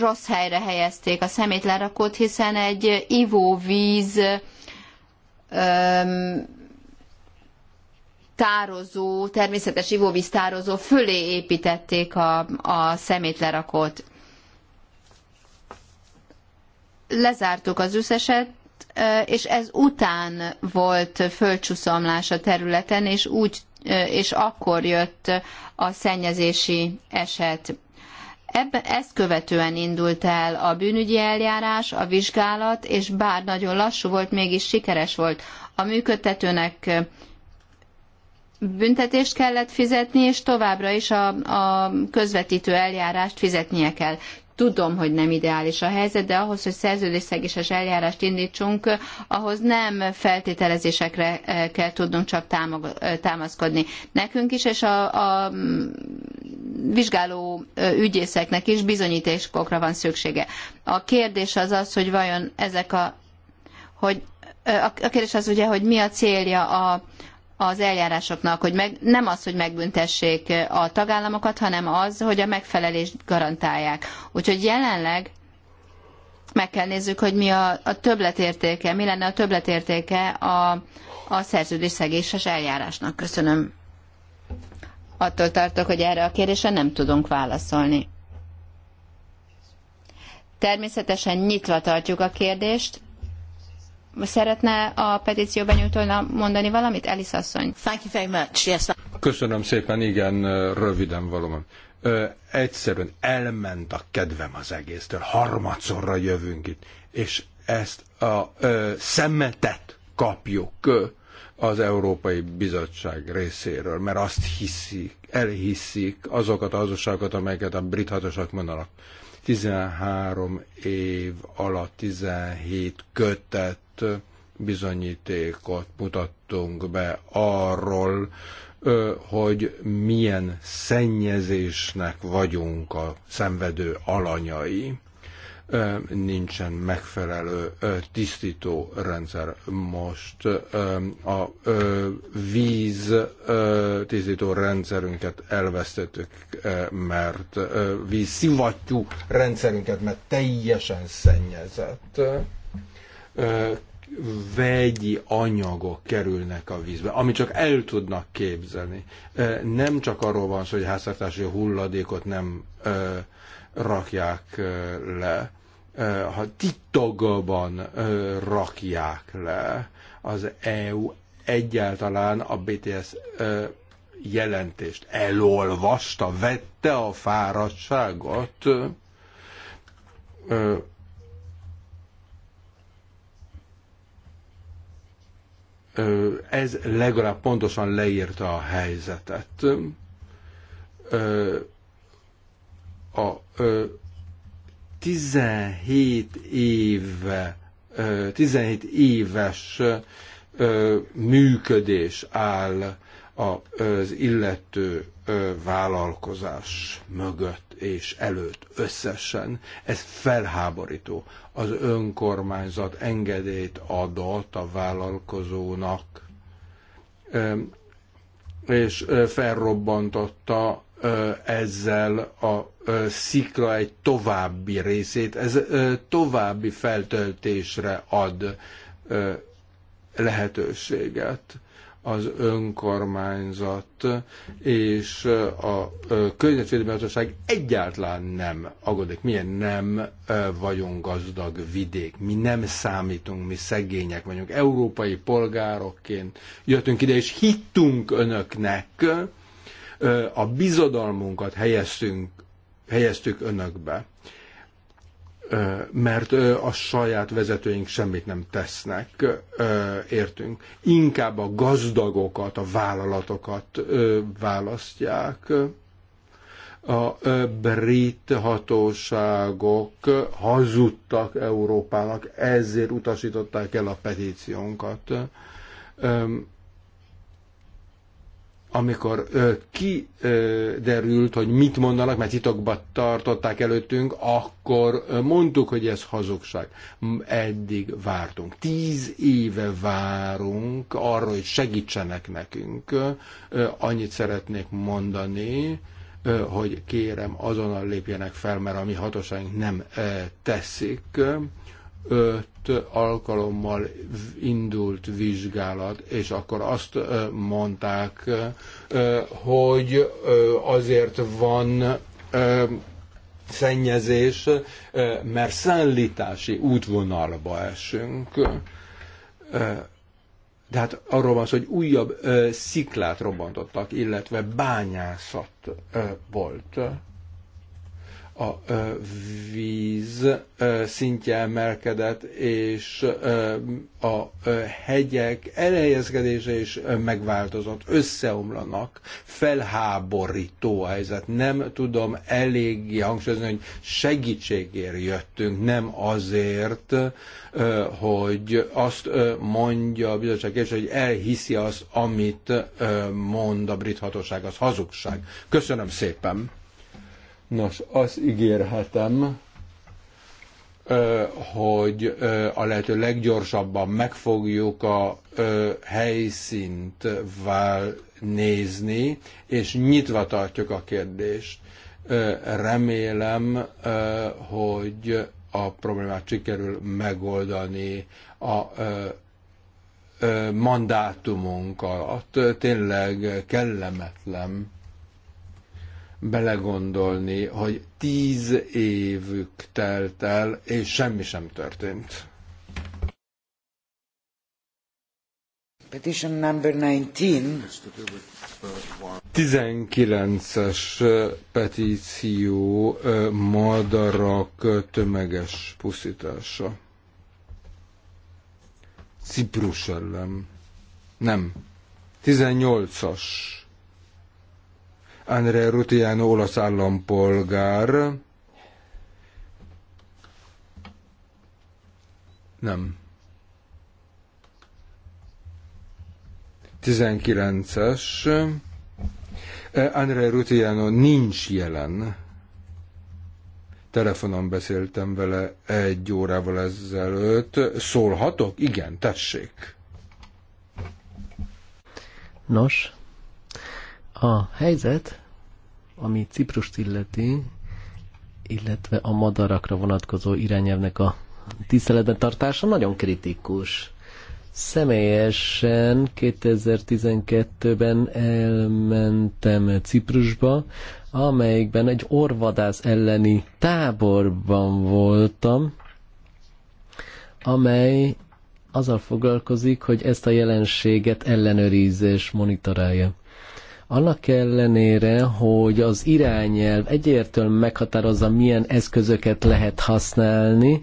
rossz helyre helyezték a szemétlerakót, hiszen egy ivóvíz tározó, természetes ivóvíz tározó fölé építették a, a szemétlerakót. Lezártuk az üszeset, és ez után volt földcsúszomlás a területen, és, úgy, és akkor jött a szennyezési eset. Ebben ezt követően indult el a bűnügyi eljárás, a vizsgálat, és bár nagyon lassú volt, mégis sikeres volt. A működtetőnek büntetést kellett fizetni, és továbbra is a, a közvetítő eljárást fizetnie kell. Tudom, hogy nem ideális a helyzet, de ahhoz, hogy szerződésszegéses eljárást indítsunk, ahhoz nem feltételezésekre eh, kell tudnunk csak eh, támaszkodni. Nekünk is, és a, a mm, vizsgáló eh, ügyészeknek is bizonyítéskokra van szüksége. A kérdés az az, hogy vajon ezek a, hogy a kérdés az ugye, hogy mi a célja a, az eljárásoknak, hogy meg, nem az, hogy megbüntessék a tagállamokat, hanem az, hogy a megfelelést garantálják. Úgyhogy jelenleg meg kell nézzük, hogy mi a, a többletértéke, mi lenne a többletértéke a, a szerződésszegéses eljárásnak. Köszönöm. Attól tartok, hogy erre a kérdésre nem tudunk válaszolni. Természetesen nyitva tartjuk a kérdést, Szeretne a petíció benyújtóna mondani valamit? Elis asszony. Thank you very much. Yes. Köszönöm szépen, igen, röviden valóban. Ö, egyszerűen elment a kedvem az egésztől. Harmadszorra jövünk itt, és ezt a ö, szemetet kapjuk ö, az Európai Bizottság részéről, mert azt hiszik, elhiszik azokat az hazugságokat, amelyeket a brit hatóságok mondanak 13 év alatt 17 kötet bizonyítékot mutattunk be arról, hogy milyen szennyezésnek vagyunk a szenvedő alanyai nincsen megfelelő tisztító rendszer. Most a víz tisztító rendszerünket elvesztettük, mert víz szivattyú rendszerünket, mert teljesen szennyezett vegyi anyagok kerülnek a vízbe, amit csak el tudnak képzelni. Nem csak arról van szó, hogy háztartási hulladékot nem rakják le, ha titokban rakják le az EU egyáltalán a BTS jelentést elolvasta, vette a fáradtságot, ez legalább pontosan leírta a helyzetet. A 17 év, 17 éves működés áll az illető vállalkozás mögött és előtt összesen. Ez felháborító. Az önkormányzat engedélyt adott a vállalkozónak, és felrobbantotta ezzel a szikla egy további részét, ez további feltöltésre ad lehetőséget az önkormányzat és a környezetvédelmi hatóság egyáltalán nem aggódik. Milyen nem vagyunk gazdag vidék, mi nem számítunk, mi szegények vagyunk. Európai polgárokként jöttünk ide, és hittünk önöknek, a bizodalmunkat helyeztünk, helyeztük önökbe, mert a saját vezetőink semmit nem tesznek, értünk. Inkább a gazdagokat, a vállalatokat választják. A brit hatóságok hazudtak Európának, ezért utasították el a petíciónkat amikor ö, kiderült, hogy mit mondanak, mert titokba tartották előttünk, akkor mondtuk, hogy ez hazugság. Eddig vártunk. Tíz éve várunk arra, hogy segítsenek nekünk. annyit szeretnék mondani, hogy kérem, azonnal lépjenek fel, mert a mi hatóságunk nem teszik. Ö, alkalommal indult vizsgálat, és akkor azt mondták, hogy azért van szennyezés, mert szállítási útvonalba esünk. De hát arról van szó, hogy újabb sziklát robbantottak, illetve bányászat volt a víz szintje emelkedett, és a hegyek elhelyezkedése is megváltozott, összeomlanak, felháborító a helyzet. Nem tudom eléggé hangsúlyozni, hogy segítségért jöttünk, nem azért, hogy azt mondja a bizottság és hogy elhiszi azt, amit mond a brit hatóság, az hazugság. Köszönöm szépen! Nos, azt ígérhetem, hogy a lehető leggyorsabban megfogjuk a helyszínt vál nézni, és nyitva tartjuk a kérdést. Remélem, hogy a problémát sikerül megoldani a mandátumunk alatt. Tényleg kellemetlen belegondolni, hogy tíz évük telt el, és semmi sem történt. Petition number 19. 19-es petíció madarak tömeges pusztítása. Ciprus ellen. Nem. 18-as Andre Rutiano olasz állampolgár. Nem. 19-es. E, Andre Rutiano nincs jelen. Telefonon beszéltem vele egy órával ezelőtt. Szólhatok? Igen, tessék. Nos, a helyzet, ami Ciprust illeti, illetve a madarakra vonatkozó irányelvnek a tiszteletben tartása nagyon kritikus. Személyesen 2012-ben elmentem Ciprusba, amelyikben egy orvadász elleni táborban voltam, amely azzal foglalkozik, hogy ezt a jelenséget ellenőrizés monitorálja. Annak ellenére, hogy az irányelv egyértelműen meghatározza, milyen eszközöket lehet használni,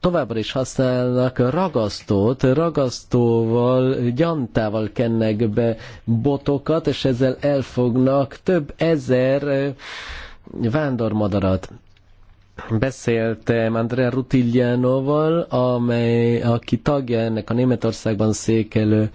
továbbra is használnak ragasztót, ragasztóval, gyantával kennek be botokat, és ezzel elfognak több ezer vándormadarat. Beszéltem Andrea Rutiljánóval, amely, aki tagja ennek a Németországban székelő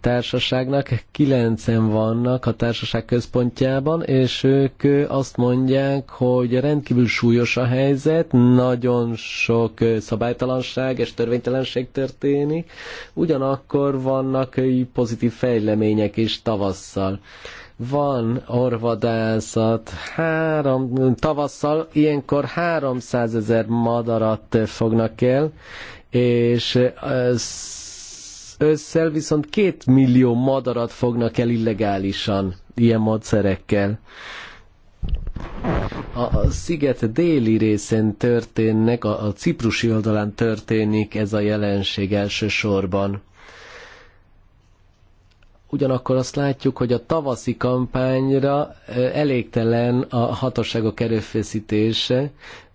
társaságnak, kilencen vannak a társaság központjában, és ők azt mondják, hogy rendkívül súlyos a helyzet, nagyon sok szabálytalanság és törvénytelenség történik, ugyanakkor vannak pozitív fejlemények is tavasszal van orvadászat. Három, tavasszal ilyenkor 300 ezer madarat fognak el, és ez ősszel viszont két millió madarat fognak el illegálisan ilyen módszerekkel. A sziget déli részén történnek, a, a ciprusi oldalán történik ez a jelenség elsősorban. Ugyanakkor azt látjuk, hogy a tavaszi kampányra elégtelen a hatóságok erőfeszítése,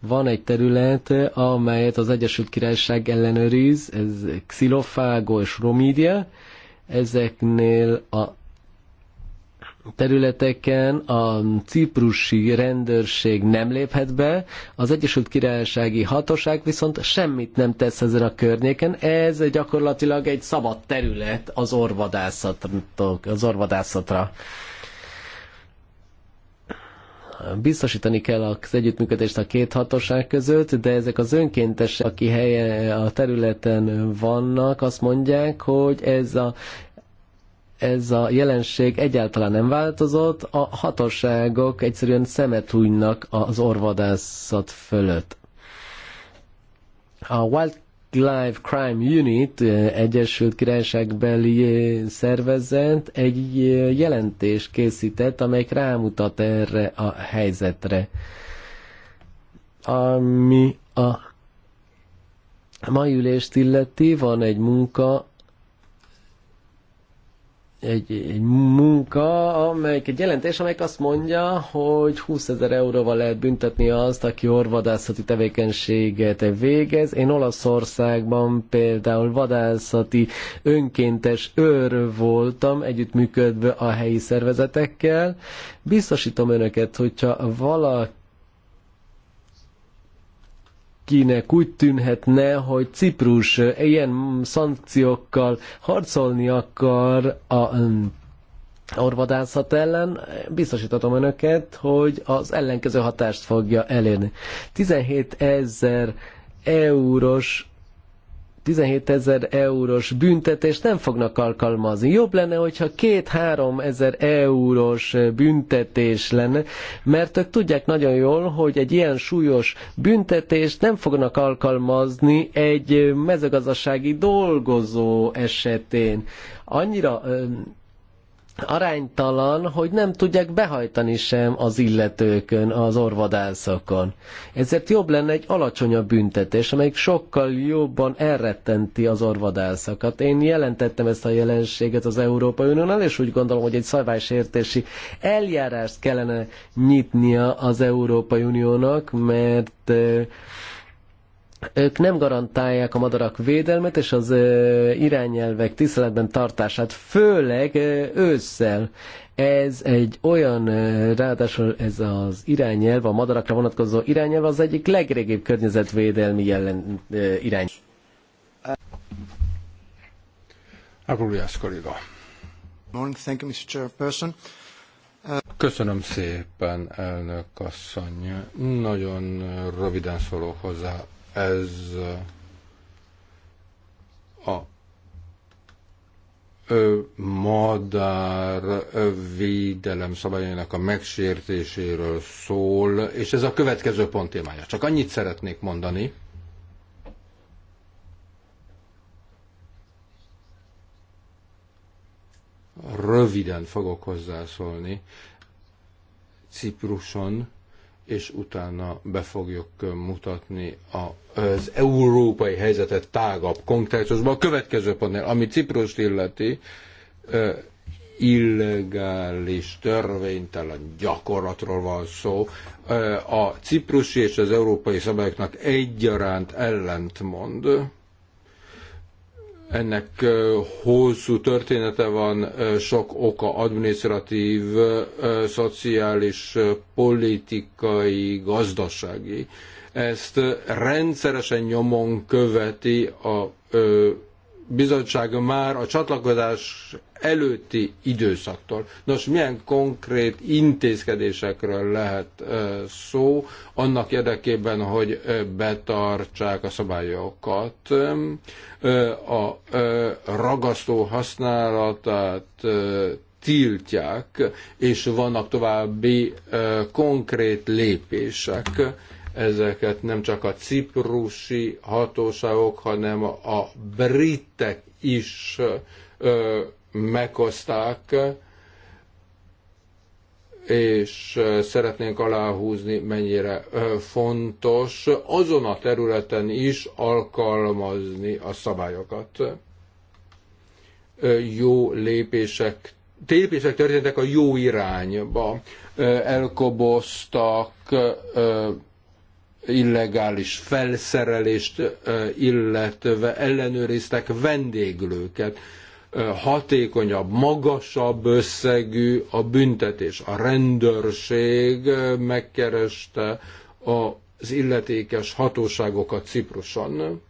van egy terület, amelyet az Egyesült Királyság ellenőriz, ez Xilofágo és Romídia. Ezeknél a területeken a ciprusi rendőrség nem léphet be, az Egyesült Királysági Hatóság viszont semmit nem tesz ezen a környéken, ez gyakorlatilag egy szabad terület az orvadászatra. Az orvadászatra biztosítani kell az együttműködést a két hatóság között, de ezek az önkéntes, aki helye a területen vannak, azt mondják, hogy ez a ez a jelenség egyáltalán nem változott, a hatóságok egyszerűen szemet hújnak az orvadászat fölött. A Wild Live Crime Unit, Egyesült Királyságbeli szervezet egy jelentést készített, amely rámutat erre a helyzetre. Ami a mai ülést illeti, van egy munka egy, egy munka, amelyik egy jelentés, amelyik azt mondja, hogy 20 ezer euróval lehet büntetni azt, aki orvadászati tevékenységet végez. Én Olaszországban például vadászati önkéntes őr voltam, együttműködve a helyi szervezetekkel. Biztosítom önöket, hogyha valaki akinek úgy tűnhetne, hogy Ciprus ilyen szankciókkal harcolni akar a orvadászat ellen, biztosítatom önöket, hogy az ellenkező hatást fogja elérni. 17 ezer eurós 17 ezer eurós büntetést nem fognak alkalmazni. Jobb lenne, hogyha 2-3 ezer eurós büntetés lenne, mert ők tudják nagyon jól, hogy egy ilyen súlyos büntetést nem fognak alkalmazni egy mezőgazdasági dolgozó esetén. Annyira aránytalan, hogy nem tudják behajtani sem az illetőkön, az orvadászokon. Ezért jobb lenne egy alacsonyabb büntetés, amelyik sokkal jobban elrettenti az orvadászokat. Én jelentettem ezt a jelenséget az Európai Uniónál, és úgy gondolom, hogy egy szabálysértési eljárást kellene nyitnia az Európai Uniónak, mert eh, ők nem garantálják a madarak védelmet és az irányelvek tiszteletben tartását, főleg ősszel. Ez egy olyan, ráadásul ez az irányelv, a madarakra vonatkozó irányelv az egyik legrégibb környezetvédelmi jelen, irány. Agruliás kolléga. Morning, thank you, Mr. Chairperson. Köszönöm szépen, elnök asszony. Nagyon röviden szólok hozzá ez a madár védelem szabályainak a megsértéséről szól, és ez a következő pont témája. Csak annyit szeretnék mondani, röviden fogok hozzászólni. Cipruson és utána be fogjuk mutatni az európai helyzetet tágabb kontextusban. A következő pontnál, ami Ciprust illeti, illegális, törvénytelen gyakorlatról van szó. A ciprusi és az európai szabályoknak egyaránt ellentmond ennek hosszú története van, sok oka administratív, szociális, politikai, gazdasági. Ezt rendszeresen nyomon követi a bizottság már a csatlakozás előtti időszaktól. Nos, milyen konkrét intézkedésekről lehet szó annak érdekében, hogy betartsák a szabályokat, a ragasztó használatát tiltják, és vannak további konkrét lépések Ezeket nem csak a ciprusi hatóságok, hanem a britek is ö, meghozták, és szeretnénk aláhúzni, mennyire fontos azon a területen is alkalmazni a szabályokat. Jó lépések tépések történtek a jó irányba. Elkoboztak illegális felszerelést, illetve ellenőriztek vendéglőket. Hatékonyabb, magasabb összegű a büntetés. A rendőrség megkereste az illetékes hatóságokat Cipruson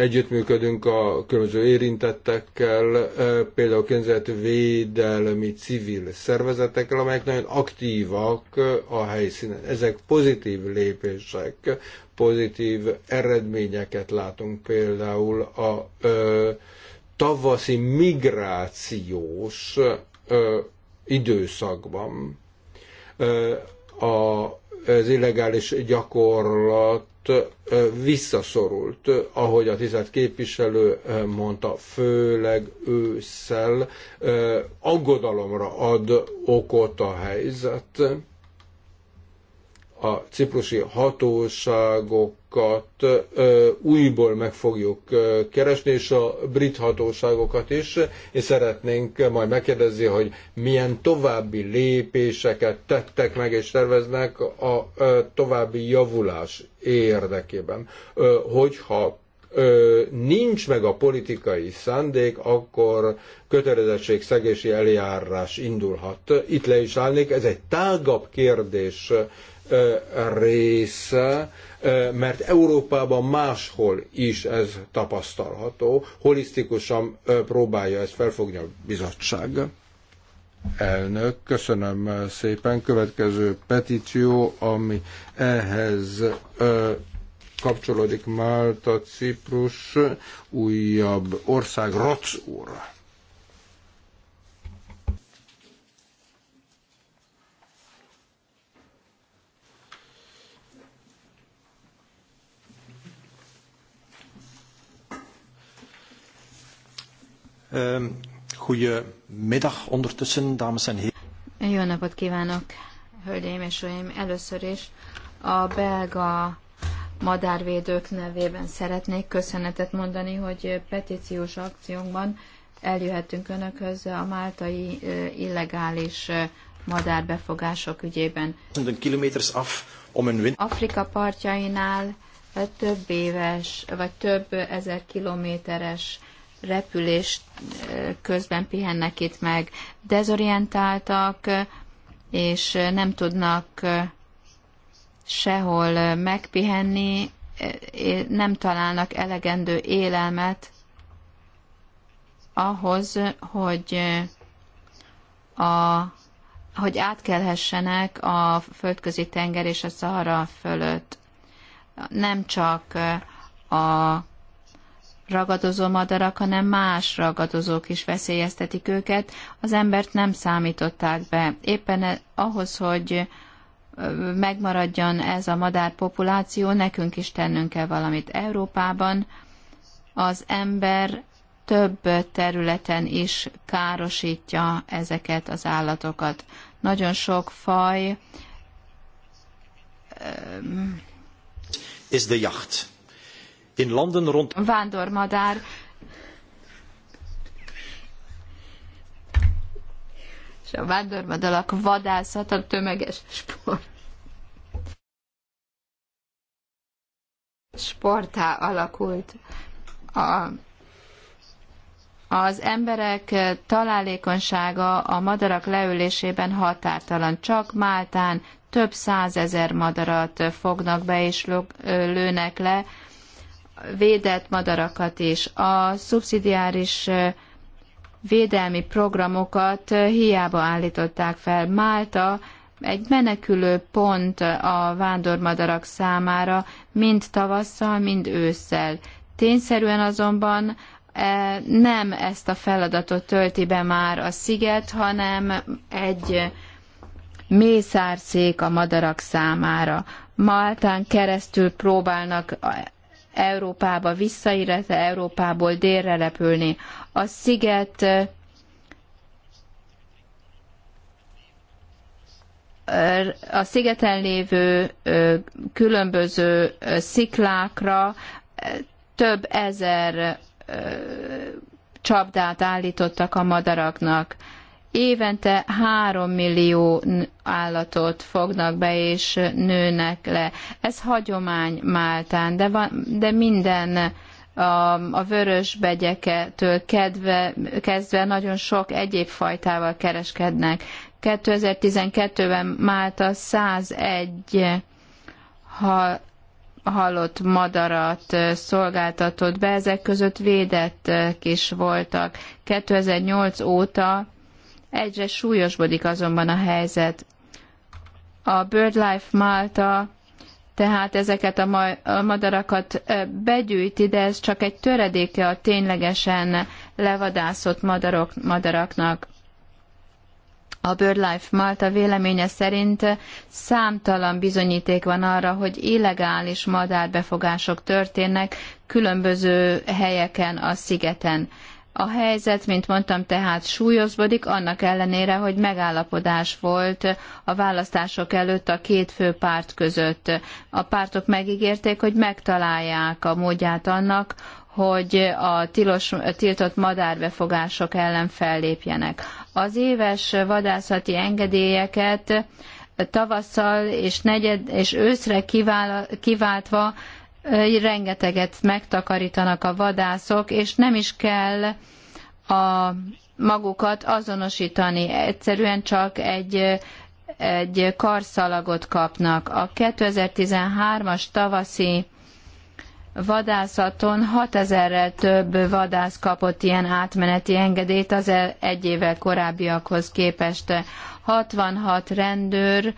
Együttműködünk a különböző érintettekkel, például védelmi civil szervezetekkel, amelyek nagyon aktívak a helyszínen. Ezek pozitív lépések, pozitív eredményeket látunk például a ö, tavaszi migrációs ö, időszakban. Ö, a, az illegális gyakorlat visszaszorult, ahogy a tisztelt képviselő mondta, főleg ősszel aggodalomra ad okot a helyzet. A ciprusi hatóságokat újból meg fogjuk keresni, és a brit hatóságokat is, és szeretnénk majd megkérdezni, hogy milyen további lépéseket tettek meg és terveznek a további javulás érdekében. Hogyha nincs meg a politikai szándék, akkor kötelezettségszegési eljárás indulhat. Itt le is állnék, ez egy tágabb kérdés része, mert Európában máshol is ez tapasztalható. Holisztikusan próbálja ezt felfogni a bizottság. Elnök, köszönöm szépen. Következő petíció, ami ehhez ö, kapcsolódik Málta, Ciprus, újabb ország, Rac úr. Um, Goedemiddag ondertussen, dames en heren. Jó napot kívánok, hölgyeim és uraim. Először is a belga madárvédők nevében szeretnék köszönetet mondani, hogy petíciós akciónkban eljöhetünk Önökhöz a máltai illegális madárbefogások ügyében. Afrika partjainál több éves, vagy több ezer kilométeres repülés közben pihennek itt meg, dezorientáltak, és nem tudnak sehol megpihenni, nem találnak elegendő élelmet ahhoz, hogy, a, hogy átkelhessenek a földközi tenger és a Szahara fölött. Nem csak a ragadozó madarak, hanem más ragadozók is veszélyeztetik őket. Az embert nem számították be. Éppen e- ahhoz, hogy megmaradjon ez a madár populáció, nekünk is tennünk kell valamit. Európában az ember több területen is károsítja ezeket az állatokat. Nagyon sok faj is the yacht In landen rond... Vándormadár. És a vándormadalak a tömeges sport. Sportá alakult. A, az emberek találékonysága a madarak leülésében határtalan. Csak Máltán több százezer madarat fognak be és lőnek le védett madarakat is. A szubszidiáris védelmi programokat hiába állították fel. Málta egy menekülő pont a vándormadarak számára, mind tavasszal, mind ősszel. Tényszerűen azonban nem ezt a feladatot tölti be már a sziget, hanem egy mészárszék a madarak számára. Máltán keresztül próbálnak Európába vissza, illetve Európából délre repülni. A sziget a szigeten lévő különböző sziklákra több ezer csapdát állítottak a madaraknak évente 3 millió állatot fognak be és nőnek le. Ez hagyomány Máltán, de, van, de minden a, a vörös begyeketől kedve, kezdve nagyon sok egyéb fajtával kereskednek. 2012-ben Málta 101 ha, halott madarat szolgáltatott be, ezek között védettek is voltak. 2008 óta Egyre súlyosbodik azonban a helyzet. A BirdLife Malta tehát ezeket a, madarakat begyűjti, de ez csak egy töredéke a ténylegesen levadászott madarok, madaraknak. A BirdLife Malta véleménye szerint számtalan bizonyíték van arra, hogy illegális madárbefogások történnek különböző helyeken a szigeten. A helyzet, mint mondtam, tehát súlyosbodik, annak ellenére, hogy megállapodás volt a választások előtt a két fő párt között. A pártok megígérték, hogy megtalálják a módját annak, hogy a tilos, tiltott madárbefogások ellen fellépjenek. Az éves vadászati engedélyeket tavasszal és, negyed, és őszre kiváltva rengeteget megtakarítanak a vadászok, és nem is kell a magukat azonosítani, egyszerűen csak egy egy karszalagot kapnak. A 2013-as tavaszi vadászaton 6000-rel több vadász kapott ilyen átmeneti engedélyt az e- egy évvel korábbiakhoz képest. 66 rendőr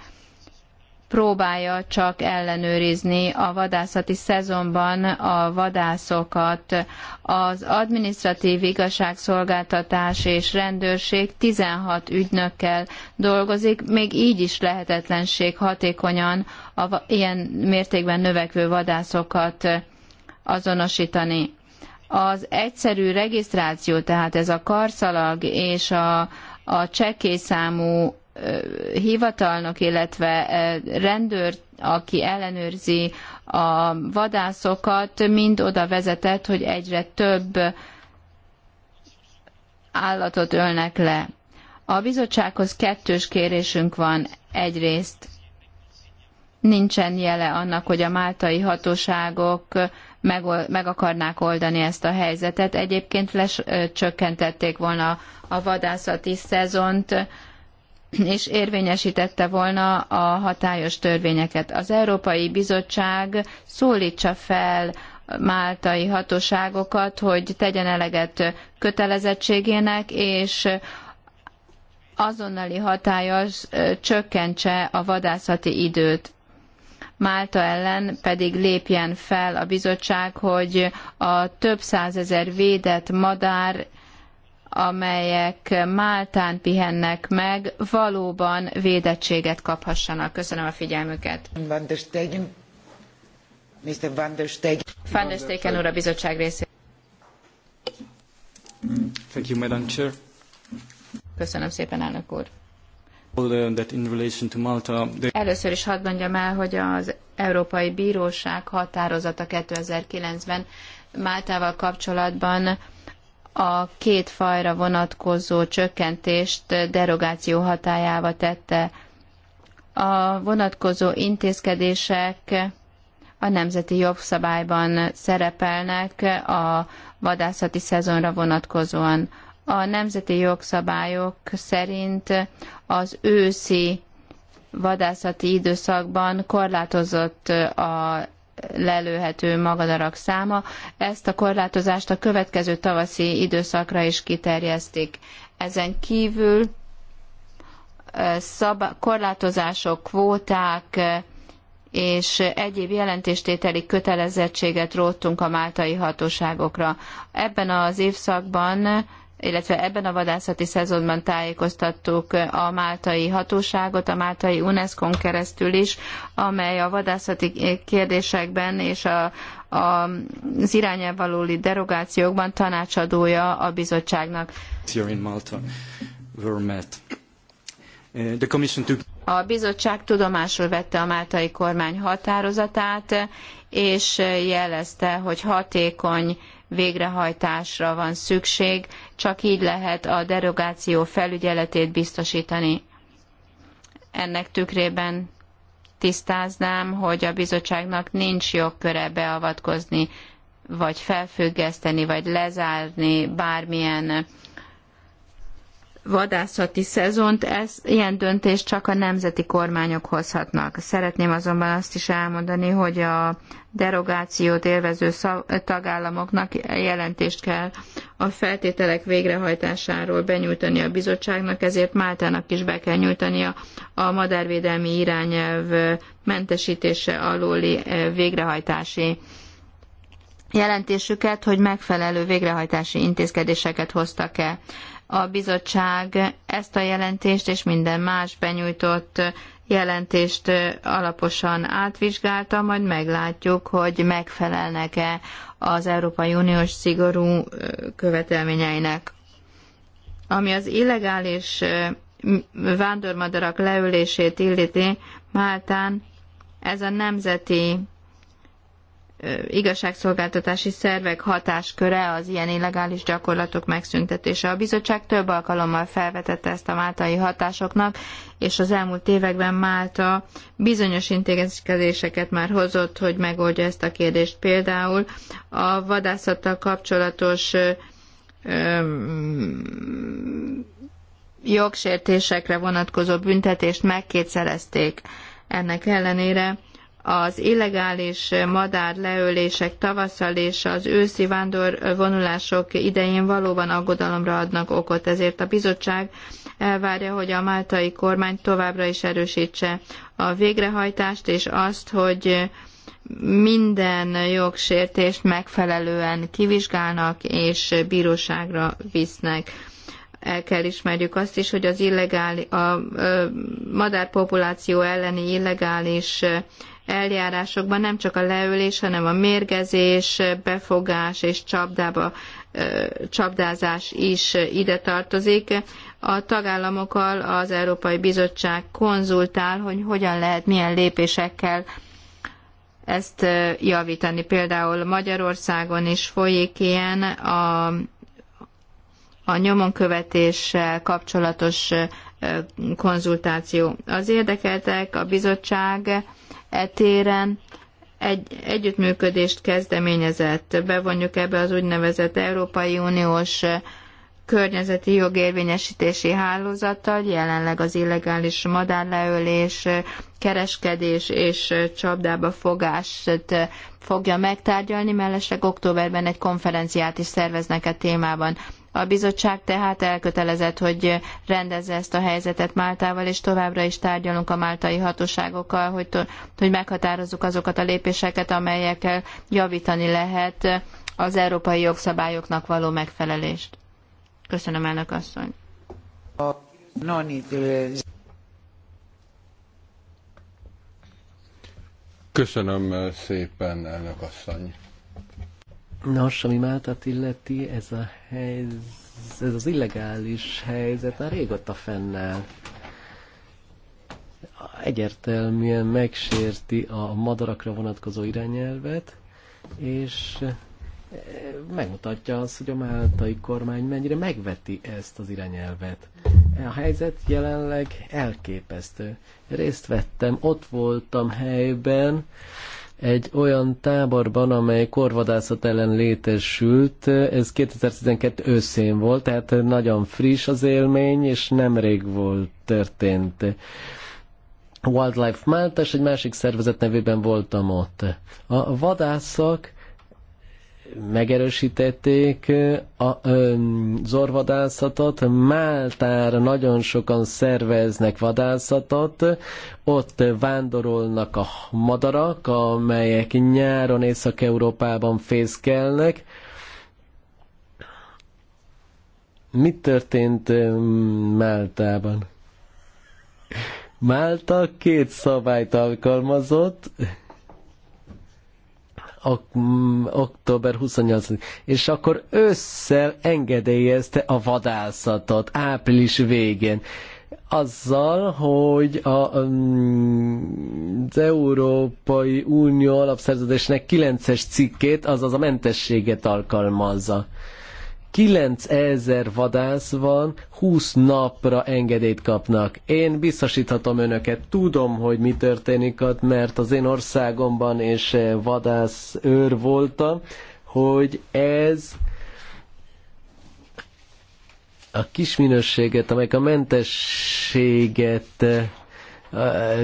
próbálja csak ellenőrizni a vadászati szezonban a vadászokat. Az administratív igazságszolgáltatás és rendőrség 16 ügynökkel dolgozik, még így is lehetetlenség hatékonyan a ilyen mértékben növekvő vadászokat azonosítani. Az egyszerű regisztráció, tehát ez a karszalag és a, a számú hivatalnok, illetve rendőr, aki ellenőrzi a vadászokat, mind oda vezetett, hogy egyre több állatot ölnek le. A bizottsághoz kettős kérésünk van. Egyrészt nincsen jele annak, hogy a máltai hatóságok meg, meg akarnák oldani ezt a helyzetet. Egyébként lecsökkentették volna a vadászati szezont, és érvényesítette volna a hatályos törvényeket. Az Európai Bizottság szólítsa fel máltai hatóságokat, hogy tegyen eleget kötelezettségének, és azonnali hatályos csökkentse a vadászati időt. Málta ellen pedig lépjen fel a bizottság, hogy a több százezer védett madár amelyek Máltán pihennek meg, valóban védettséget kaphassanak. Köszönöm a figyelmüket. Van der Stegen. Mr. Van der Stegen. Van der Stegen úr a bizottság részéről. Thank you, Madam Chair. Köszönöm szépen, elnök úr. Először is hadd mondjam el, hogy az Európai Bíróság határozata 2009-ben Máltával kapcsolatban a két fajra vonatkozó csökkentést derogáció hatájába tette. A vonatkozó intézkedések a nemzeti jogszabályban szerepelnek a vadászati szezonra vonatkozóan. A nemzeti jogszabályok szerint az őszi vadászati időszakban korlátozott a lelőhető magadarak száma. Ezt a korlátozást a következő tavaszi időszakra is kiterjesztik. Ezen kívül szab- korlátozások, kvóták és egyéb jelentéstételi kötelezettséget róttunk a máltai hatóságokra. Ebben az évszakban illetve ebben a vadászati szezonban tájékoztattuk a máltai hatóságot, a máltai UNESCO-n keresztül is, amely a vadászati kérdésekben és a, a, az irányelv valóli derogációkban tanácsadója a bizottságnak. Uh, a bizottság tudomásul vette a máltai kormány határozatát, és jelezte, hogy hatékony végrehajtásra van szükség, csak így lehet a derogáció felügyeletét biztosítani. Ennek tükrében tisztáznám, hogy a bizottságnak nincs jogköre beavatkozni, vagy felfüggeszteni, vagy lezárni bármilyen vadászati szezont, ez ilyen döntést csak a nemzeti kormányok hozhatnak. Szeretném azonban azt is elmondani, hogy a derogációt élvező tagállamoknak jelentést kell a feltételek végrehajtásáról benyújtani a bizottságnak, ezért Máltának is be kell nyújtania a madárvédelmi irányelv mentesítése alóli eh, végrehajtási jelentésüket, hogy megfelelő végrehajtási intézkedéseket hoztak-e a bizottság ezt a jelentést és minden más benyújtott jelentést alaposan átvizsgálta, majd meglátjuk, hogy megfelelnek-e az Európai Uniós szigorú követelményeinek. Ami az illegális vándormadarak leülését illeti, Máltán ez a nemzeti igazságszolgáltatási szervek hatásköre az ilyen illegális gyakorlatok megszüntetése. A bizottság több alkalommal felvetette ezt a máltai hatásoknak, és az elmúlt években Málta bizonyos intézkedéseket már hozott, hogy megoldja ezt a kérdést. Például a vadászattal kapcsolatos jogsértésekre vonatkozó büntetést megkétszerezték. Ennek ellenére az illegális madár leölések tavasszal és az őszi vándorvonulások idején valóban aggodalomra adnak okot, ezért a bizottság elvárja, hogy a máltai kormány továbbra is erősítse a végrehajtást, és azt, hogy minden jogsértést megfelelően kivizsgálnak és bíróságra visznek. El kell ismerjük azt is, hogy az illegális a, a madárpopuláció elleni illegális eljárásokban nem csak a leülés, hanem a mérgezés, befogás és csapdába, csapdázás is ide tartozik. A tagállamokkal az Európai Bizottság konzultál, hogy hogyan lehet, milyen lépésekkel ezt javítani. Például Magyarországon is folyik ilyen a, a nyomonkövetéssel kapcsolatos konzultáció. Az érdekeltek, a bizottság e téren egy együttműködést kezdeményezett. Bevonjuk ebbe az úgynevezett Európai Uniós környezeti jogérvényesítési hálózattal, jelenleg az illegális madárleölés, kereskedés és csapdába fogást fogja megtárgyalni, mellesleg októberben egy konferenciát is szerveznek a e témában. A bizottság tehát elkötelezett, hogy rendezze ezt a helyzetet Máltával, és továbbra is tárgyalunk a máltai hatóságokkal, hogy, hogy meghatározzuk azokat a lépéseket, amelyekkel javítani lehet az európai jogszabályoknak való megfelelést. Köszönöm, elnök asszony. Köszönöm szépen, elnök asszony. Nos, ami Máltat illeti, ez a helyz, ez az illegális helyzet már régóta fennáll. Egyértelműen megsérti a madarakra vonatkozó irányelvet, és eh, megmutatja azt, hogy a máltai kormány mennyire megveti ezt az irányelvet. E a helyzet jelenleg elképesztő. Részt vettem, ott voltam helyben, egy olyan táborban, amely korvadászat ellen létesült. Ez 2012 őszén volt, tehát nagyon friss az élmény, és nemrég volt történt. Wildlife Malta, és egy másik szervezet nevében voltam ott. A vadászok megerősítették a zorvadászatot, Máltára nagyon sokan szerveznek vadászatot, ott vándorolnak a madarak, amelyek nyáron Észak-Európában fészkelnek. Mi történt Máltában? Málta két szabályt alkalmazott, október 28 és akkor ősszel engedélyezte a vadászatot április végén azzal, hogy a, mm, az Európai Unió alapszerződésnek 9-es cikkét, azaz a mentességet alkalmazza. 9000 vadász van, 20 napra engedélyt kapnak. Én biztosíthatom önöket, tudom, hogy mi történik ott, mert az én országomban és eh, vadász őr voltam, hogy ez a kisminősséget, amelyek a mentességet eh,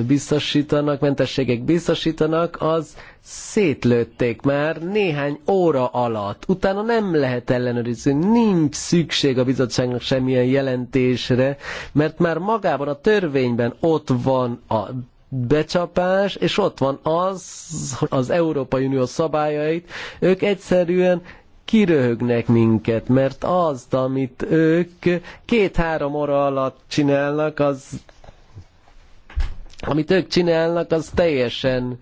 biztosítanak, mentességek biztosítanak, az szétlőtték már néhány óra alatt. Utána nem lehet ellenőrizni, nincs szükség a bizottságnak semmilyen jelentésre, mert már magában a törvényben ott van a becsapás, és ott van az, az Európai Unió szabályait, ők egyszerűen kiröhögnek minket, mert azt, amit ők két-három óra alatt csinálnak, az amit ők csinálnak, az teljesen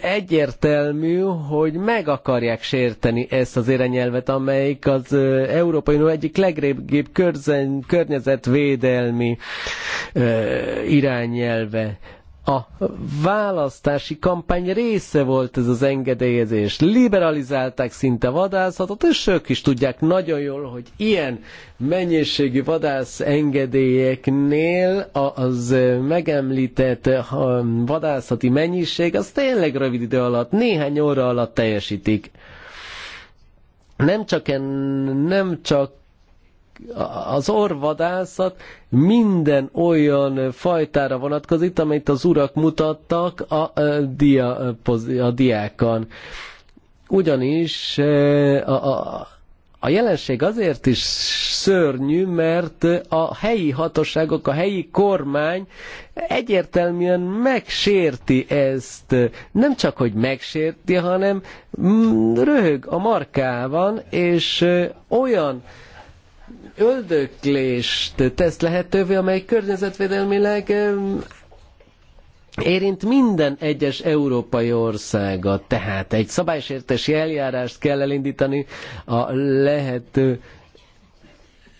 egyértelmű, hogy meg akarják sérteni ezt az irányelvet, amelyik az Európai Unió egyik legrégibb környezetvédelmi irányelve a választási kampány része volt ez az engedélyezés. Liberalizálták szinte vadászatot, és ők is tudják nagyon jól, hogy ilyen mennyiségű vadász engedélyeknél az megemlített vadászati mennyiség az tényleg rövid idő alatt, néhány óra alatt teljesítik. Nem csak, en, nem csak az orvadászat minden olyan fajtára vonatkozik, amit az urak mutattak a, dia, a diákon. Ugyanis a, a, a jelenség azért is szörnyű, mert a helyi hatóságok, a helyi kormány egyértelműen megsérti ezt. Nem csak, hogy megsérti, hanem mm, röhög a markában, és olyan öldöklést tesz lehetővé, amely környezetvédelmileg érint minden egyes európai országot. Tehát egy szabálysértési eljárást kell elindítani a lehető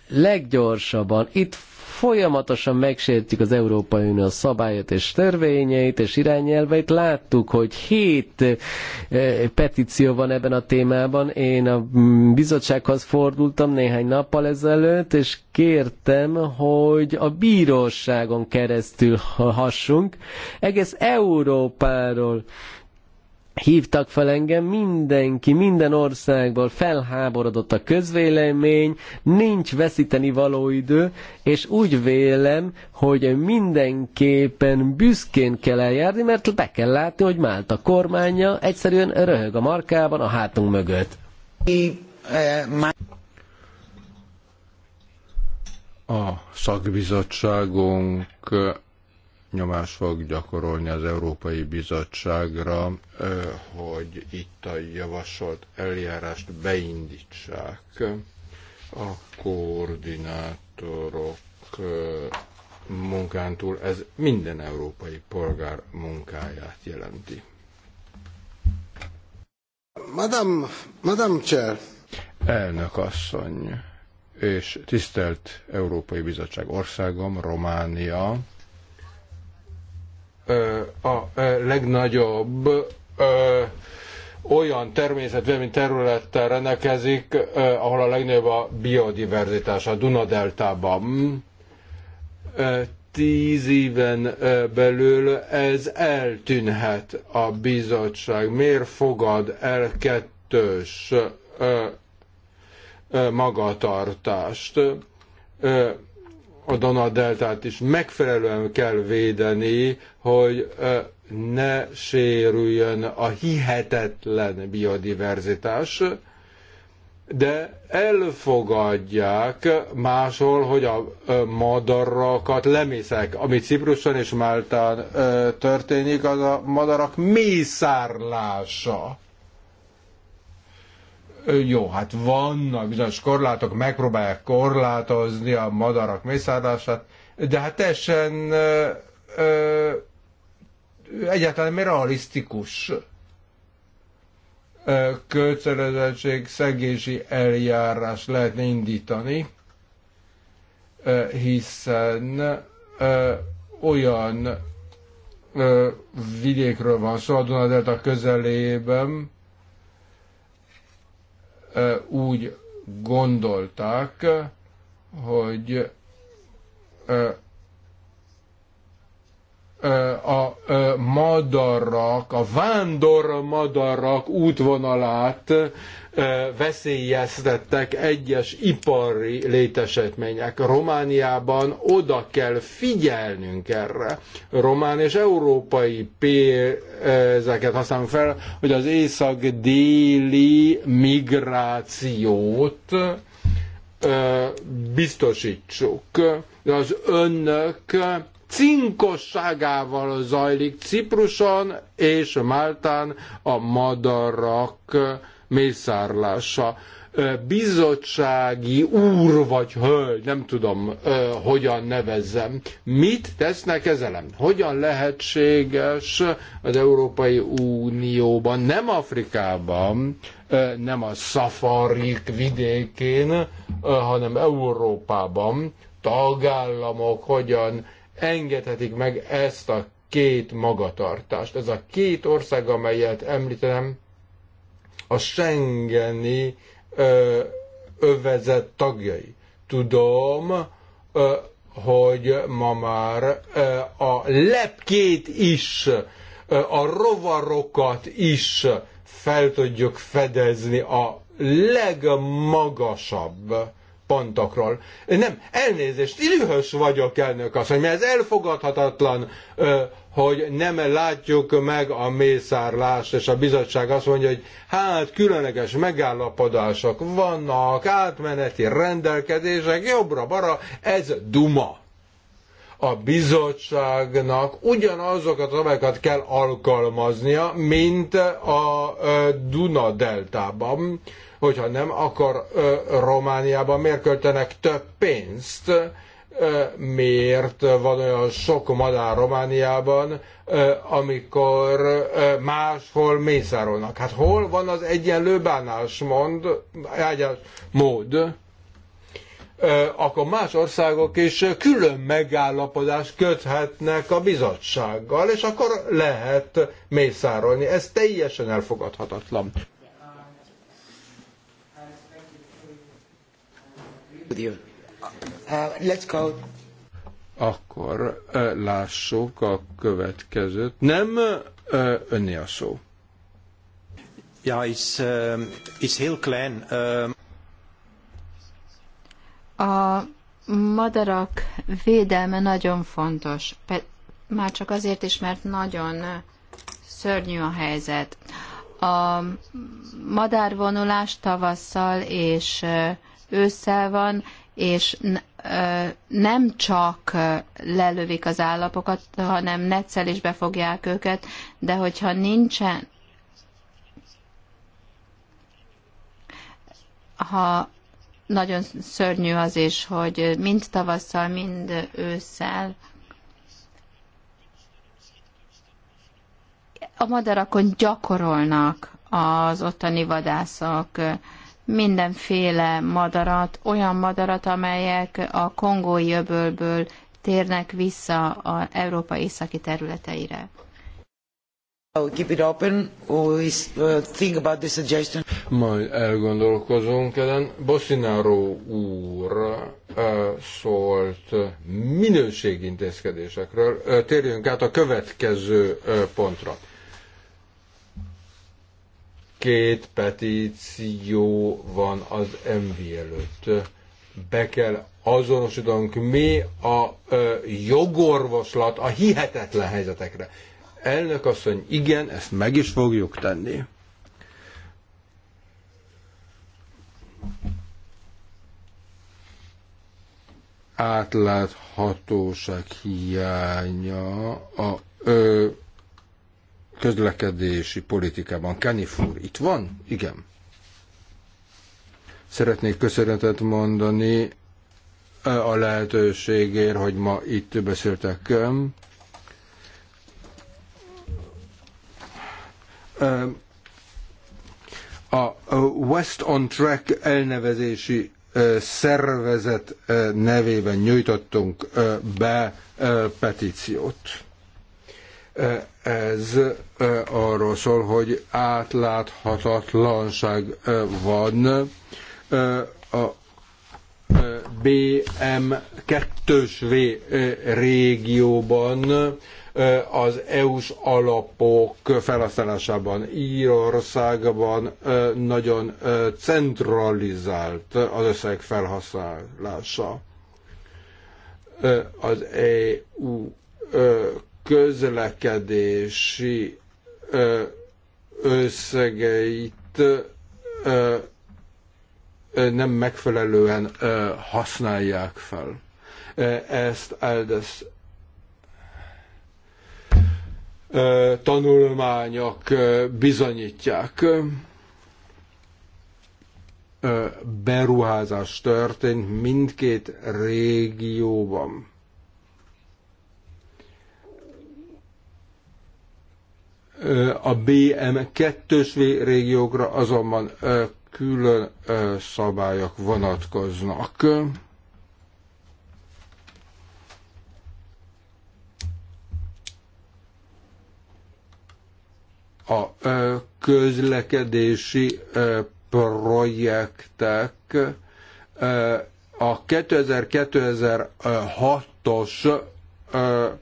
leggyorsabban. Itt folyamatosan megsértik az Európai Unió szabályait és törvényeit és irányelveit. Láttuk, hogy hét eh, petíció van ebben a témában. Én a bizottsághoz fordultam néhány nappal ezelőtt, és kértem, hogy a bíróságon keresztül hassunk. Egész Európáról hívtak fel engem mindenki, minden országból felháborodott a közvélemény, nincs veszíteni való idő, és úgy vélem, hogy mindenképpen büszkén kell eljárni, mert be kell látni, hogy Málta kormánya egyszerűen röhög a markában a hátunk mögött. A szakbizottságunk nyomás fog gyakorolni az Európai Bizottságra, hogy itt a javasolt eljárást beindítsák. A koordinátorok munkán túl ez minden európai polgár munkáját jelenti. Madame, Madame Chair. Elnök asszony és tisztelt Európai Bizottság országom, Románia a legnagyobb olyan természetvédelmi területtel rendelkezik, ahol a legnagyobb a biodiverzitás, a Dunadeltában. Tíz éven belül ez eltűnhet a bizottság. Miért fogad el kettős magatartást? a Dana Deltát is megfelelően kell védeni, hogy ne sérüljön a hihetetlen biodiverzitás, de elfogadják máshol, hogy a madarakat lemészek. Ami Cipruson és Máltán történik, az a madarak mészárlása. Jó, hát vannak bizonyos korlátok, megpróbálják korlátozni a madarak mészárlását, de hát teljesen ö, ö, egyáltalán mi realisztikus kötelezettség szegési eljárás lehetne indítani, hiszen olyan vidékről van szó, a Dunadelta közelében, úgy gondolták, hogy a madarak, a vándor madarak útvonalát veszélyeztettek egyes ipari létesítmények. Romániában oda kell figyelnünk erre. Román és európai pénzeket használunk fel, hogy az észak-déli migrációt biztosítsuk. Az önök cinkosságával zajlik Cipruson és Máltán a madarak mészárlása. Bizottsági úr vagy hölgy, nem tudom, hogyan nevezzem. Mit tesznek ezelem? Hogyan lehetséges az Európai Unióban, nem Afrikában, nem a szafarik vidékén, hanem Európában tagállamok hogyan engedhetik meg ezt a két magatartást. Ez a két ország, amelyet említenem, a Schengeni ö, övezet tagjai. Tudom, ö, hogy ma már ö, a lepkét is, ö, a rovarokat is fel tudjuk fedezni a legmagasabb pontokról. Nem, elnézést, időhös vagyok, elnök asszony, mert ez elfogadhatatlan, hogy nem látjuk meg a mészárlást, és a bizottság azt mondja, hogy hát különleges megállapodások vannak, átmeneti rendelkezések, jobbra-bara, ez duma. A bizottságnak ugyanazokat a szabályokat kell alkalmaznia, mint a Duna-deltában Hogyha nem, akkor Romániában miért költenek több pénzt? miért van olyan sok madár Romániában, amikor máshol mészárolnak. Hát hol van az egyenlő bánásmond, mód? Akkor más országok is külön megállapodást köthetnek a bizottsággal, és akkor lehet mészárolni. Ez teljesen elfogadhatatlan. Uh, Akkor lássuk a következőt. Nem, önné a szó. Ja, is, is, it's A madarak védelme nagyon fontos. Már csak azért is, mert nagyon szörnyű a helyzet. A madárvonulás tavasszal és ősszel van, és nem csak lelövik az állapokat, hanem netszel is befogják őket, de hogyha nincsen, ha nagyon szörnyű az is, hogy mind tavasszal, mind ősszel a madarakon gyakorolnak az ottani vadászok, mindenféle madarat, olyan madarat, amelyek a kongói öbölből térnek vissza a Európa északi területeire. Keep it open. We uh, think about the suggestion. Majd elgondolkozunk ezen. Bosinaro úr uh, szólt minőségintézkedésekről. Uh, térjünk át a következő pontra. Két petíció van az MV előtt. Be kell azonosítanunk mi a ö, jogorvoslat a hihetetlen helyzetekre. Elnök asszony, igen, ezt meg is fogjuk tenni. átláthatóság hiánya a ö, közlekedési politikában. Kanifúr itt van? Igen. Szeretnék köszönetet mondani eh, a lehetőségért, hogy ma itt beszéltek. A West on Track elnevezési eh, szervezet eh, nevében nyújtottunk be petíciót ez arról szól, hogy átláthatatlanság van a BM2V régióban az EU-s alapok felhasználásában Írországban nagyon centralizált az összeg felhasználása. Az EU közlekedési összegeit nem megfelelően használják fel. Ezt Eldes tanulmányok bizonyítják. Beruházás történt mindkét régióban A BM2-ös régiókra azonban külön szabályok vonatkoznak. A közlekedési projektek a 2000-2006-os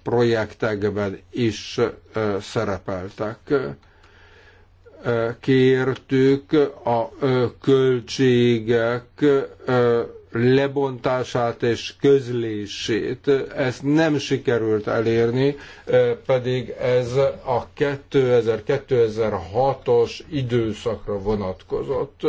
projektekben is szerepeltek. Kértük a költségek lebontását és közlését. Ezt nem sikerült elérni, pedig ez a 2000-2006-os időszakra vonatkozott.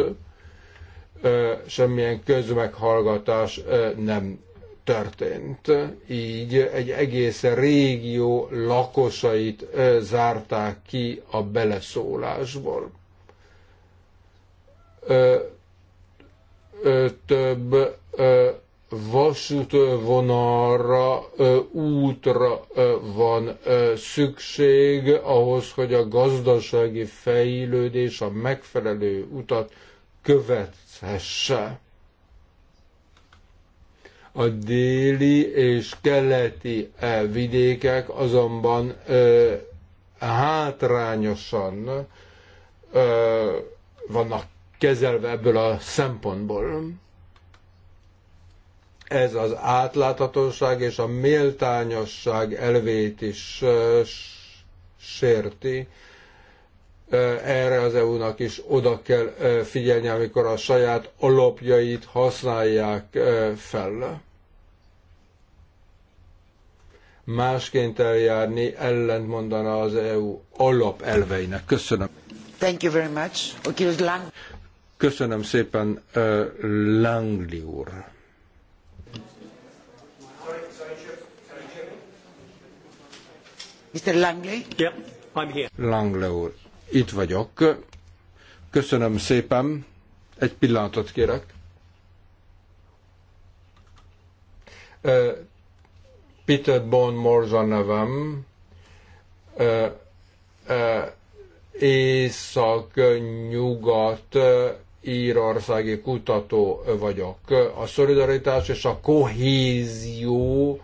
Semmilyen közmeghallgatás nem történt. Így egy egész régió lakosait zárták ki a beleszólásból. Több vasútvonalra, útra van szükség ahhoz, hogy a gazdasági fejlődés a megfelelő utat követhesse. A déli és keleti e, vidékek azonban ö, e, hátrányosan ö, e, vannak kezelve ebből a szempontból. Ez az átláthatóság és a méltányosság elvét is ö, sérti. Erre az EU-nak is oda kell figyelni, amikor a saját alapjait használják fel másként eljárni, ellent mondana az EU alapelveinek. Köszönöm. Thank you very much. Köszönöm szépen, uh, Langli úr. Mr. Langley? Yep, I'm here. Langley úr, itt vagyok. Köszönöm szépen. Egy pillanatot kérek. Peter Bon Morza nevem, észak-nyugat írországi kutató vagyok. A szolidaritás és a kohézió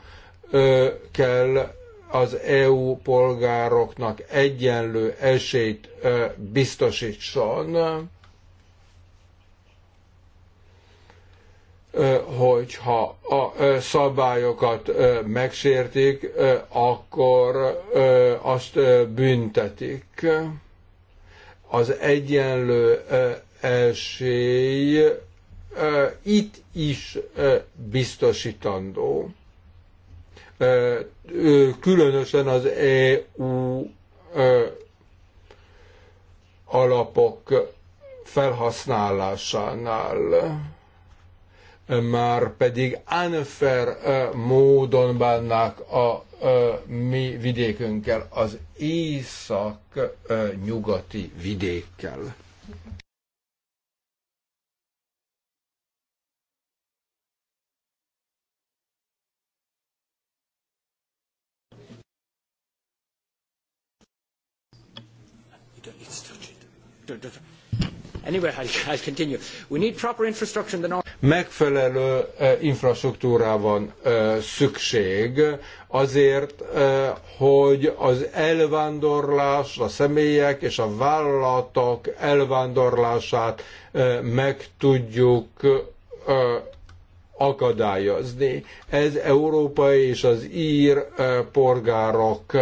kell az EU polgároknak egyenlő esélyt biztosítson hogyha a szabályokat megsértik, akkor azt büntetik. Az egyenlő esély itt is biztosítandó. Különösen az EU alapok felhasználásánál már pedig unfair módon bánnak a mi vidékünkkel, az észak-nyugati vidékkel. Don't, don't, don't. Megfelelő eh, infrastruktúra van eh, szükség azért, eh, hogy az elvándorlás, a személyek és a vállalatok elvándorlását meg tudjuk akadályozni. Ez európai és az ír polgárok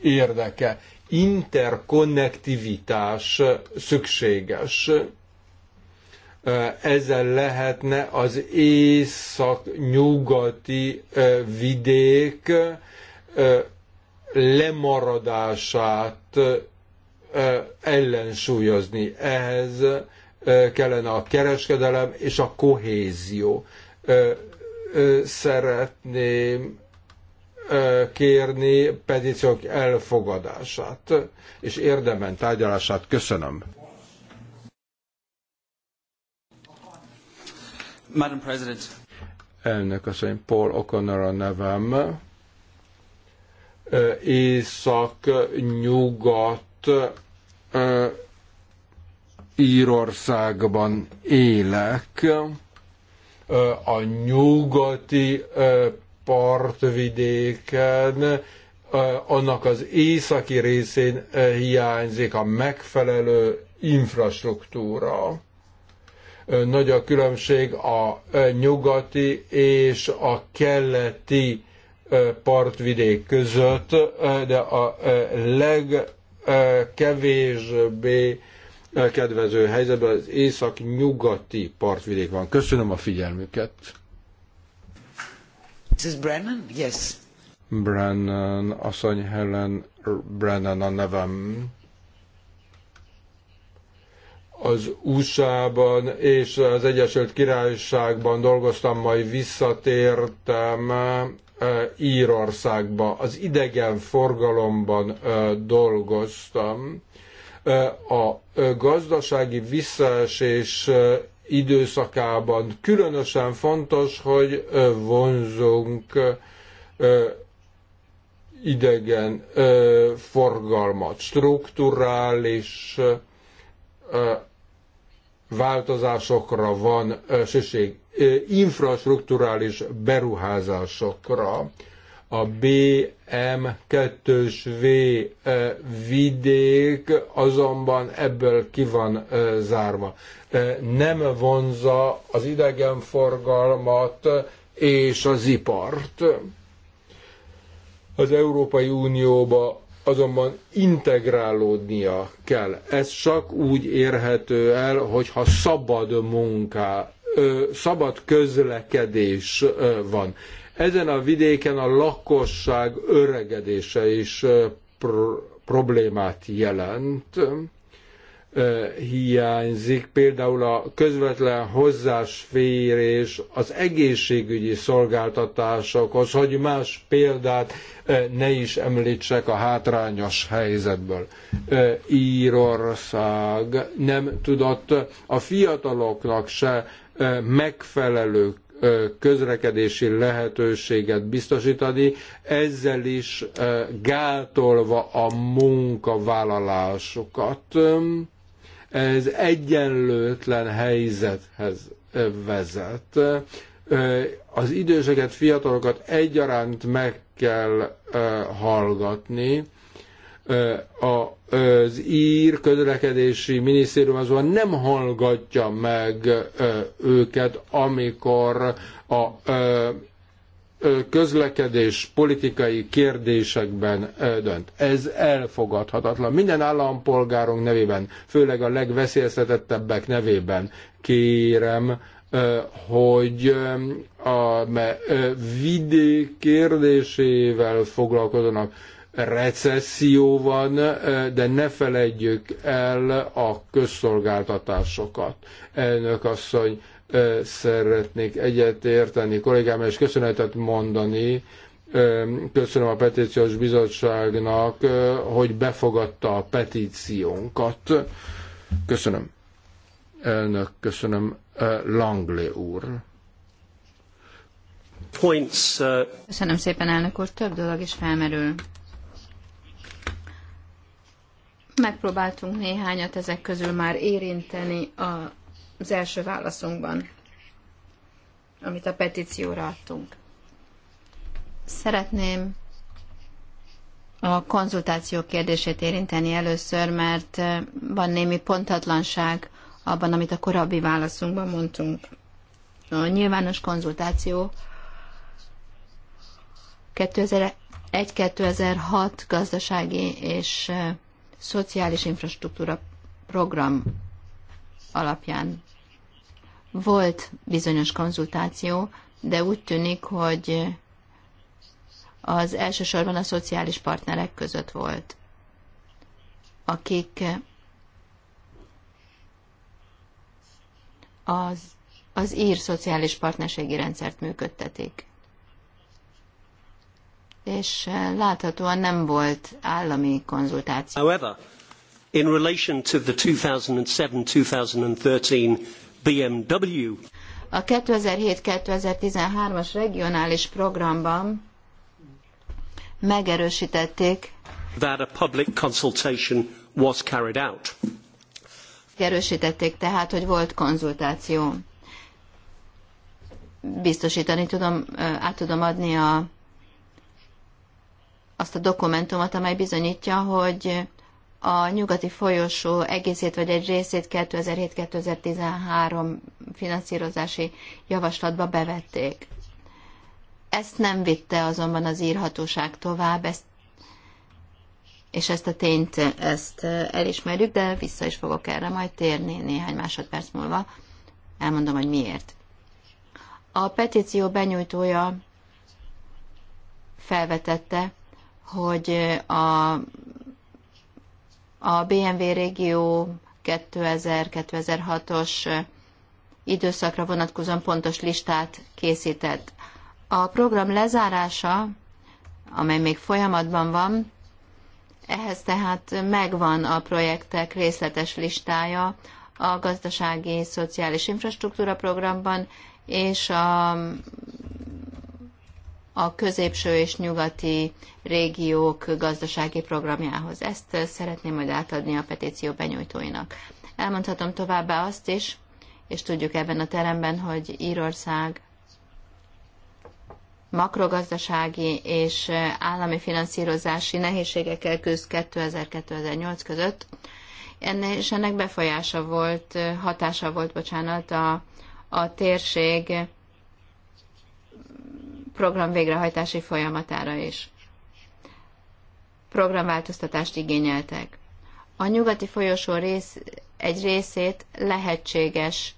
érdeke interkonnektivitás szükséges. Ezzel lehetne az észak-nyugati vidék lemaradását ellensúlyozni. Ehhez kellene a kereskedelem és a kohézió. Szeretném kérni petíciók elfogadását és érdemben tárgyalását. Köszönöm. Madam President. Elnök asszony, Paul O'Connor a nevem. Észak-nyugat Írországban élek. A nyugati partvidéken, annak az északi részén hiányzik a megfelelő infrastruktúra. Nagy a különbség a nyugati és a keleti partvidék között, de a legkevésbé kedvező helyzetben az észak-nyugati partvidék van. Köszönöm a figyelmüket! Mrs. Brennan? Yes. Brennan, asszony Helen Brennan a nevem. Az USA-ban és az Egyesült Királyságban dolgoztam, majd visszatértem Írországba. Az idegen forgalomban dolgoztam. A gazdasági visszaesés időszakában különösen fontos, hogy vonzunk idegen forgalmat, strukturális változásokra van szükség, infrastrukturális beruházásokra. A BM2V vidék azonban ebből ki van zárva. Nem vonza az idegenforgalmat és az ipart. Az Európai Unióba azonban integrálódnia kell. Ez csak úgy érhető el, hogyha szabad munká, szabad közlekedés van. Ezen a vidéken a lakosság öregedése is pro problémát jelent. Hiányzik például a közvetlen hozzásférés az egészségügyi szolgáltatásokhoz, hogy más példát ne is említsek a hátrányos helyzetből. Írország nem tudott a fiataloknak se megfelelő közlekedési lehetőséget biztosítani, ezzel is gátolva a munkavállalásokat. Ez egyenlőtlen helyzethez vezet. Az időseket, fiatalokat egyaránt meg kell hallgatni, az ír közlekedési minisztérium azonban nem hallgatja meg őket, amikor a közlekedés politikai kérdésekben dönt. Ez elfogadhatatlan. Minden állampolgárunk nevében, főleg a legveszélyeztetettebbek nevében kérem, hogy a vidék kérdésével foglalkozanak recesszió van, de ne feledjük el a közszolgáltatásokat. Elnök asszony, szeretnék egyet érteni kollégám, és köszönetet mondani. Köszönöm a petíciós bizottságnak, hogy befogadta a petíciónkat. Köszönöm. Elnök, köszönöm. Langley úr. Points, uh, Köszönöm szépen, elnök úr. Több dolog is felmerül Megpróbáltunk néhányat ezek közül már érinteni a, az első válaszunkban, amit a petícióra adtunk. Szeretném a konzultáció kérdését érinteni először, mert van némi pontatlanság abban, amit a korábbi válaszunkban mondtunk. A nyilvános konzultáció 2001-2006 gazdasági és szociális infrastruktúra program alapján volt bizonyos konzultáció, de úgy tűnik, hogy az elsősorban a szociális partnerek között volt, akik az, az ír szociális partnerségi rendszert működtetik és eh, láthatóan nem volt állami konzultáció. However, in relation to the 2007-2013 BMW a 2007-2013-as regionális programban megerősítették, that a public consultation was carried out. Megerősítették tehát, hogy volt konzultáció. Biztosítani tudom, át tudom adni a azt a dokumentumot, amely bizonyítja, hogy a nyugati folyosó egészét vagy egy részét 2007-2013 finanszírozási javaslatba bevették. Ezt nem vitte azonban az írhatóság tovább, ezt, és ezt a tényt ezt elismerjük, de vissza is fogok erre majd térni néhány másodperc múlva. Elmondom, hogy miért. A petíció benyújtója felvetette, hogy a, a BMW régió 2000-2006-os időszakra vonatkozóan pontos listát készített. A program lezárása, amely még folyamatban van, ehhez tehát megvan a projektek részletes listája a gazdasági szociális infrastruktúra programban és a a középső és nyugati régiók gazdasági programjához. Ezt szeretném majd átadni a petíció benyújtóinak. Elmondhatom továbbá azt is, és tudjuk ebben a teremben, hogy Írország makrogazdasági és állami finanszírozási nehézségekkel küzd 2002 2008 között, és ennek befolyása volt, hatása volt, bocsánat, a, a térség program végrehajtási folyamatára is. Programváltoztatást igényeltek. A nyugati folyosó rész, egy részét lehetséges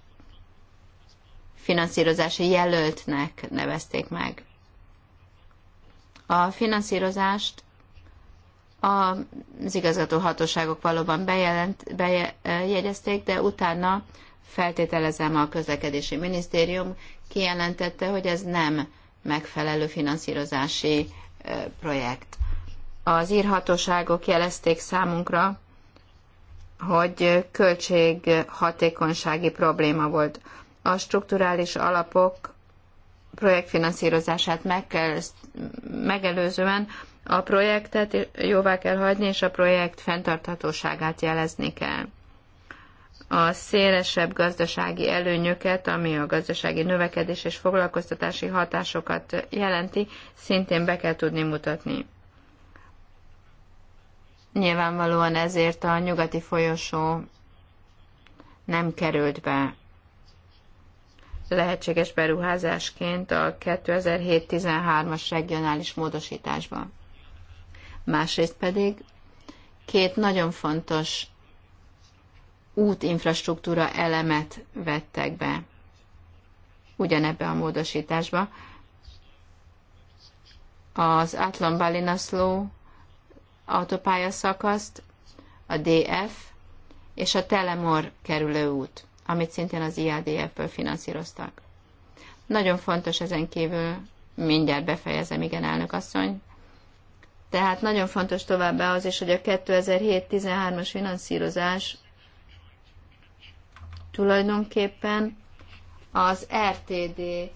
finanszírozási jelöltnek nevezték meg. A finanszírozást az igazgató hatóságok valóban bejelent, bejegyezték, de utána feltételezem a közlekedési minisztérium kijelentette, hogy ez nem megfelelő finanszírozási projekt. Az írhatóságok jelezték számunkra, hogy költséghatékonysági probléma volt. A strukturális alapok projektfinanszírozását meg kell, megelőzően a projektet jóvá kell hagyni, és a projekt fenntarthatóságát jelezni kell a szélesebb gazdasági előnyöket, ami a gazdasági növekedés és foglalkoztatási hatásokat jelenti, szintén be kell tudni mutatni. Nyilvánvalóan ezért a nyugati folyosó nem került be lehetséges beruházásként a 2007-13-as regionális módosításba. Másrészt pedig két nagyon fontos útinfrastruktúra elemet vettek be ugyanebbe a módosításba. Az Atlan Balinaszló szakaszt, a DF és a Telemor kerülő út, amit szintén az IADF-ből finanszíroztak. Nagyon fontos ezen kívül, mindjárt befejezem, igen, elnök asszony, tehát nagyon fontos továbbá az is, hogy a 2007-13-as finanszírozás tulajdonképpen az RTD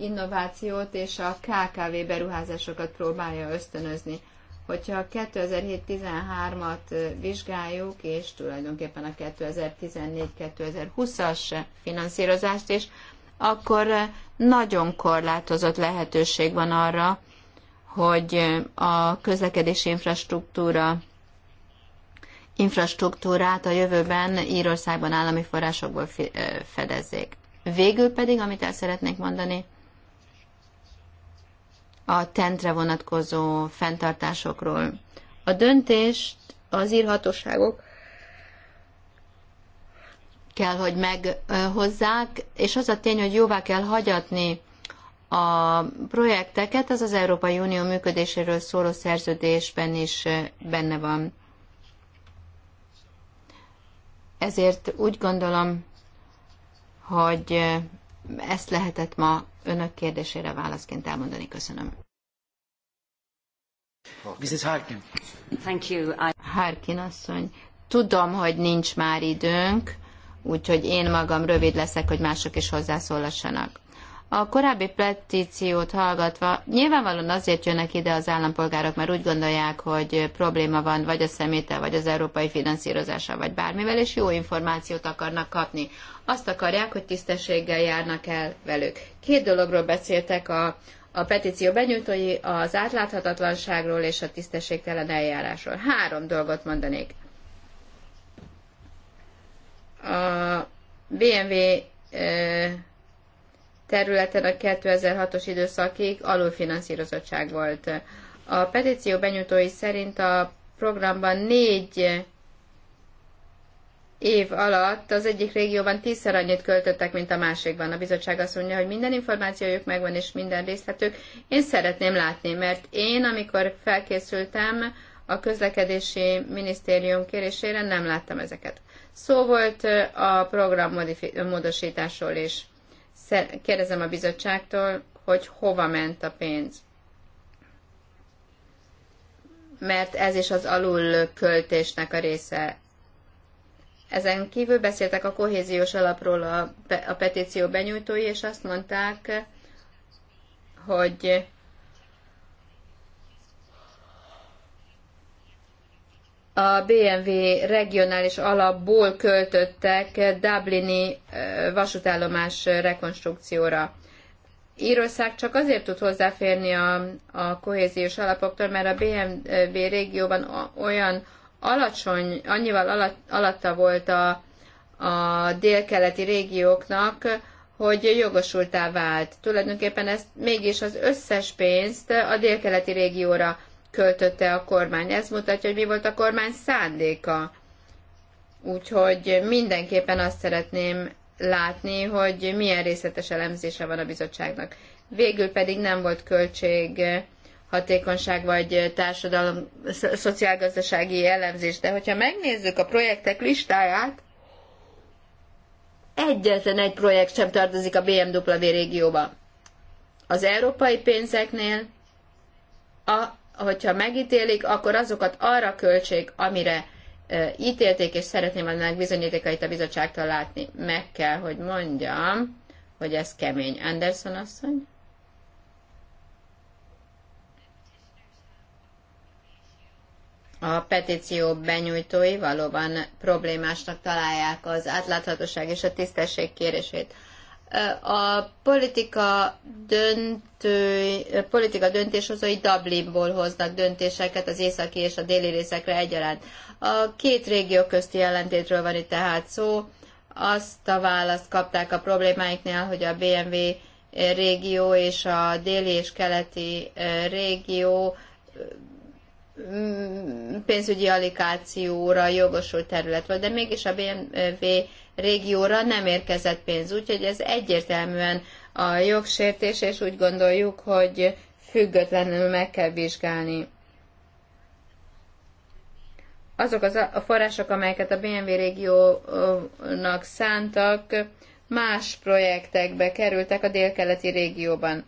innovációt és a KKV beruházásokat próbálja ösztönözni. Hogyha a 2007-13-at vizsgáljuk, és tulajdonképpen a 2014-2020-as finanszírozást is, akkor nagyon korlátozott lehetőség van arra, hogy a közlekedési infrastruktúra infrastruktúrát a jövőben Írországban állami forrásokból fedezzék. Végül pedig, amit el szeretnék mondani, a tentre vonatkozó fenntartásokról. A döntést az írhatóságok kell, hogy meghozzák, és az a tény, hogy jóvá kell hagyatni a projekteket, az az Európai Unió működéséről szóló szerződésben is benne van. Ezért úgy gondolom, hogy ezt lehetett ma önök kérdésére válaszként elmondani. Köszönöm. Mrs. Harkin. Thank you. I... Harkin asszony. Tudom, hogy nincs már időnk, úgyhogy én magam rövid leszek, hogy mások is hozzászólassanak. A korábbi petíciót hallgatva nyilvánvalóan azért jönnek ide az állampolgárok, mert úgy gondolják, hogy probléma van vagy a szeméttel, vagy az európai finanszírozással, vagy bármivel, és jó információt akarnak kapni. Azt akarják, hogy tisztességgel járnak el velük. Két dologról beszéltek a, a petíció benyújtói, az átláthatatlanságról és a tisztességtelen eljárásról. Három dolgot mondanék. A BMW e eh, területen a 2006-os időszakig alulfinanszírozottság volt. A petíció benyújtói szerint a programban négy év alatt az egyik régióban tízszer annyit költöttek, mint a másikban. A bizottság azt mondja, hogy minden információjuk megvan, és minden részletük. Én szeretném látni, mert én, amikor felkészültem, a közlekedési minisztérium kérésére nem láttam ezeket. Szó volt a program módosításról is. Kérdezem a bizottságtól, hogy hova ment a pénz. Mert ez is az alul költésnek a része. Ezen kívül beszéltek a kohéziós alapról a, a petíció benyújtói, és azt mondták, hogy a BMW regionális alapból költöttek Dublini vasútállomás rekonstrukcióra. Írország csak azért tud hozzáférni a, a kohéziós alapoktól, mert a BMW régióban olyan alacsony, annyival alatt, alatta volt a, a délkeleti régióknak, hogy jogosultá vált. Tulajdonképpen ezt mégis az összes pénzt a délkeleti régióra költötte a kormány. Ez mutatja, hogy mi volt a kormány szándéka. Úgyhogy mindenképpen azt szeretném látni, hogy milyen részletes elemzése van a bizottságnak. Végül pedig nem volt költség hatékonyság vagy társadalom szociálgazdasági elemzés, de hogyha megnézzük a projektek listáját, egyetlen egy projekt sem tartozik a BMW régióba. Az európai pénzeknél a hogyha megítélik, akkor azokat arra költség, amire ítélték, és szeretném annak bizonyítékait a bizottságtól látni. Meg kell, hogy mondjam, hogy ez kemény. Anderson asszony? A petíció benyújtói valóban problémásnak találják az átláthatóság és a tisztesség kérését a politika, döntő, politika döntéshozói Dublinból hoznak döntéseket az északi és a déli részekre egyaránt. A két régió közti ellentétről van itt tehát szó. Azt a választ kapták a problémáiknál, hogy a BMW régió és a déli és keleti régió pénzügyi allikációra jogosult terület volt, de mégis a BMW régióra nem érkezett pénz. Úgyhogy ez egyértelműen a jogsértés, és úgy gondoljuk, hogy függetlenül meg kell vizsgálni. Azok az a források, amelyeket a BMW régiónak szántak, más projektekbe kerültek a délkeleti régióban.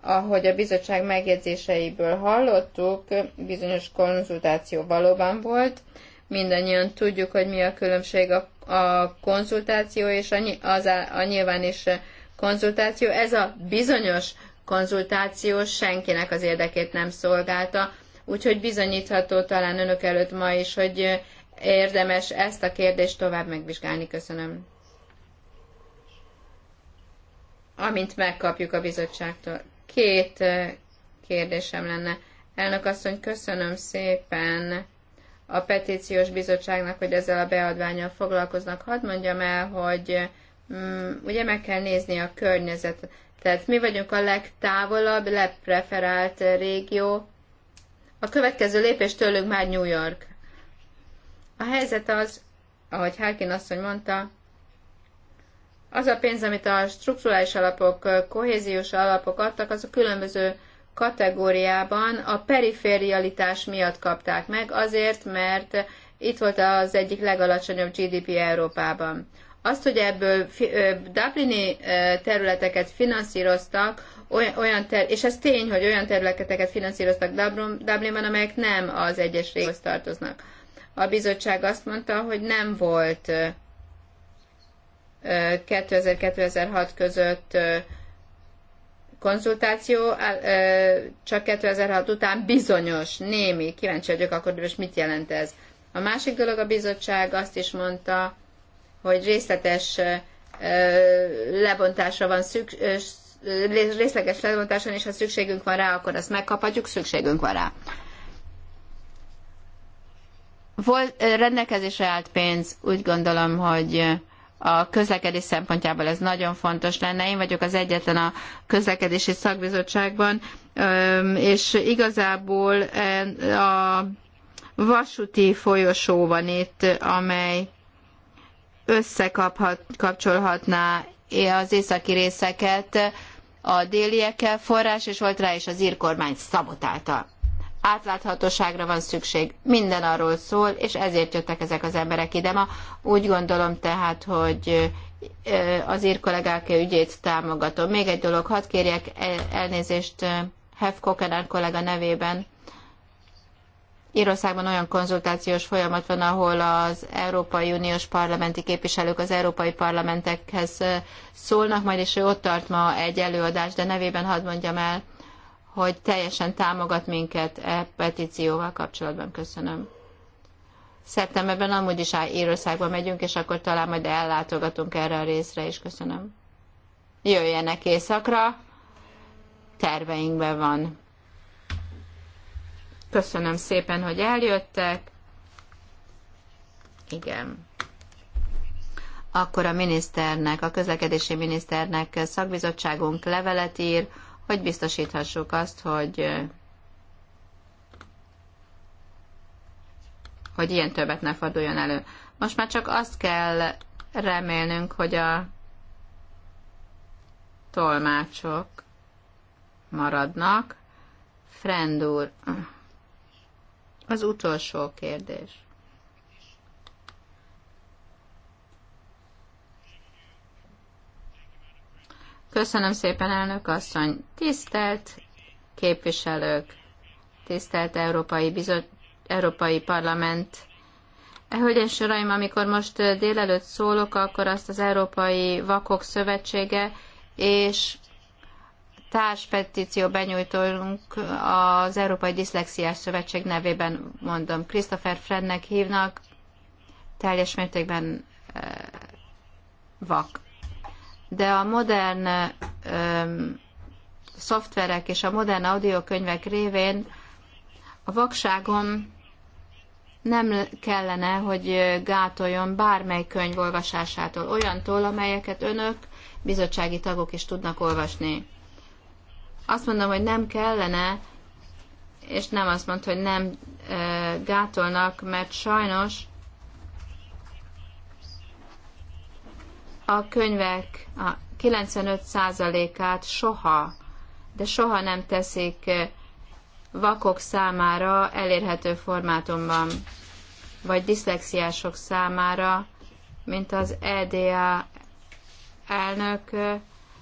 Ahogy a bizottság megjegyzéseiből hallottuk, bizonyos konzultáció valóban volt. Mindannyian tudjuk, hogy mi a különbség a a konzultáció és a, az a, a nyilván is konzultáció, ez a bizonyos konzultáció senkinek az érdekét nem szolgálta, úgyhogy bizonyítható talán önök előtt ma is, hogy érdemes ezt a kérdést tovább megvizsgálni. Köszönöm. Amint megkapjuk a bizottságtól. Két eh, kérdésem lenne. Elnök asszony, köszönöm szépen a petíciós bizottságnak, hogy ezzel a beadványal foglalkoznak. Hadd mondjam el, hogy mm, ugye meg kell nézni a környezetet. Tehát mi vagyunk a legtávolabb, lepreferált régió. A következő lépés tőlünk már New York. A helyzet az, ahogy Harkin asszony mondta, az a pénz, amit a strukturális alapok, kohéziós alapok adtak, az a különböző kategóriában a periférialitás miatt kapták meg, azért, mert itt volt az egyik legalacsonyabb GDP Európában. Azt, hogy ebből Dublini területeket finanszíroztak, olyan ter- és ez tény, hogy olyan területeket finanszíroztak Dublin- Dublinban, amelyek nem az egyes régióhoz tartoznak. A bizottság azt mondta, hogy nem volt 2000-2006 között konzultáció csak 2006 után bizonyos, némi, kíváncsi vagyok akkor, de most mit jelent ez? A másik dolog a bizottság azt is mondta, hogy részletes lebontásra van szükség, részleges lebontáson, és ha szükségünk van rá, akkor azt megkaphatjuk, szükségünk van rá. Volt, rendelkezésre állt pénz, úgy gondolom, hogy a közlekedés szempontjából ez nagyon fontos lenne. Én vagyok az egyetlen a közlekedési szakbizottságban, és igazából e, a vasúti folyosó van itt, amely összekapcsolhatná az északi részeket a déliekkel forrás, és volt rá is az írkormány szabotálta átláthatóságra van szükség. Minden arról szól, és ezért jöttek ezek az emberek ide ma. Úgy gondolom tehát, hogy az ír kollégák ügyét támogatom. Még egy dolog, hadd kérjek elnézést Hef Kokenár kollega nevében. Írországban olyan konzultációs folyamat van, ahol az Európai Uniós parlamenti képviselők az európai parlamentekhez szólnak, majd és ő ott tart ma egy előadást, de nevében hadd mondjam el, hogy teljesen támogat minket e petícióval kapcsolatban. Köszönöm. Szeptemberben amúgy is Írországba megyünk, és akkor talán majd ellátogatunk erre a részre is. Köszönöm. Jöjjenek éjszakra. Terveinkben van. Köszönöm szépen, hogy eljöttek. Igen. Akkor a miniszternek, a közlekedési miniszternek szakbizottságunk levelet ír, hogy biztosíthassuk azt, hogy hogy ilyen többet ne forduljon elő. Most már csak azt kell remélnünk, hogy a tolmácsok maradnak. Frendúr, az utolsó kérdés. Köszönöm szépen, elnök asszony. Tisztelt képviselők, tisztelt Európai, Bizot, Európai Parlament. E, hölgyeim soraim, amikor most délelőtt szólok, akkor azt az Európai Vakok Szövetsége és társpetíció benyújtónk az Európai Diszlexiás Szövetség nevében mondom. Christopher Frednek hívnak, teljes mértékben vak de a modern öm, szoftverek és a modern audiokönyvek révén a vakságom nem kellene, hogy gátoljon bármely könyv olvasásától, olyantól, amelyeket önök, bizottsági tagok is tudnak olvasni. Azt mondom, hogy nem kellene, és nem azt mondta, hogy nem e, gátolnak, mert sajnos a könyvek a 95%-át soha, de soha nem teszik eh, vakok számára elérhető formátumban, vagy diszlexiások számára, mint az EDA elnök, eh,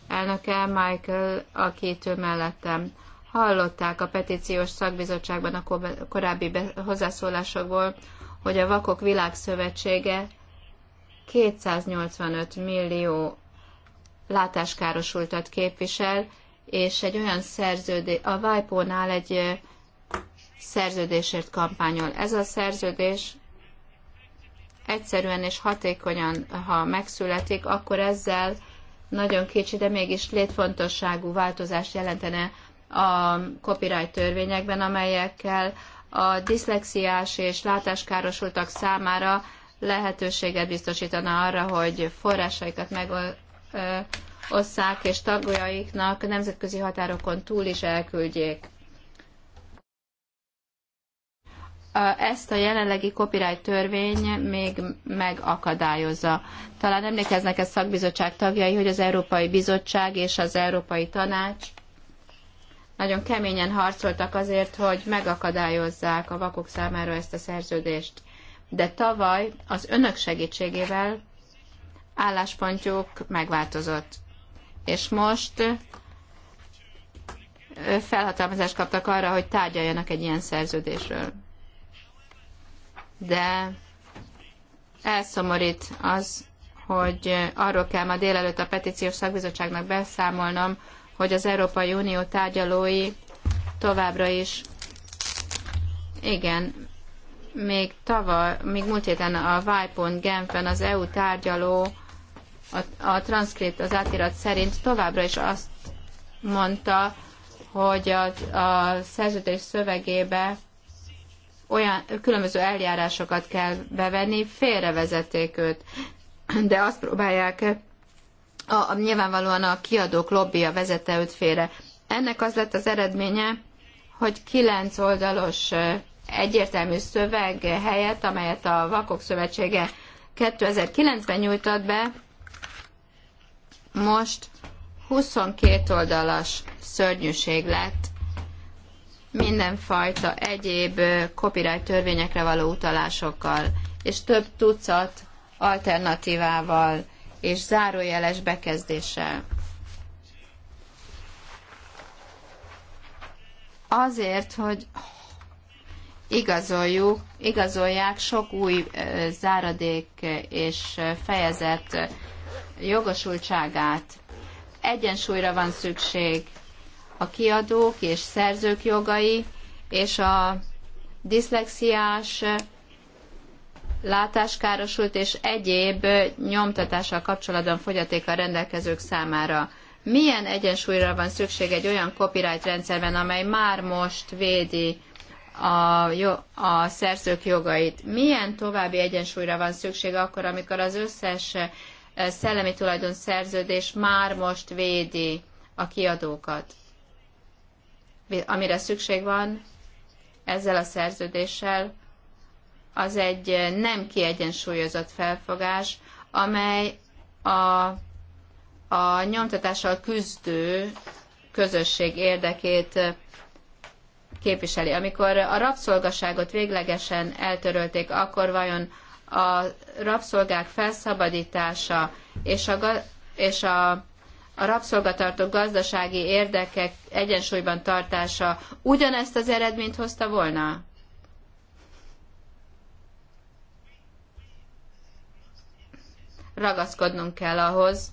elnöke Michael, aki itt ő mellettem. Hallották a petíciós szakbizottságban a korábbi hozzászólásokból, hogy a Vakok Világszövetsége 285 millió látáskárosultat képvisel, és egy olyan szerződés, a Vajpónál egy szerződésért kampányol. Ez a szerződés egyszerűen és hatékonyan, ha megszületik, akkor ezzel nagyon kicsi, de mégis létfontosságú változást jelentene a copyright törvényekben, amelyekkel a diszlexiás és látáskárosultak számára lehetőséget biztosítana arra, hogy forrásaikat megosszák, és tagjaiknak nemzetközi határokon túl is elküldjék. Ezt a jelenlegi copyright törvény még megakadályozza. Talán emlékeznek ez szakbizottság tagjai, hogy az Európai Bizottság és az Európai Tanács nagyon keményen harcoltak azért, hogy megakadályozzák a vakok számára ezt a szerződést de tavaly az önök segítségével álláspontjuk megváltozott. És most felhatalmazást kaptak arra, hogy tárgyaljanak egy ilyen szerződésről. De elszomorít az, hogy arról kell ma délelőtt a petíciós szakbizottságnak beszámolnom, hogy az Európai Unió tárgyalói továbbra is igen, még tavaly, még múlt héten a Vájpont Genfen az EU tárgyaló a, a transzkript az átirat szerint továbbra is azt mondta, hogy a, a szerződés szövegébe olyan különböző eljárásokat kell bevenni, félrevezeték őt. De azt próbálják, a, a, nyilvánvalóan a kiadók lobbija vezette őt félre. Ennek az lett az eredménye, hogy kilenc oldalos egyértelmű szöveg helyett, amelyet a Vakok Szövetsége 2009-ben nyújtott be, most 22 oldalas szörnyűség lett mindenfajta egyéb copyright törvényekre való utalásokkal, és több tucat alternatívával és zárójeles bekezdéssel. Azért, hogy igazoljuk, igazolják sok új záradék és fejezet jogosultságát. Egyensúlyra van szükség a kiadók és szerzők jogai, és a diszlexiás, látáskárosult és egyéb nyomtatással kapcsolatban a rendelkezők számára. Milyen egyensúlyra van szükség egy olyan copyright rendszerben, amely már most védi a, a szerzők jogait. Milyen további egyensúlyra van szükség akkor, amikor az összes eh, szellemi tulajdon szerződés már most védi a kiadókat? Amire szükség van ezzel a szerződéssel, az egy eh, nem kiegyensúlyozott felfogás, amely a, a nyomtatással küzdő közösség érdekét eh, képviseli. Amikor a rabszolgaságot véglegesen eltörölték, akkor vajon a rabszolgák felszabadítása és a, és a, a rabszolgatartók gazdasági érdekek egyensúlyban tartása ugyanezt az eredményt hozta volna? Ragaszkodnunk kell ahhoz,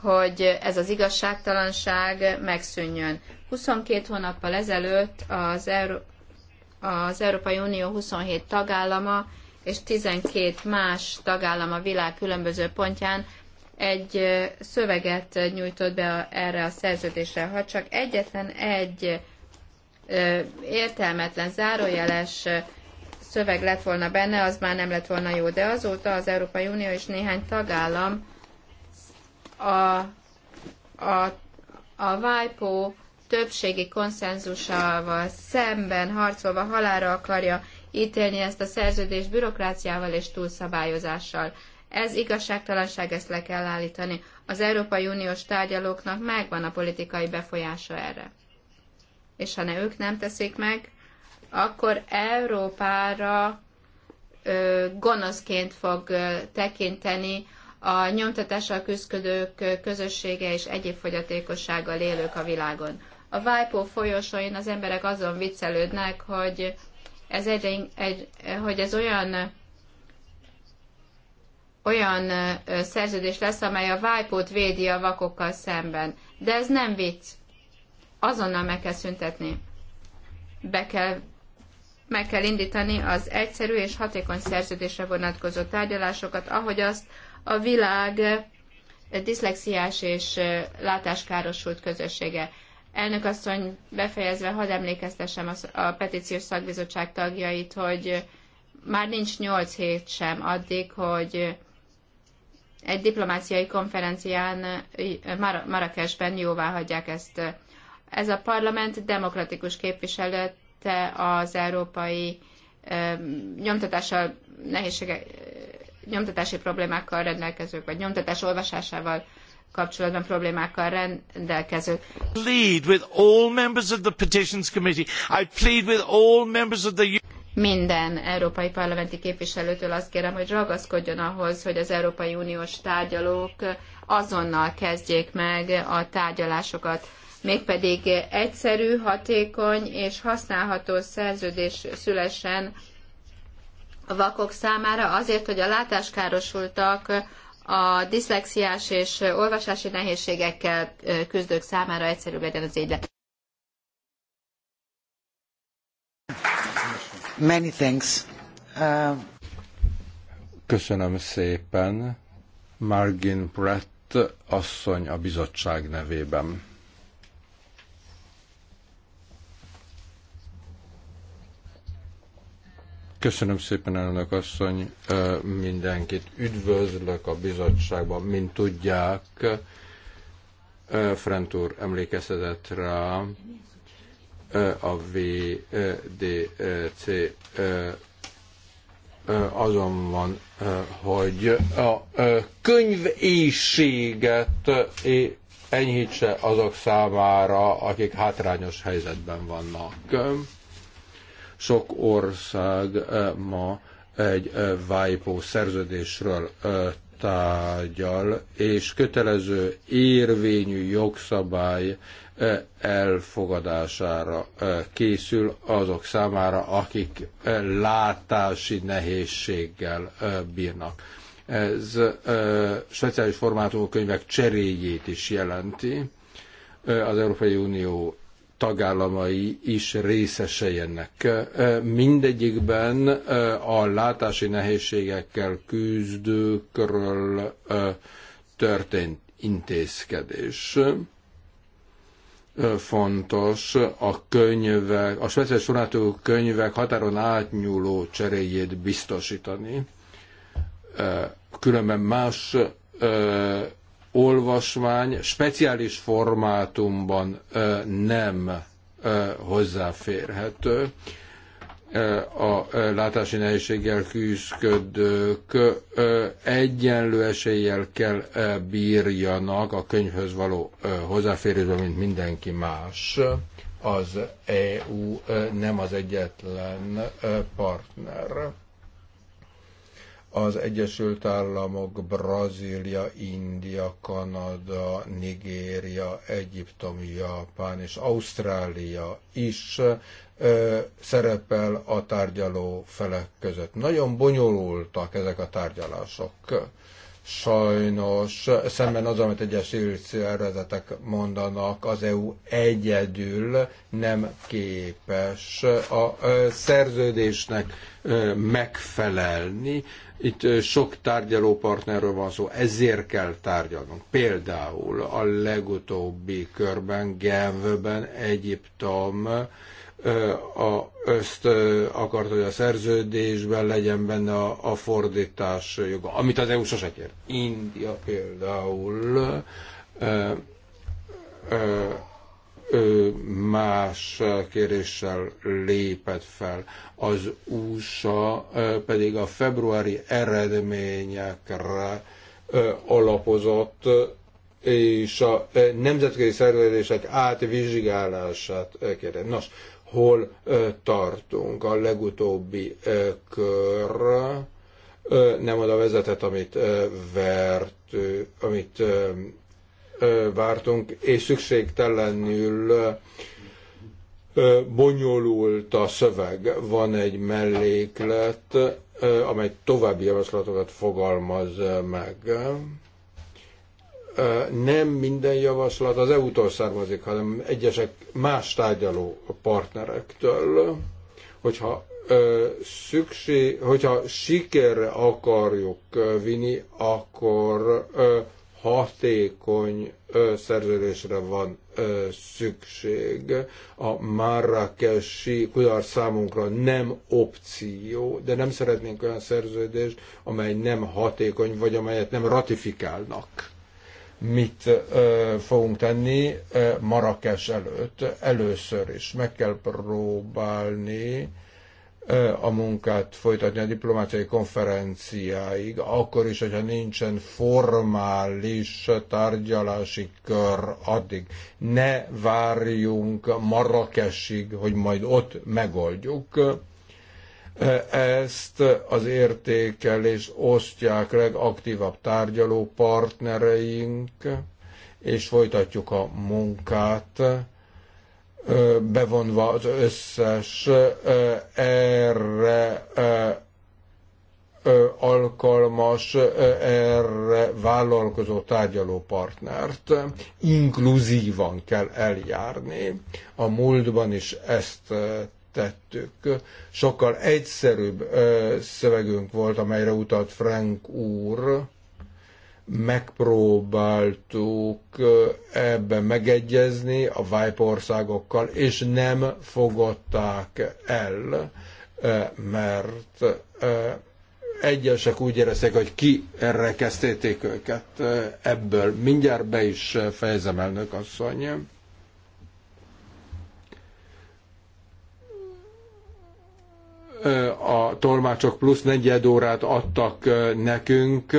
hogy ez az igazságtalanság megszűnjön. 22 hónappal ezelőtt az, Euró- az Európai Unió 27 tagállama és 12 más tagállam a világ különböző pontján egy szöveget nyújtott be erre a szerződésre. Ha csak egyetlen egy értelmetlen zárójeles szöveg lett volna benne, az már nem lett volna jó. De azóta az Európai Unió és néhány tagállam a, a, a WIPO többségi konszenzusával szemben harcolva halára akarja ítélni ezt a szerződést bürokráciával és túlszabályozással. Ez igazságtalanság, ezt le kell állítani. Az Európai Uniós tárgyalóknak megvan a politikai befolyása erre. És ha ne ők nem teszik meg, akkor Európára ö, gonoszként fog ö, tekinteni a nyomtatással küzdők közössége és egyéb fogyatékossággal élők a világon. A Vájpó folyosóin az emberek azon viccelődnek, hogy ez, egy, egy, hogy ez olyan olyan szerződés lesz, amely a vájpót védi a vakokkal szemben. De ez nem vicc. Azonnal meg kell szüntetni. Be kell, meg kell indítani az egyszerű és hatékony szerződésre vonatkozó tárgyalásokat, ahogy azt a világ eh, diszlexiás és eh, látáskárosult közössége. Elnök asszony, befejezve hadd emlékeztessem a, petíciós szakbizottság tagjait, hogy eh, már nincs nyolc hét sem addig, hogy egy diplomáciai konferencián Mar- Marrakesben jóvá hagyják ezt. Ez a parlament demokratikus képviselete az európai nyomtatással nehézségek nyomtatási problémákkal rendelkezők, vagy nyomtatás olvasásával kapcsolatban problémákkal rendelkezők. Plead with all members of the Petitions Committee. I plead with all members of the minden európai parlamenti képviselőtől azt kérem, hogy ragaszkodjon ahhoz, hogy az Európai Uniós tárgyalók azonnal kezdjék meg a tárgyalásokat, mégpedig egyszerű, hatékony és használható szerződés szülessen a vakok számára azért, hogy a látáskárosultak a diszlexiás és olvasási nehézségekkel küzdők számára egyszerűbb legyen az élet. Many thanks. Uh... Köszönöm szépen. Margin Brett asszony a bizottság nevében. Köszönöm szépen, elnök asszony, mindenkit. Üdvözlök a bizottságban, mint tudják. Frent úr emlékeztetett rá a VDC azon van, hogy a könyvészséget enyhítse azok számára, akik hátrányos helyzetben vannak sok ország eh, ma egy WIPO eh, szerződésről eh, tárgyal, és kötelező érvényű jogszabály elfogadására készül azok számára, akik látási nehézséggel bírnak. Ez speciális formátumú könyvek cseréjét is jelenti. Az Európai Unió tagállamai is ennek. Mindegyikben a látási nehézségekkel küzdőkről történt intézkedés. Fontos a könyvek, a speciális sorátú könyvek határon átnyúló cseréjét biztosítani. Különben más olvasmány speciális formátumban nem hozzáférhető. A látási nehézséggel küzdők egyenlő eséllyel kell bírjanak a könyvhöz való hozzáférésben, mint mindenki más. Az EU nem az egyetlen partner az Egyesült Államok, Brazília, India, Kanada, Nigéria, Egyiptom, Japán és Ausztrália is ö, szerepel a tárgyaló felek között. Nagyon bonyolultak ezek a tárgyalások sajnos szemben az, amit egyes szervezetek mondanak, az EU egyedül nem képes a szerződésnek megfelelni. Itt sok tárgyalópartnerről van szó, ezért kell tárgyalnunk. Például a legutóbbi körben, Genvben, Egyiptom, a, ezt akart, hogy a szerződésben legyen benne a, a fordítás joga, amit az EU sose kér. India például ö, ö, ö, más kéréssel lépett fel. Az USA pedig a februári eredményekre ö, alapozott és a nemzetközi szerződések átvizsgálását kérem. Nos, hol tartunk. A legutóbbi kör nem oda vezetett, amit vert, amit vártunk, és szükségtelenül bonyolult a szöveg. Van egy melléklet, amely további javaslatokat fogalmaz meg nem minden javaslat az EU-tól származik, hanem egyesek más tárgyaló partnerektől. Hogyha szükség, hogyha sikerre akarjuk vinni, akkor hatékony szerződésre van szükség. A Marrakesi kudarc számunkra nem opció, de nem szeretnénk olyan szerződést, amely nem hatékony, vagy amelyet nem ratifikálnak mit fogunk tenni Marrakes előtt. Először is meg kell próbálni a munkát folytatni a diplomáciai konferenciáig, akkor is, hogyha nincsen formális tárgyalási kör addig. Ne várjunk Marrakesig, hogy majd ott megoldjuk E, ezt az értékelést osztják legaktívabb tárgyaló partnereink, és folytatjuk a munkát, e, bevonva az összes e, erre alkalmas erre vállalkozó tárgyalópartnert inkluzívan kell eljárni. A múltban is ezt tettük. Sokkal egyszerűbb szövegünk volt, amelyre utalt Frank úr. Megpróbáltuk ebben megegyezni a Vibe országokkal, és nem fogották el, mert egyesek úgy érezték, hogy ki erre őket. Ebből mindjárt be is fejezem, elnök asszonyom. a tolmácsok plusz negyed órát adtak nekünk,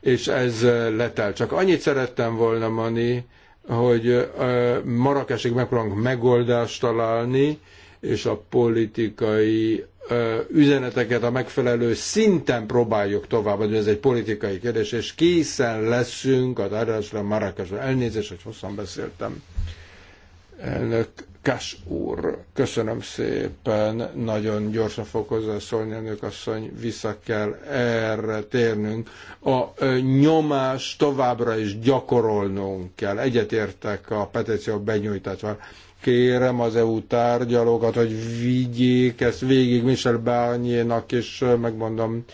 és ez letelt. Csak annyit szerettem volna mondani, hogy Marrakesig megpróbálunk megoldást találni, és a politikai üzeneteket a megfelelő szinten próbáljuk továbbadni, ez egy politikai kérdés, és készen leszünk a tárgyalásra Marrakesben. Elnézést, hogy hosszan beszéltem. Elnök Kas úr, köszönöm szépen, nagyon gyorsan fog hozzászólni, a asszony, vissza kell erre térnünk. A nyomás továbbra is gyakorolnunk kell, egyetértek a petíció benyújtatva. Kérem az EU tárgyalókat, hogy vigyék ezt végig Michel Bányénak, nak és megmondom,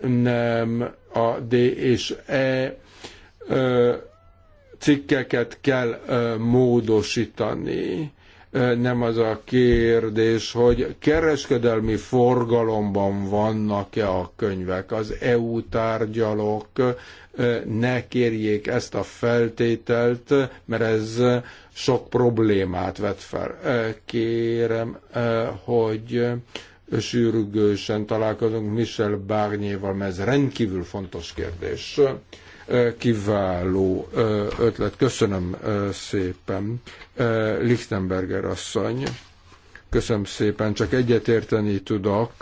nem a D és E cikkeket kell módosítani. Nem az a kérdés, hogy kereskedelmi forgalomban vannak-e a könyvek. Az EU tárgyalók ne kérjék ezt a feltételt, mert ez sok problémát vet fel. Kérem, hogy sürgősen találkozunk Michel Barnier-val, mert ez rendkívül fontos kérdés. Kiváló ötlet. Köszönöm szépen. Lichtenberger asszony. Köszönöm szépen. Csak egyetérteni tudok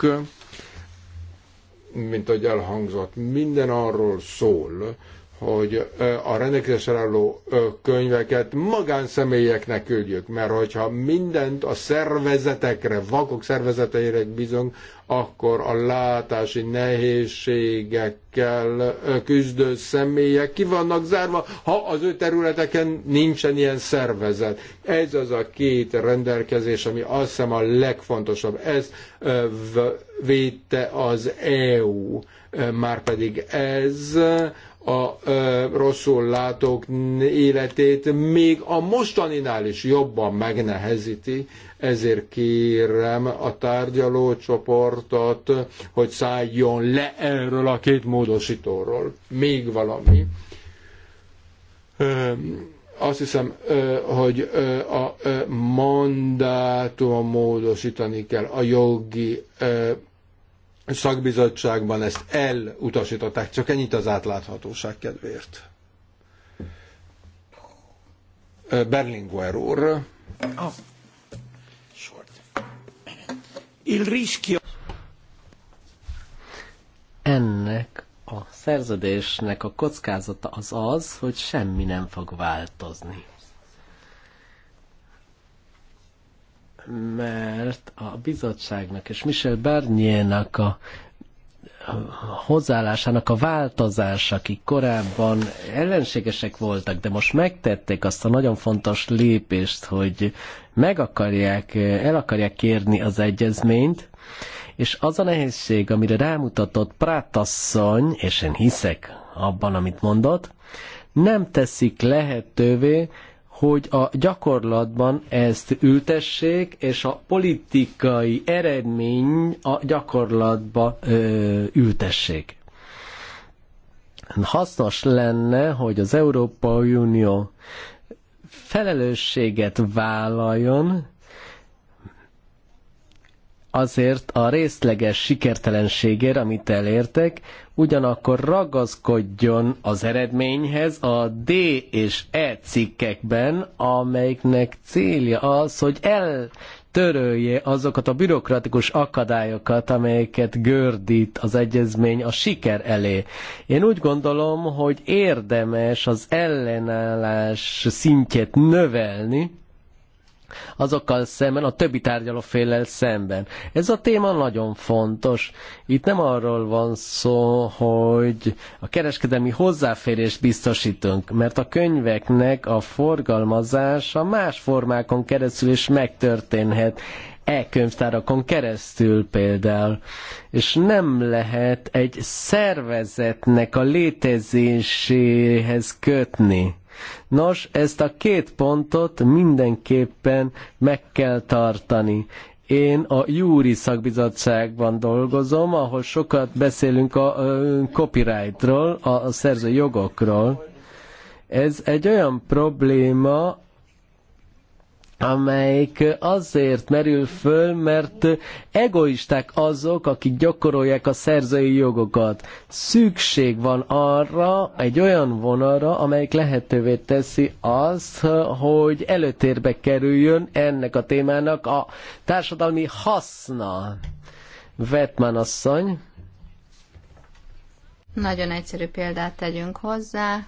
mint ahogy elhangzott, minden arról szól, hogy a rendelkezésre álló könyveket magánszemélyeknek küldjük, mert hogyha mindent a szervezetekre, vakok szervezeteire bízunk, akkor a látási nehézségekkel küzdő személyek ki vannak zárva, ha az ő területeken nincsen ilyen szervezet. Ez az a két rendelkezés, ami azt hiszem a legfontosabb. Ez védte az EU, márpedig ez a rosszul látók életét még a mostaninál is jobban megnehezíti, ezért kérem a tárgyalócsoportot, hogy szálljon le erről a két módosítóról. Még valami. Azt hiszem, hogy a mandátum módosítani kell, a jogi szakbizottságban ezt elutasították, csak ennyit az átláthatóság kedvéért. Berlinguer úr. Oh. Short. Il rischio. Ennek a szerződésnek a kockázata az az, hogy semmi nem fog változni. mert a bizottságnak és Michel Barnier-nak a hozzáállásának a változás, akik korábban ellenségesek voltak, de most megtették azt a nagyon fontos lépést, hogy meg akarják, el akarják kérni az egyezményt, és az a nehézség, amire rámutatott Prátasszony, és én hiszek abban, amit mondott, nem teszik lehetővé, hogy a gyakorlatban ezt ültessék, és a politikai eredmény a gyakorlatba ö, ültessék. Hasznos lenne, hogy az Európai Unió felelősséget vállaljon, azért a részleges sikertelenségért, amit elértek, ugyanakkor ragaszkodjon az eredményhez a D és E cikkekben, amelyiknek célja az, hogy el törölje azokat a bürokratikus akadályokat, amelyeket gördít az egyezmény a siker elé. Én úgy gondolom, hogy érdemes az ellenállás szintjét növelni, azokkal szemben, a többi tárgyalóféllel szemben. Ez a téma nagyon fontos. Itt nem arról van szó, hogy a kereskedelmi hozzáférést biztosítunk, mert a könyveknek a forgalmazása más formákon keresztül is megtörténhet e-könyvtárakon keresztül például. És nem lehet egy szervezetnek a létezéséhez kötni. Nos, ezt a két pontot mindenképpen meg kell tartani. Én a Júri szakbizottságban dolgozom, ahol sokat beszélünk a, a copyrightról, a, a szerzői jogokról. Ez egy olyan probléma, amelyik azért merül föl, mert egoisták azok, akik gyakorolják a szerzői jogokat. Szükség van arra, egy olyan vonalra, amelyik lehetővé teszi azt, hogy előtérbe kerüljön ennek a témának a társadalmi haszna. Vetman asszony. Nagyon egyszerű példát tegyünk hozzá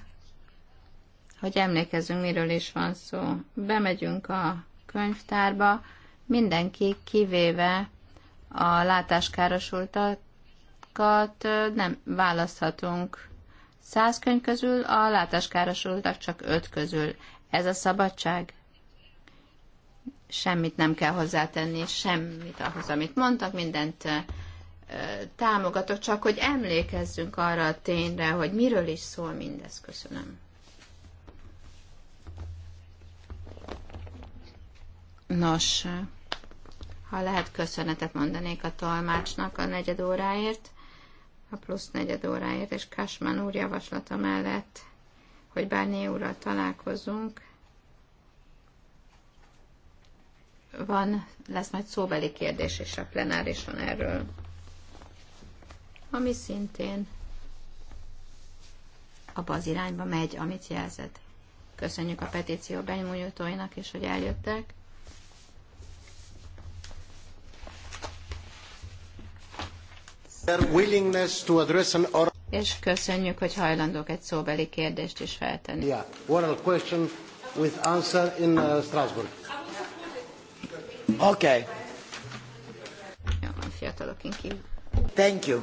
hogy emlékezzünk, miről is van szó. Bemegyünk a könyvtárba, mindenki kivéve a látáskárosultakat nem választhatunk. Száz könyv közül a látáskárosultak csak öt közül. Ez a szabadság? Semmit nem kell hozzátenni, semmit ahhoz, amit mondtak, mindent támogatok, csak hogy emlékezzünk arra a tényre, hogy miről is szól mindez. Köszönöm. Nos, ha lehet, köszönetet mondanék a tolmácsnak a negyed óráért, a plusz negyed óráért, és Kasman úr javaslata mellett, hogy bár úrral találkozunk, van, lesz majd szóbeli kérdés és a plenárison erről, ami szintén abba az irányba megy, amit jelzett. Köszönjük a petíció benyújtóinak is, hogy eljöttek. És köszönjük, hogy hajlandók egy szóbeli kérdést is feltenni. Yeah, oral question with answer in uh, Strasbourg. Okay. Jó, fiatalok, Thank you.